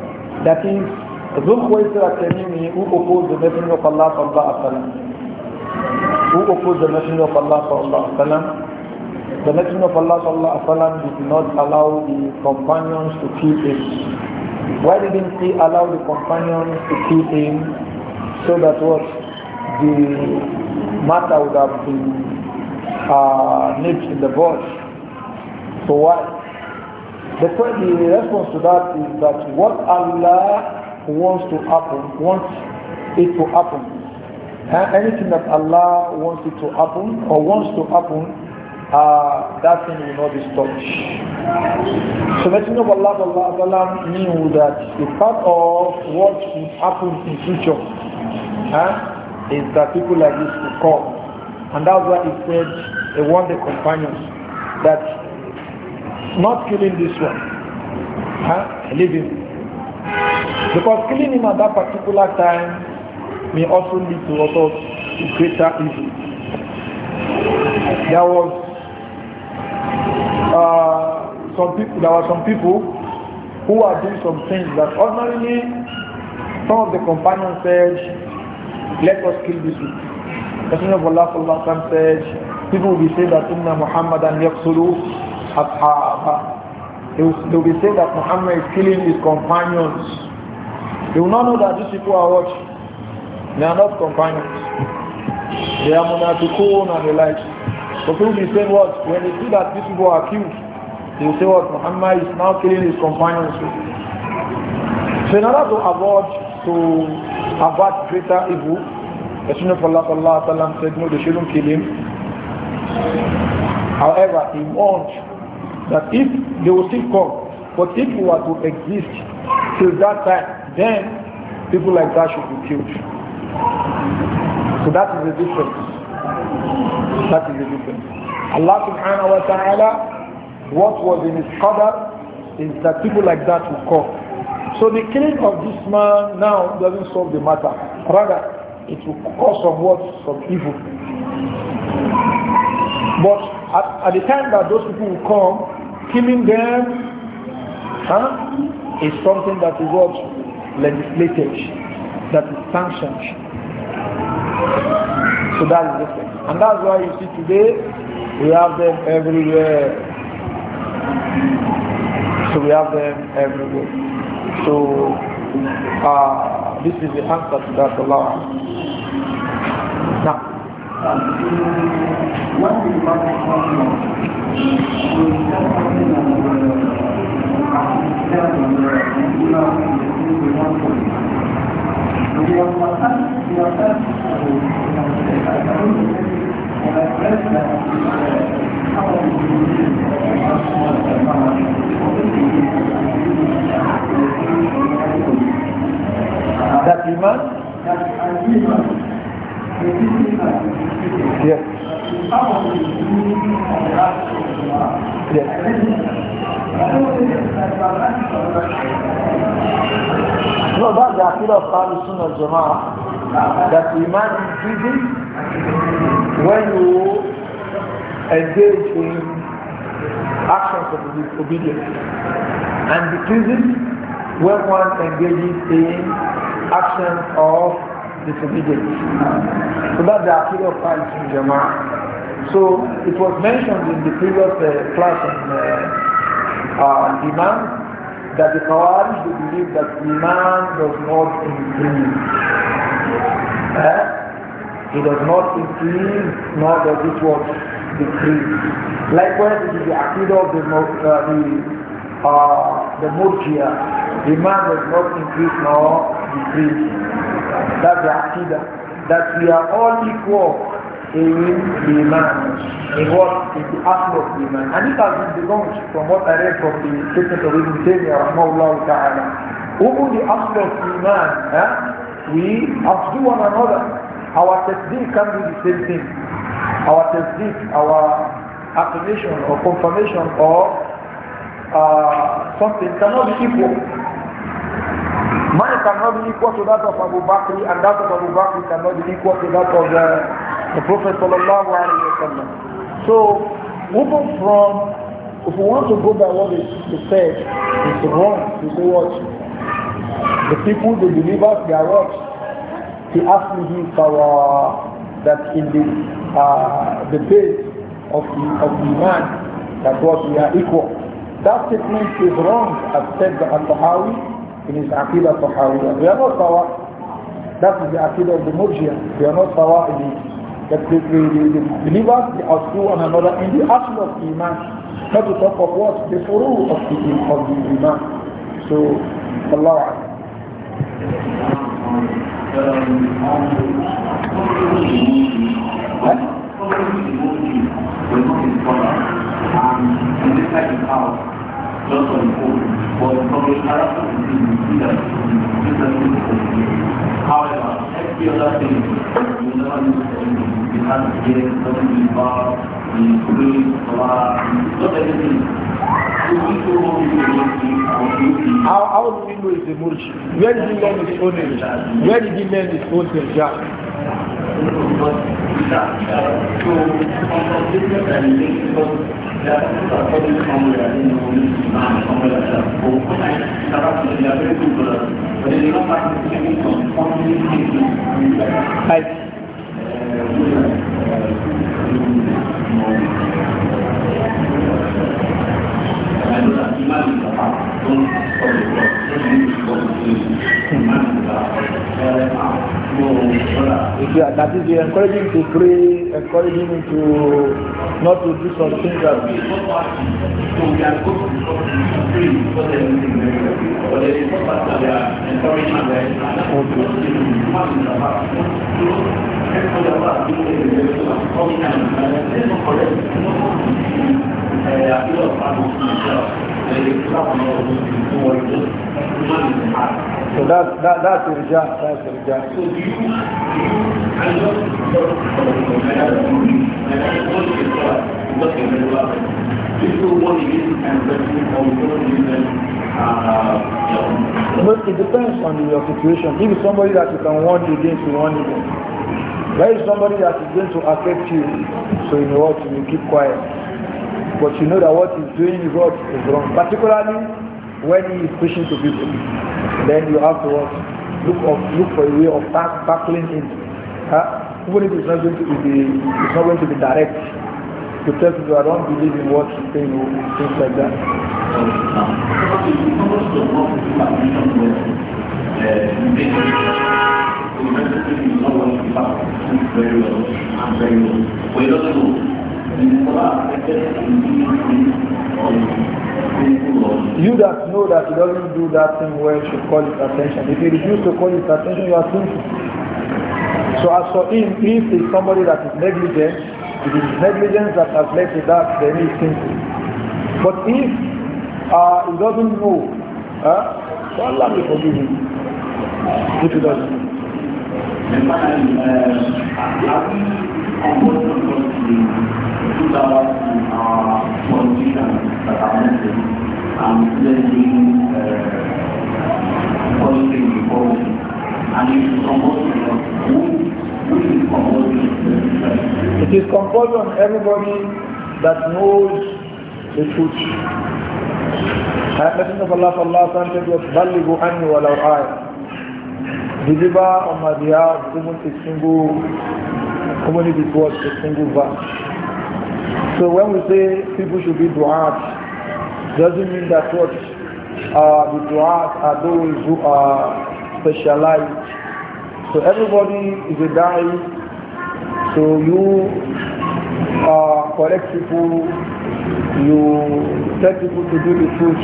That is, Zulkhwaisir al-Tamimi who opposed the Messenger of Allah sallallahu alaihi wasallam. Who opposed the Messenger of Allah sallallahu alaihi wasallam? The Messenger of Allah sallallahu alaihi wasallam did not allow the companions to keep him. Why didn't he allow the companions to keep him? So that what the matter would have been uh, nipped in the bud. So why? The, the response to that is that what Allah wants to happen, wants it to happen. Uh, anything that Allah wants it to happen or wants to happen, uh, that thing will not be stopped. So let's know Allah Allah knew that the part of what will happen in future uh, is that people like this will come. And that's why he said, he warned the companions that not killing this one. Huh? Leave him. Because killing him at that particular time may also lead to a lot of greater evil. There was uh, some people there were some people who are doing some things that ordinarily some of the companions said, let us kill this one. Messenger of Allah said, people will be saying that Inna Muhammadan yaqsulu ashab. They will, be saying that Muhammad is killing his companions. They will not know that these people are watch. They are not companions. They are munafiqun and the like. So people will be saying what? When they see that these people are killed, they will say what? Muhammad is now killing his companions. So in order to avoid to avoid greater evil, the Sunnah of Allah sallallahu said no, they shouldn't kill him. However, he warned that if they will still come, but if we were to exist till that time, then people like that should be killed. So that is the difference. That is the difference. Allah subhanahu wa ta'ala, what was in his qadar is that people like that will come. So the killing of this man now doesn't solve the matter. Rather, it will cause some what? Some evil. But at, at the time that those people will come, killing them huh, is something that is what legislated, that is sanctioned. So that is thing, And that's why you see today we have them everywhere. So we have them everywhere. So uh, this is the answer to that Allah. Now. That iman? That iman. Yes. No, that's the Akira of Khalid Sunnah Jama'ah. That Iman is busy when you engage in actions of disobedience and decreases when one engages in actions of disobedience. So that's the appeal of Christ in Jama'ah. So it was mentioned in the previous uh, class on uh, uh, Iman that the Khawarij they believe that Iman does not increase. Eh? It does not increase nor does it what decrease. Likewise, it is the appeal of the, uh, the uh, the murjia, the man does not increase nor decrease. That's the aqidah. That we are all equal in the man, in what is the aspect of the man. And it has been belongs from what I read from the statement of Ibn Taymiyyah rahmahullah ta'ala. Over the aspect of the man? eh, we do one another. Our tasdeeq can do the same thing. Our tasdeeq, our affirmation or confirmation of uh, something cannot be equal. Mine cannot be equal to that of Abu Bakr, and that of Abu Bakr cannot be equal to that of the, uh, the Prophet sallallahu alaihi wasallam. So, moving from, if we want to go by what is said, it's wrong. to say what? The people, the believers, they are what? me his Sawa, that in the, uh, the base of the, of the man, that what we are equal. That statement is wrong, as said by Al-Tahawi in his Aqidah Tahawiyah. We are not sawa. That is the Aqidah of the Murjiyah. We are not sawa in it. That the, the, the, believers they are one another in the action of the Iman. Not to talk of what? The furu of the, of the Iman. So, Allah. Um, when he was not his father. And he lived at his house, just on the own. was probably character, you he However, every other thing you never You have to get something involved in praise, salah, not everything. How, how do we know it's a murji? Where did he learn his own religion? Where did he learn his own So, the Thank you. Hi. If you are, that is, you are encouraging to pray encouraging him to not to do some things that we are going So that, that, that's irja, that's irja. So do you, I love but it depends on your situation. If it's somebody that you can warn against, you warn against. There is somebody that is going to affect you, so you know what, you keep quiet. But you know that what he's doing is what is wrong, particularly when he is preaching to people then you have to uh, look, of, look for a way of tack, tackling it. Huh? Even if it's not going to be, it's not going to be direct. To tell people I don't believe in what you say or things like that. Um, You that know that he doesn't do that thing where well should call his attention. If he refuses to call his attention, you are sinful. So as for him, if he somebody that is negligent, it is negligence that has led to that, then he sinful. But if uh, he doesn't know, huh, so Allah will forgive him if he doesn't know. And composed on both of us to put our politicians that are mentioned and presenting policy And It is compulsory on everybody that knows the truth. Messenger of Allah sallallahu alaihi believer on my behalf even a single it was a single verse. So when we say people should be du'at, doesn't mean that what uh, the du'at are those who are specialized. So everybody is a da'i. So you uh, correct people, you tell people to do the truth,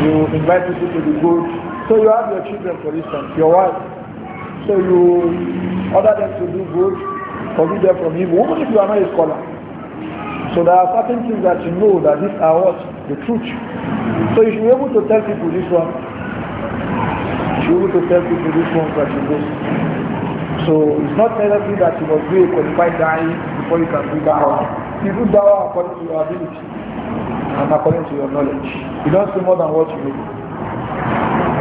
you invite people to the good, So you have your children, for instance, your wife. So you order them to do good, forbid them from evil, even if you are not a scholar. So there are certain things that you know that these are what? The truth. So you should be able to tell people this one. You should be able to tell people this one that you know. So it's not necessary that you must be a qualified guy before you can do dawah. You do dawah according to your ability and according to your knowledge. You don't see more than what you know.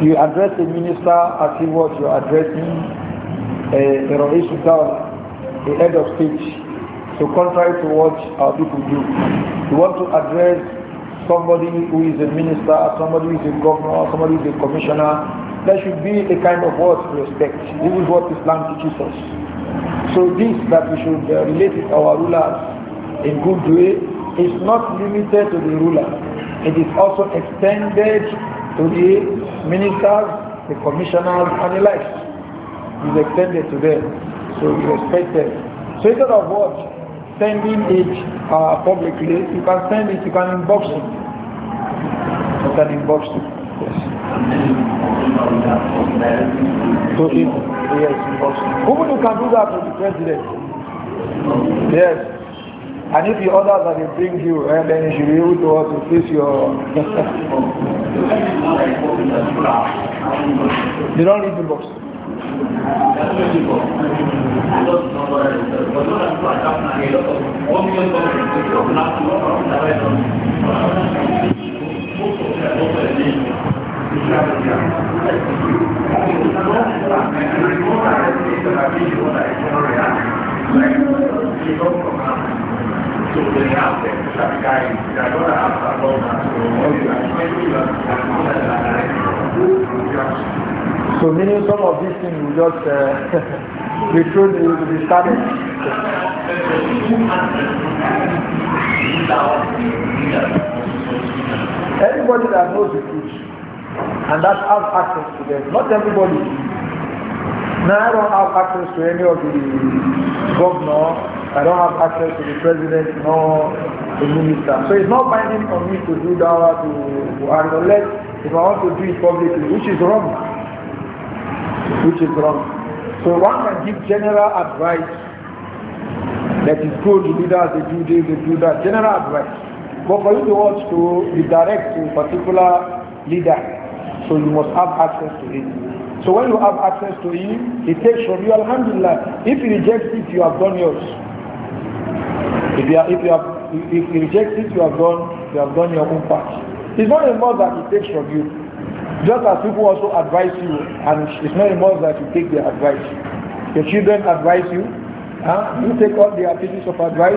You address a minister as he was. you're addressing eh, a, a the head of speech. So contrary to what our people do, you want to address somebody who is a minister, somebody who is a governor, somebody who is a commissioner. There should be a kind of words respect. This is what Islam teaches us. So this that we should uh, relate to our rulers in good way is not limited to the ruler. It is also extended to the ministers, the commissioners, and the like. extended to them. So we respect them. So instead of what? Sending it uh, publicly, you can send it, you can inbox it. You can inbox it. Yes. So if, yes, inbox it. Who you can do that to the president? Yes. And if the others that they bring you, eh, then you should be able to also face your... they don't read the books. This of these things will just uh, be thrown, will be started. Everybody that knows the truth and that has access to them, not everybody. Now I don't have access to any of the governor, I don't have access to the president nor the minister. So it's not binding on me to do that to, to unless if I want to do it publicly, which is wrong which is wrong. So one can give general advice that is good, you do they do this, they do that, general advice. But for you to watch to be direct to a particular leader, so you must have access to him. So when you have access to him, he takes from you, alhamdulillah. If he rejects it, you have done yours. If you, if you have, if he rejects it, you have done, you have done your own part. It's not a matter that he takes from you. Just as people also advise you, and it's not enough that you take their advice. Your children advise you, huh? you take all their pieces of advice.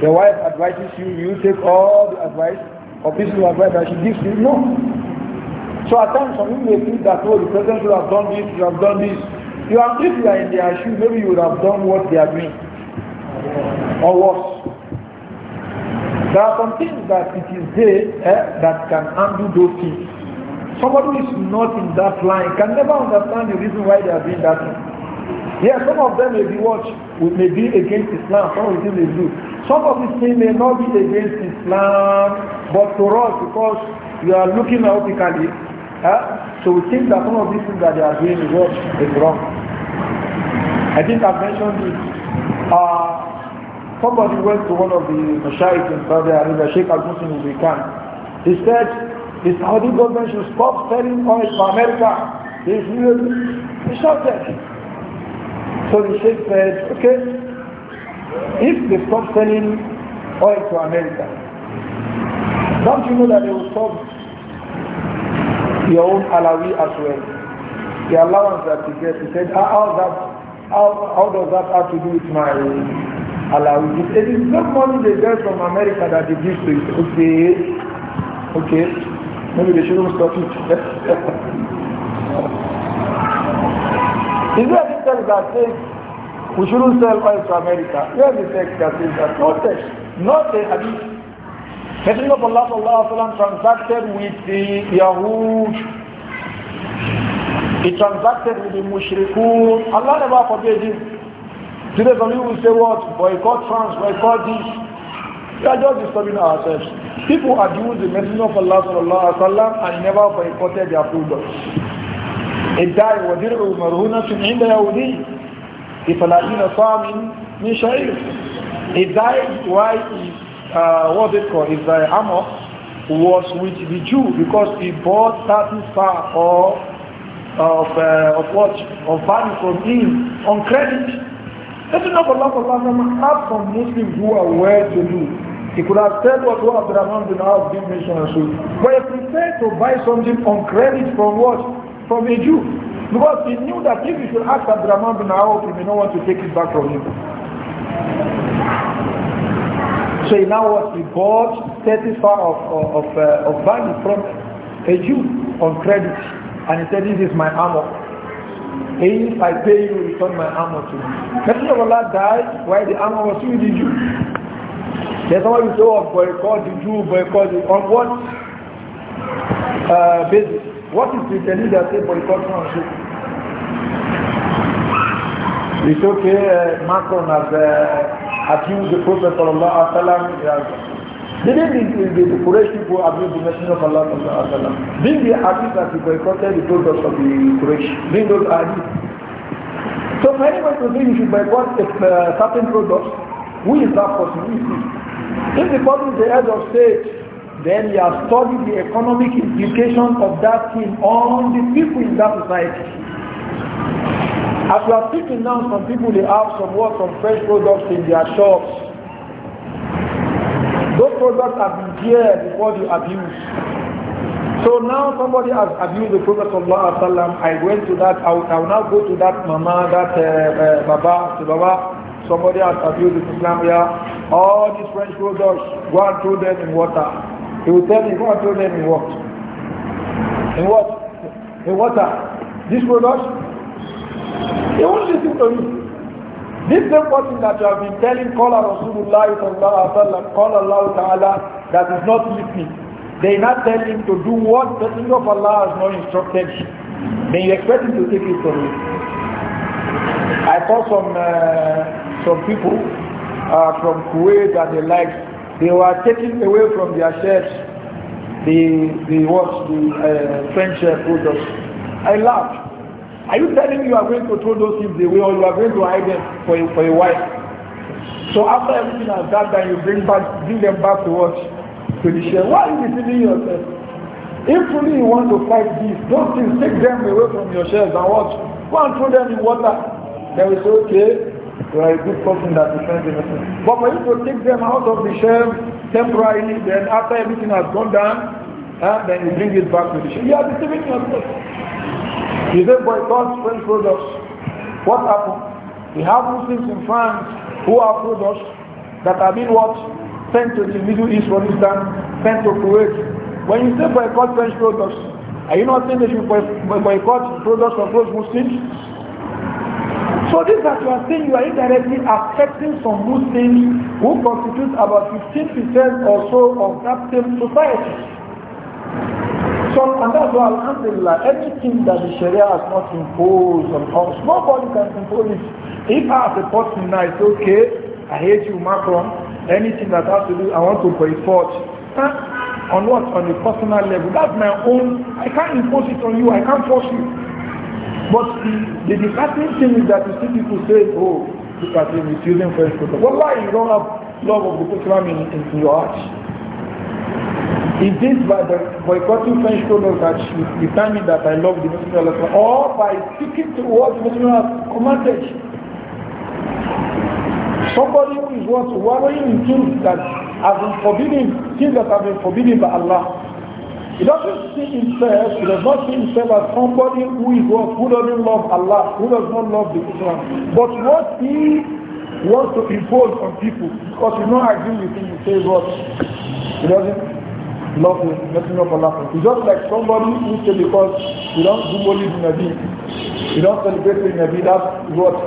Your wife advises you, you take all the advice or pieces of advice that she gives you. No. So at times some people may think that, oh, the president should have done this, should have done this. You are, if you are in their shoes, maybe you would have done what they are doing. Or worse. There are some things that it is they eh, that can undo those things. Somebody is not in that line can never understand the reason why they are doing that thing. Yeah, some of them may be what may be against Islam, some of them may do. Some of these things may not be against Islam, but for us, because we are looking myopically, huh? so we think that some of these things that they are doing is what is wrong. I think I've mentioned this. Uh, somebody went to one of the mashayikh in Saudi Arabia, Sheikh Al-Muslim Khan. He said, The Saudi government should stop selling oil to America. If you, it's not that. So the Sheikh said, okay, if they stop selling oil to America, don't you know that they will stop your own Alawi as well? The allowance that you get, he said, how, that, how, how does that have to do with my Alawi? It is not money they get from America that they give to you. Okay, okay. maybe they shouldn't stop it. Is there any text that says we shouldn't sell oil to America? Where is the text that says that? not a hadith. Messenger of Allah sallallahu alayhi wa transacted with the Yahud. He transacted with the Mushrikun. Allah never forgave him. Today some people will say what? Boycott France, boycott this. We are just disturbing ourselves. People abuse the Messenger of Allah sallallahu alaihi wasallam and never boycotted their products. الداعي ودرع مرهونة عند يهودي في 30 صاع من شعير. الداعي why is uh, what they call is the hammer uh, was with the Jew because he bought 30 star or of uh, of what of value from him on credit. That's enough Allah Allah have some Muslims who are well to do he could have said what well, Abdurrahman bin Auf did mention and so. But he preferred to buy something on credit from what? From a Jew. Because he knew that if he should ask Abdurrahman bin Auf, he may not want to take it back from him. So he now what? He bought 35 of, of, uh, of value from a Jew on credit. And he said, this is my armor. If I pay you, return my armor to me. Messenger of Allah died while the armor was still with the Jew. There's someone who say, oh, boycott the Jew, boycott the... On what uh, basis? What is the leader say boycott from It's okay, uh, Macron has uh, accused the Prophet Sallallahu Alaihi Wasallam. Didn't the, the, the Quraysh people abuse the Messenger of Allah Sallallahu Alaihi Wasallam? Didn't the hadith that he boycotted the products of the Quraysh? Didn't those hadith? So for anyone to think you should boycott a uh, certain product, who is that person? Who is if the person is the head of state, then you have studied the economic implication of that thing on the people in that society. As we are speaking now, some people they have some work some fresh products in their shops. Those products have been here before the abuse. So now somebody has abused the Prophet of Allah. I went to that, I will, I will, now go to that mama, that uh, uh, baba, to baba somebody has abused Islam here, all these French bulldogs, go and throw them in water. He will tell me, go and throw them in what? In what? In water. These bulldogs? He won't listen to you. This same person that you have been telling, call Rasulullah sallallahu alaihi wasallam, call Allah ta'ala, that is not listening. They not tell him to do what the King of Allah has not instructed him. Then you expect him to take it from you. I saw some uh, some people uh, from Kuwait and the likes, they were taken away from their chefs the, the what, the uh, French uh, I laughed. Are you telling me you are going to throw those things away or you are going to hide them for, a, for a while? So after everything has done, then you bring, back, bring them back to us To the chef. Why are you deceiving yourself? If really you want to fight these, those things, take them away from your shelves and watch. Go and throw them in water. Then we say, okay, you are good person that defends innocent, But for you to take them out of the shell temporarily, then after everything has gone down, then you bring it back to the shell. You are deceiving yourself. You by boycott friends products. What happened? We have Muslims in France who are products that have been what? Sent to the Middle East, for instance, sent to Kuwait. When you say boycott friends products, are you not saying By God's boycott products of those Muslims? So this that you are saying you are indirectly affecting some Muslims who constitute about 15% or so of that same society. So and that's why Alhamdulillah, everything that the Sharia has not imposed on us, nobody can impose it. If I as a person now it's okay, I hate you Macron, anything that has to do, I want to boycott. Huh? On what? On a personal level. That's my own. I can't impose it on you. I can't force you. But the, the disheartening thing is that you see people say, oh, look at him, he's using French protocol. Well, why you don't have love of the Islam in, in your heart? Is this by the boycotting French protocol that you determine that I love the Muslim Allah, or by sticking to what the Muslim has commanded? Somebody who is worth worrying in things that have been forbidden, things that have been forbidden by Allah, He doesn't see himself, he does not see himself as somebody who is what, who doesn't love Allah, who does not love the Islam. But what he wants to impose on people, because you don't agree with him, he says what? He doesn't love the Messenger of Allah. He's just like somebody who says because you don't do Molid Nabi, you don't celebrate the Nabi, that's what?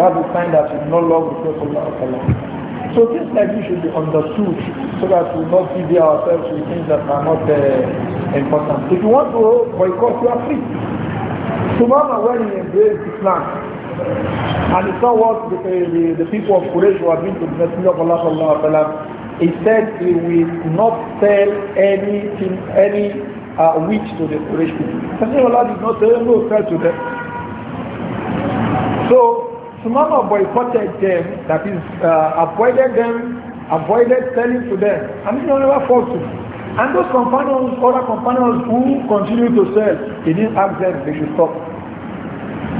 That's the sign that you do not love the Prophet of Allah. So things like this should be understood so that we not give ourselves to things that are not uh, important. If you want to boycott, you are free. Tomorrow when he embraced Islam, and he saw what the, uh, the, the people of Quraysh were doing to the Messenger of Allah sallallahu alaihi he said he will not sell anything, any uh, wheat to the Quraysh people. Messenger of Allah did not sell to them. So Sumama boycotted them, that is, uh, avoided them, avoided selling to them. i And he never forced to. And those companions, other companions who continue to sell, he didn't ask them, they should stop.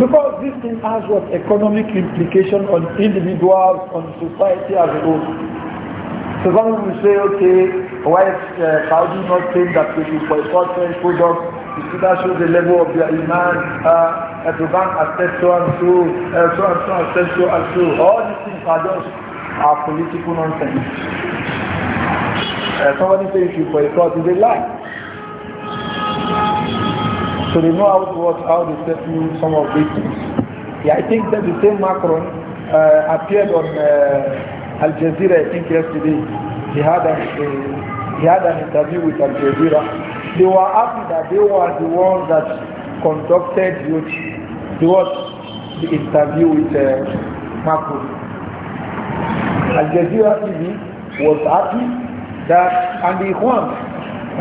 Because this thing has what economic implication on individuals, on society as a whole. So some of you say, okay, why is uh, Saudi not saying that we should boycott products you see, that shows the level of their iman. Uh, Everyone has said so and so, uh, so and so so and so. All these things are just are political nonsense. Uh, somebody says you for cause is a lie. So they know how to watch how they set you some of these things. Yeah, I think that the same Macron uh, appeared on uh, Al Jazeera, I think yesterday. He had an, uh, he had an interview with Al Jazeera they were happy that they were the ones that conducted the, the, the interview with uh, Marco. Al Jazeera TV was happy that, and the Ikhwan,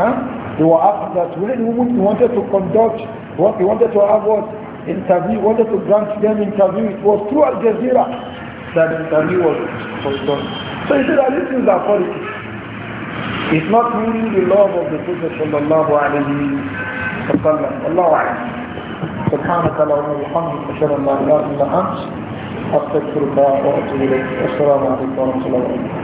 huh? they were happy that when women wanted to conduct, what he wanted to have what interview, wanted to grant them interview, it was through Al Jazeera that the interview was conducted. So he said that this is our politics. It's not really the love of the Prophet sallallahu alayhi wa sallam. Allahu alayhi. سبحانك اللهم وبحمدك اشهد ان لا اله الا انت استغفرك واتوب اليك السلام عليكم ورحمه الله وبركاته